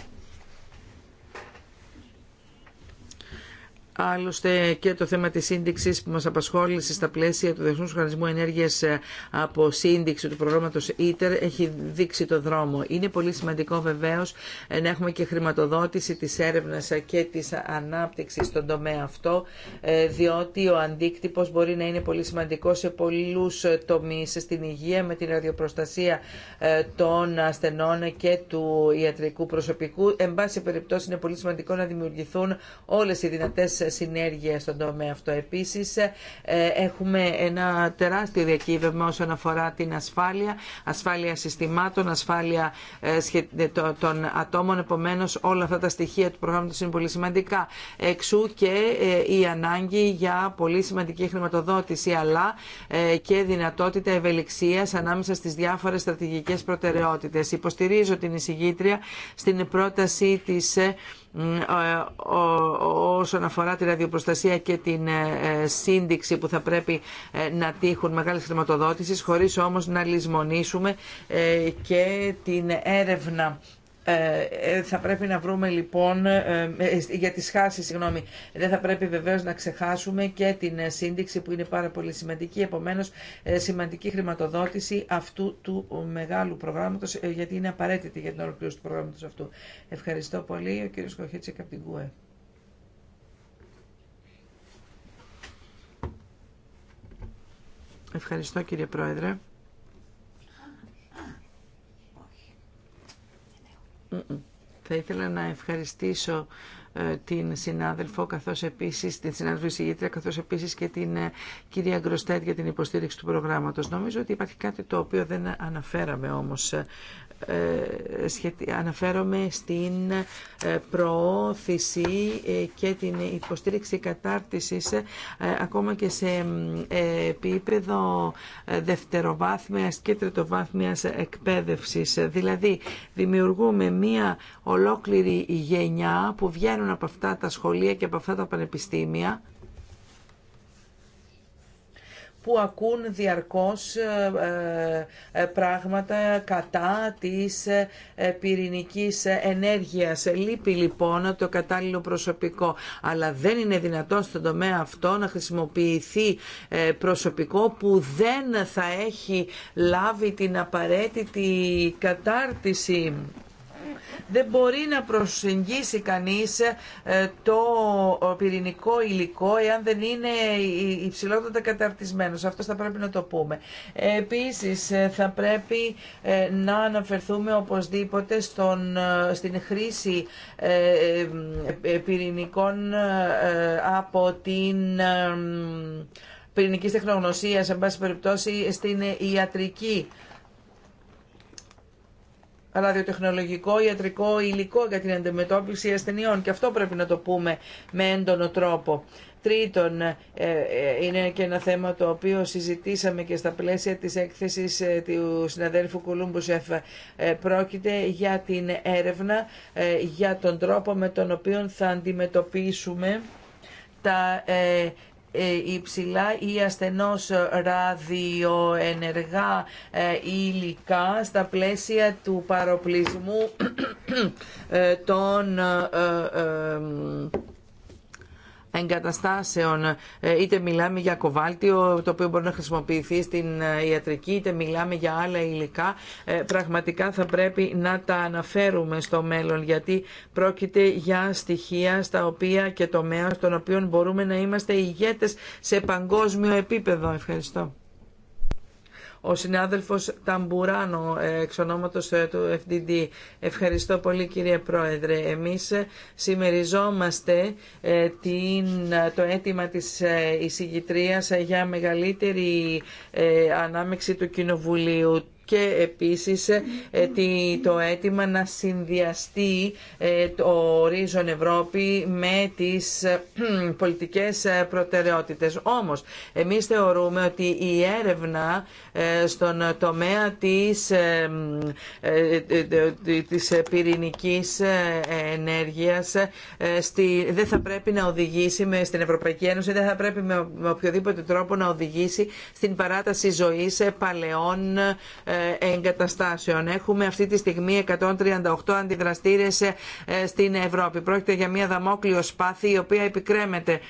Άλλωστε και το θέμα της σύνδεξης που μας απασχόλησε στα πλαίσια του Διεθνούς Οργανισμού Ενέργειας από σύνδεξη του προγράμματο ITER έχει δείξει το δρόμο. Είναι πολύ σημαντικό βεβαίως να έχουμε και χρηματοδότηση της έρευνας και της ανάπτυξης στον τομέα αυτό ε, διότι ο αντίκτυπος μπορεί να είναι πολύ σημαντικό σε πολλούς τομείς στην υγεία με την ραδιοπροστασία ε, των ασθενών και του ιατρικού προσωπικού. Εν πάση περιπτώσει είναι πολύ σημαντικό να δημιουργηθούν όλες οι δυνατές Συνέργεια στον τομέα αυτό. Επίσης ε, έχουμε ένα τεράστιο διακύβευμα όσον αφορά την ασφάλεια, ασφάλεια συστημάτων, ασφάλεια ε, ε, των ατόμων. Επομένως όλα αυτά τα στοιχεία του προγράμματος είναι πολύ σημαντικά. Εξού και η ανάγκη για πολύ σημαντική χρηματοδότηση αλλά και δυνατότητα ευελιξία ανάμεσα στις διάφορε στρατηγικέ προτεραιότητε. Υποστηρίζω την εισηγήτρια στην πρότασή της όσον αφορά τη ραδιοπροστασία και την ε, ε, σύνδεξη που θα πρέπει ε, να τύχουν μεγάλη χρηματοδότηση, χωρίς όμως να λησμονήσουμε και την έρευνα ε, ε, θα πρέπει να βρούμε λοιπόν, ε, για τις χάσεις, συγγνώμη, δεν θα πρέπει βεβαίως να ξεχάσουμε και την σύνδεξη που είναι πάρα πολύ σημαντική, επομένως σημαντική χρηματοδότηση αυτού του μεγάλου προγράμματος, γιατί είναι απαραίτητη για την ολοκλήρωση του προγράμματος αυτού. Ευχαριστώ πολύ, ο κύριος Κοχέτσικ από Ευχαριστώ κύριε Πρόεδρε. Θα ήθελα να ευχαριστήσω ε, την συνάδελφο, καθώς επίσης, την συνάδελφο εισηγήτρια, καθώς επίσης και την ε, κυρία Γκροστέτ για την υποστήριξη του προγράμματος. Νομίζω ότι υπάρχει κάτι το οποίο δεν αναφέραμε όμως ε, αναφέρομαι στην προώθηση και την υποστήριξη κατάρτισης ακόμα και σε επίπεδο δευτεροβάθμιας και τριτοβάθμιας εκπαίδευσης. Δηλαδή δημιουργούμε μία ολόκληρη γενιά που βγαίνουν από αυτά τα σχολεία και από αυτά τα πανεπιστήμια που ακούν διαρκώς ε, ε, ε, πράγματα κατά της πυρηνικής ενέργειας. Λείπει λοιπόν το κατάλληλο προσωπικό, αλλά δεν είναι δυνατόν στον τομέα αυτό να χρησιμοποιηθεί προσωπικό που δεν θα έχει λάβει την απαραίτητη κατάρτιση δεν μπορεί να προσεγγίσει κανείς ε, το πυρηνικό υλικό εάν δεν είναι υψηλότερα καταρτισμένος. Αυτό θα πρέπει να το πούμε. Επίσης ε, θα πρέπει ε, να αναφερθούμε οπωσδήποτε στον, στην χρήση πυρηνικών από την πυρηνική τεχνογνωσία, σε πάση περιπτώσει, στην ιατρική ραδιοτεχνολογικό, ιατρικό υλικό για την αντιμετώπιση ασθενειών και αυτό πρέπει να το πούμε με έντονο τρόπο. Τρίτον, ε, ε, είναι και ένα θέμα το οποίο συζητήσαμε και στα πλαίσια της έκθεσης ε, του συναδέλφου Κουλούμπου Σεφ. Πρόκειται για την έρευνα, για τον τρόπο με τον οποίο θα αντιμετωπίσουμε τα ε, υψηλά ή ασθενώς ραδιοενεργά ε, υλικά στα πλαίσια του παροπλισμού ε, των εγκαταστάσεων. Ε, είτε μιλάμε για κοβάλτιο, το οποίο μπορεί να χρησιμοποιηθεί στην ε, ιατρική, είτε μιλάμε για άλλα υλικά. Ε, πραγματικά θα πρέπει να τα αναφέρουμε στο μέλλον, γιατί πρόκειται για στοιχεία στα οποία και τομέα των οποίων μπορούμε να είμαστε ηγέτες σε παγκόσμιο επίπεδο. Ευχαριστώ. Ο συνάδελφος Ταμπουράνο, ε, εξ ονόματος ε, του FDD. Ευχαριστώ πολύ κύριε Πρόεδρε. Εμείς ε, συμμεριζόμαστε το αίτημα της εισηγητρίας για μεγαλύτερη ανάμεξη του Κοινοβουλίου και επίσης ε, το αίτημα να συνδυαστεί ε, το ορίζον Ευρώπη με τις ε, πολιτικές προτεραιότητες. Όμως, εμείς θεωρούμε ότι η έρευνα στον τομέα της, της πυρηνικής ενέργειας στη, δεν θα πρέπει να οδηγήσει με, στην Ευρωπαϊκή Ένωση, δεν θα πρέπει με οποιοδήποτε τρόπο να οδηγήσει στην παράταση ζωής παλαιών ε, εγκαταστάσεων. Έχουμε αυτή τη στιγμή 138 αντιδραστήρες ε, στην Ευρώπη. Πρόκειται για μια δαμόκλειο σπάθη η οποία επικρέμεται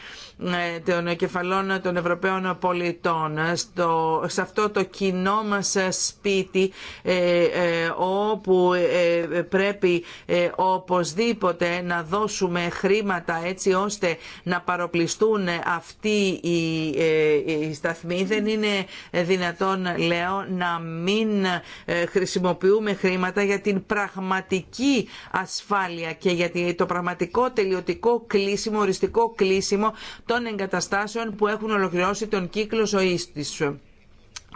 ε, των κεφαλών των Ευρωπαίων πολιτών στο, σε αυτό το κοινό μας σπίτι ε, ε, όπου πρέπει οπωσδήποτε να δώσουμε χρήματα έτσι ώστε να παροπλιστούν αυτοί οι, οι σταθμοί. Δεν είναι δυνατόν, λέω, να μην χρησιμοποιούμε χρήματα για την πραγματική ασφάλεια και για το πραγματικό τελειωτικό κλείσιμο, οριστικό κλείσιμο των εγκαταστάσεων που έχουν ολοκληρώσει τον κύκλο ζωής της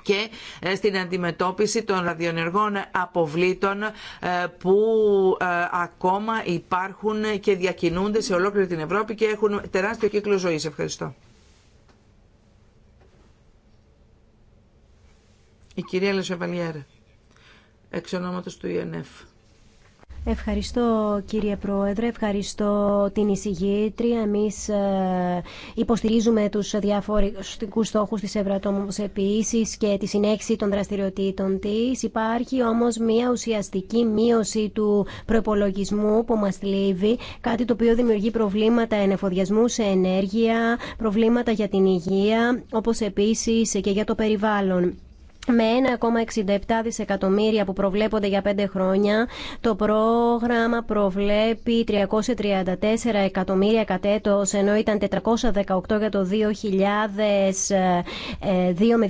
και ε, στην αντιμετώπιση των ραδιονεργών αποβλήτων ε, που ε, ακόμα υπάρχουν και διακινούνται σε ολόκληρη την Ευρώπη και έχουν τεράστιο κύκλο ζωής. Ευχαριστώ. Η κυρία Λεσοβαλιέρα, εξ ονόματος του ΙΕΝΕΦ. Ευχαριστώ κύριε Πρόεδρε, ευχαριστώ την εισηγήτρια. Εμείς ε, υποστηρίζουμε τους διαφορετικούς στόχους της Ευρατόμως επίσης και τη συνέχιση των δραστηριοτήτων της. Υπάρχει όμως μια ουσιαστική μείωση του προπολογισμού που μας λείβει, κάτι το οποίο δημιουργεί προβλήματα ενεφοδιασμού σε ενέργεια, προβλήματα για την υγεία, όπως επίσης και για το περιβάλλον με 1,67 δισεκατομμύρια που προβλέπονται για πέντε χρόνια. Το πρόγραμμα προβλέπει 334 εκατομμύρια κατ' ενώ ήταν 418 για το 2002 ε, ε, με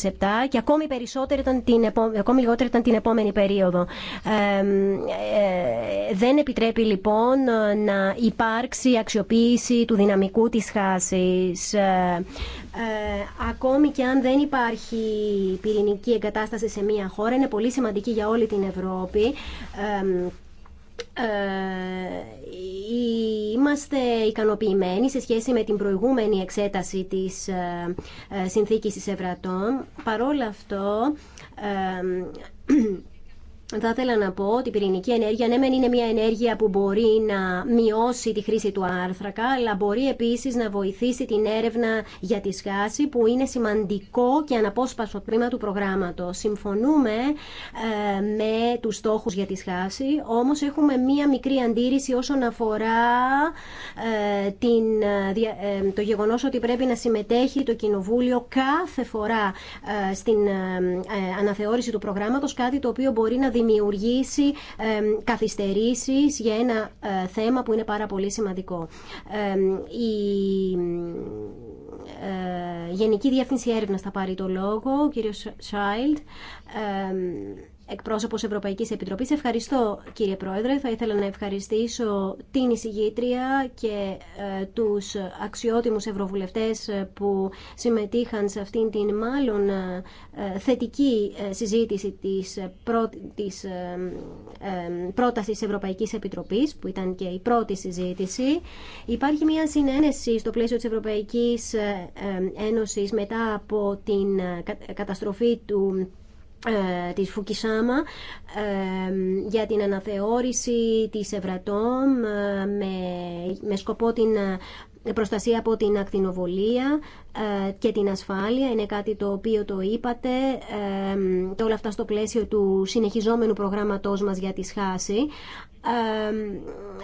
2007 και ακόμη, περισσότερο ήταν την, ακόμη λιγότερο ήταν την επόμενη περίοδο. Ε, δεν επιτρέπει λοιπόν να υπάρξει αξιοποίηση του δυναμικού της χάσης. ακόμη και αν δεν υπάρχει ελληνική εγκατάσταση σε μία χώρα είναι πολύ σημαντική για όλη την Ευρώπη. Ε, είμαστε ικανοποιημένοι σε σχέση με την προηγούμενη εξέταση της ε, ε, συνθήκης της Ευρατών. Παρόλα αυτό θα ήθελα να πω ότι η πυρηνική ενέργεια, ναι, μεν είναι μια ενέργεια που μπορεί να μειώσει τη χρήση του άρθρακα, αλλά μπορεί επίσης να βοηθήσει την έρευνα για τη σχάση που είναι σημαντικό και αναπόσπαστο τμήμα του προγράμματο. Συμφωνούμε ε, με τους στόχους για τη σχάση, όμως έχουμε μια μικρή αντίρρηση όσον αφορά ε, την, ε, το γεγονός ότι πρέπει να συμμετέχει το Κοινοβούλιο κάθε φορά στην αναθεώρηση του προγράμματος, κάτι το οποίο μπορεί να δημιουργήσει καθυστερήσεις για ένα ε, θέμα που είναι πάρα πολύ σημαντικό. Η ε, Γενική Διεύθυνση Έρευνας θα πάρει το λόγο, ο κύριος Σάιλτ εκπρόσωπος Ευρωπαϊκής Επιτροπής. Ευχαριστώ κύριε Πρόεδρε. Θα ήθελα να ευχαριστήσω την εισηγήτρια και ε, τους αξιότιμους ευρωβουλευτές ε, που συμμετείχαν σε αυτήν την μάλλον ε, θετική συζήτηση της, πρό... της πρότασης Ευρωπαϊκής Επιτροπής που ήταν και η πρώτη συζήτηση. Υπάρχει μια συνένεση στο πλαίσιο της Ευρωπαϊκής Ένωση μετά από την καταστροφή του ε, της Φουκισάμα ε, για την αναθεώρηση της Ευρατόμ ε, με σκοπό την προστασία από την ακτινοβολία και την ασφάλεια. Είναι κάτι το οποίο το είπατε. Το όλα αυτά στο πλαίσιο του συνεχιζόμενου προγράμματός μας για τη σχάση.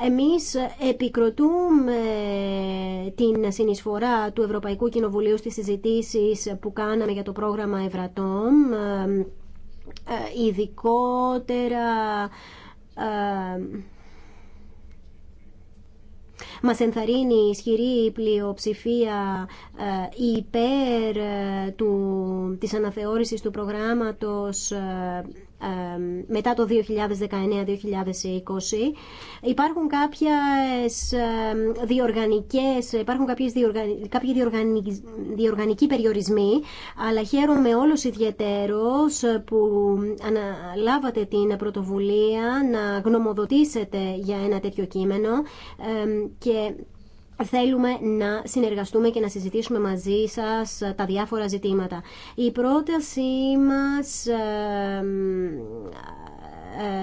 Εμείς επικροτούμε την συνεισφορά του Ευρωπαϊκού Κοινοβουλίου στις συζητήσεις που κάναμε για το πρόγραμμα Ευρατόμ ε, ειδικότερα ε, μα ενθαρρύνει η ισχυρή πλειοψηφία ε, υπέρ του, της αναθεώρησης του προγράμματος μετά το 2019-2020. Υπάρχουν κάποιες διοργανικές, υπάρχουν κάποιες κάποιοι διοργανικοί, περιορισμοί, αλλά χαίρομαι όλος ιδιαιτέρως που αναλάβατε την πρωτοβουλία να γνωμοδοτήσετε για ένα τέτοιο κείμενο και Θέλουμε να συνεργαστούμε και να συζητήσουμε μαζί σας τα διάφορα ζητήματα. Η πρότασή μας ε,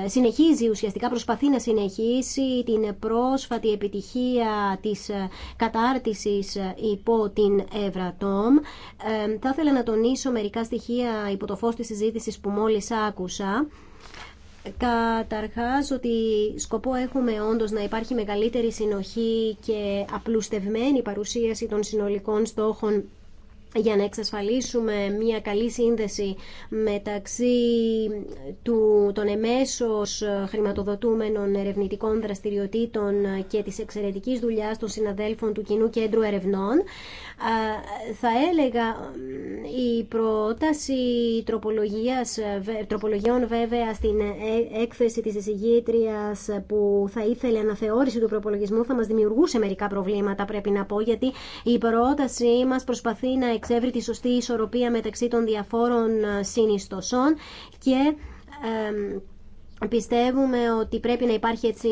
ε, συνεχίζει ουσιαστικά, προσπαθεί να συνεχίσει την πρόσφατη επιτυχία της ε, κατάρτισης υπό την Ευρατόμ. Θα ήθελα να τονίσω μερικά στοιχεία υπό το φως της συζήτησης που μόλις άκουσα. Καταρχάς ότι σκοπό έχουμε όντως να υπάρχει μεγαλύτερη συνοχή και απλουστευμένη παρουσίαση των συνολικών στόχων για να εξασφαλίσουμε μια καλή σύνδεση μεταξύ του, των εμέσως χρηματοδοτούμενων ερευνητικών δραστηριοτήτων και της εξαιρετικής δουλειάς των συναδέλφων του Κοινού Κέντρου Ερευνών. Θα έλεγα η πρόταση τροπολογίας, τροπολογιών βέβαια στην ε, έκθεση της εισηγήτριας που θα ήθελε αναθεώρηση του προπολογισμού θα μας δημιουργούσε μερικά προβλήματα πρέπει να πω γιατί η πρότασή μας προσπαθεί να εξεύρει τη σωστή ισορροπία μεταξύ των διαφόρων ε, συνιστοσών και ε, Πιστεύουμε ότι πρέπει να υπάρχει έτσι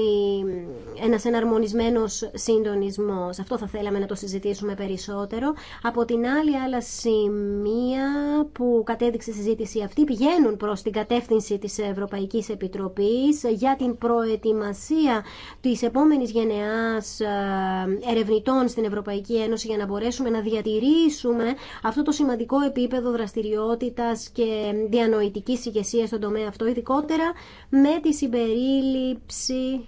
ένας εναρμονισμένος συντονισμός. Αυτό θα θέλαμε να το συζητήσουμε περισσότερο. Από την άλλη, άλλα σημεία που κατέδειξε η συζήτηση αυτή πηγαίνουν προς την κατεύθυνση της Ευρωπαϊκής Επιτροπής για την προετοιμασία της επόμενης γενεάς ε, ερευνητών στην Ευρωπαϊκή Ένωση για να μπορέσουμε να διατηρήσουμε αυτό το σημαντικό επίπεδο δραστηριότητας και διανοητικής ηγεσία στον τομέα αυτό, ειδικότερα με τη συμπερίληψη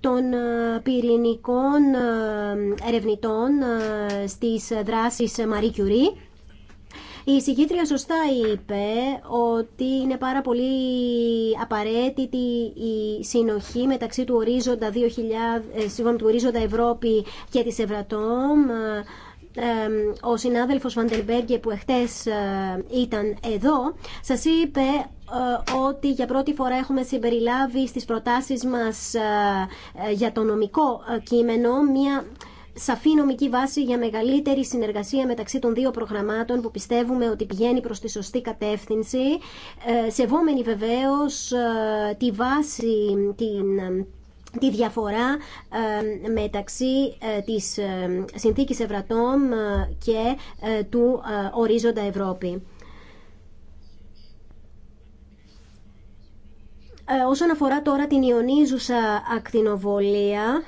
των ε, πυρηνικών ε, ερευνητών ε, στις δράσεις Marie Curie. Η συγκήτρια σωστά είπε ότι είναι πάρα πολύ απαραίτητη η συνοχή μεταξύ του ορίζοντα, 2000, του ορίζοντα Ευρώπη και της Ευρατόμ ο συνάδελφος Βαντελμπέργκε που εχθές ε, ήταν εδώ σας είπε ε, ότι για πρώτη φορά έχουμε συμπεριλάβει στις προτάσεις μας ε, για το νομικό κείμενο μια σαφή νομική βάση για μεγαλύτερη συνεργασία μεταξύ των δύο προγραμμάτων που πιστεύουμε ότι πηγαίνει προς τη σωστή κατεύθυνση, σεβόμενη βεβαίως τη βάση, την τη διαφορά ε, μεταξύ ε, της ε, συνθήκης Ευρατόμ και του ορίζοντα Ευρώπη. Όσον αφορά τώρα την ιονίζουσα ακτινοβολία,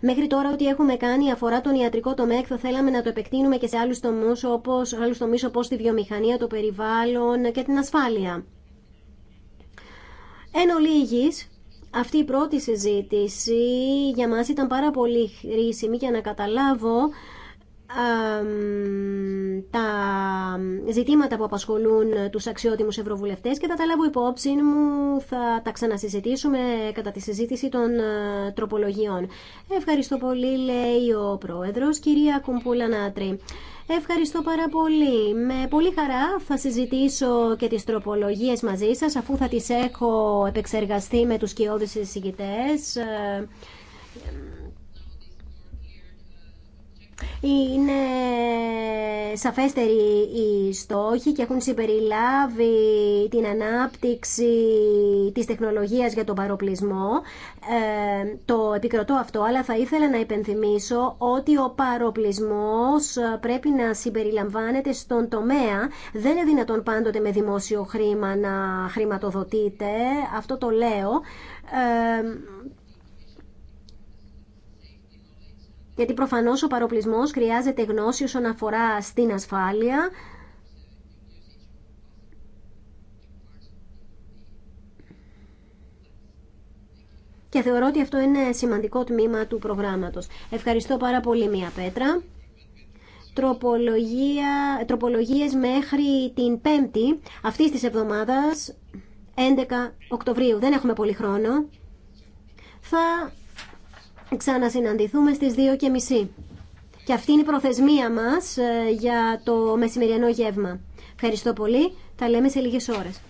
Μέχρι τώρα ό,τι έχουμε κάνει αφορά τον ιατρικό τομέα θα θέλαμε να το επεκτείνουμε και σε άλλους τομείς όπως, άλλους τομείς, όπως τη βιομηχανία, το περιβάλλον και την ασφάλεια. Εν ολίγης, αυτή η πρώτη συζήτηση για μας ήταν πάρα πολύ χρήσιμη για να καταλάβω τα ζητήματα που απασχολούν τους αξιότιμους ευρωβουλευτές και θα τα λάβω υπόψη μου, θα τα ξανασυζητήσουμε κατά τη συζήτηση των ε, τροπολογιών. Ευχαριστώ πολύ, λέει ο Πρόεδρος, κυρία Κουμπούλα Νάτρη. Ευχαριστώ πάρα πολύ. Με πολύ χαρά θα συζητήσω και τις τροπολογίες μαζί σας αφού θα τις έχω επεξεργαστεί με τους κοιόδης συζητητές. Ε, είναι σαφέστεροι οι στόχοι και έχουν συμπεριλάβει την ανάπτυξη της τεχνολογίας για τον παροπλισμό. Ε, το επικροτώ αυτό, αλλά θα ήθελα να υπενθυμίσω ότι ο παροπλισμός πρέπει να συμπεριλαμβάνεται στον τομέα. Δεν είναι δυνατόν πάντοτε με δημόσιο χρήμα να χρηματοδοτείται, αυτό το λέω. Ε, γιατί προφανώς ο παροπλισμός χρειάζεται γνώση όσον αφορά στην ασφάλεια. Και θεωρώ ότι αυτό είναι σημαντικό τμήμα του προγράμματος. Ευχαριστώ πάρα πολύ, Μία Πέτρα. Τροπολογία, τροπολογίες μέχρι την 5η αυτής της εβδομάδας, 11 Οκτωβρίου. Δεν έχουμε πολύ χρόνο. Θα ξανασυναντηθούμε στις 2.30. και Και αυτή είναι η προθεσμία μας ε, για το μεσημεριανό γεύμα. Ευχαριστώ πολύ. Τα λέμε σε λίγες ώρες.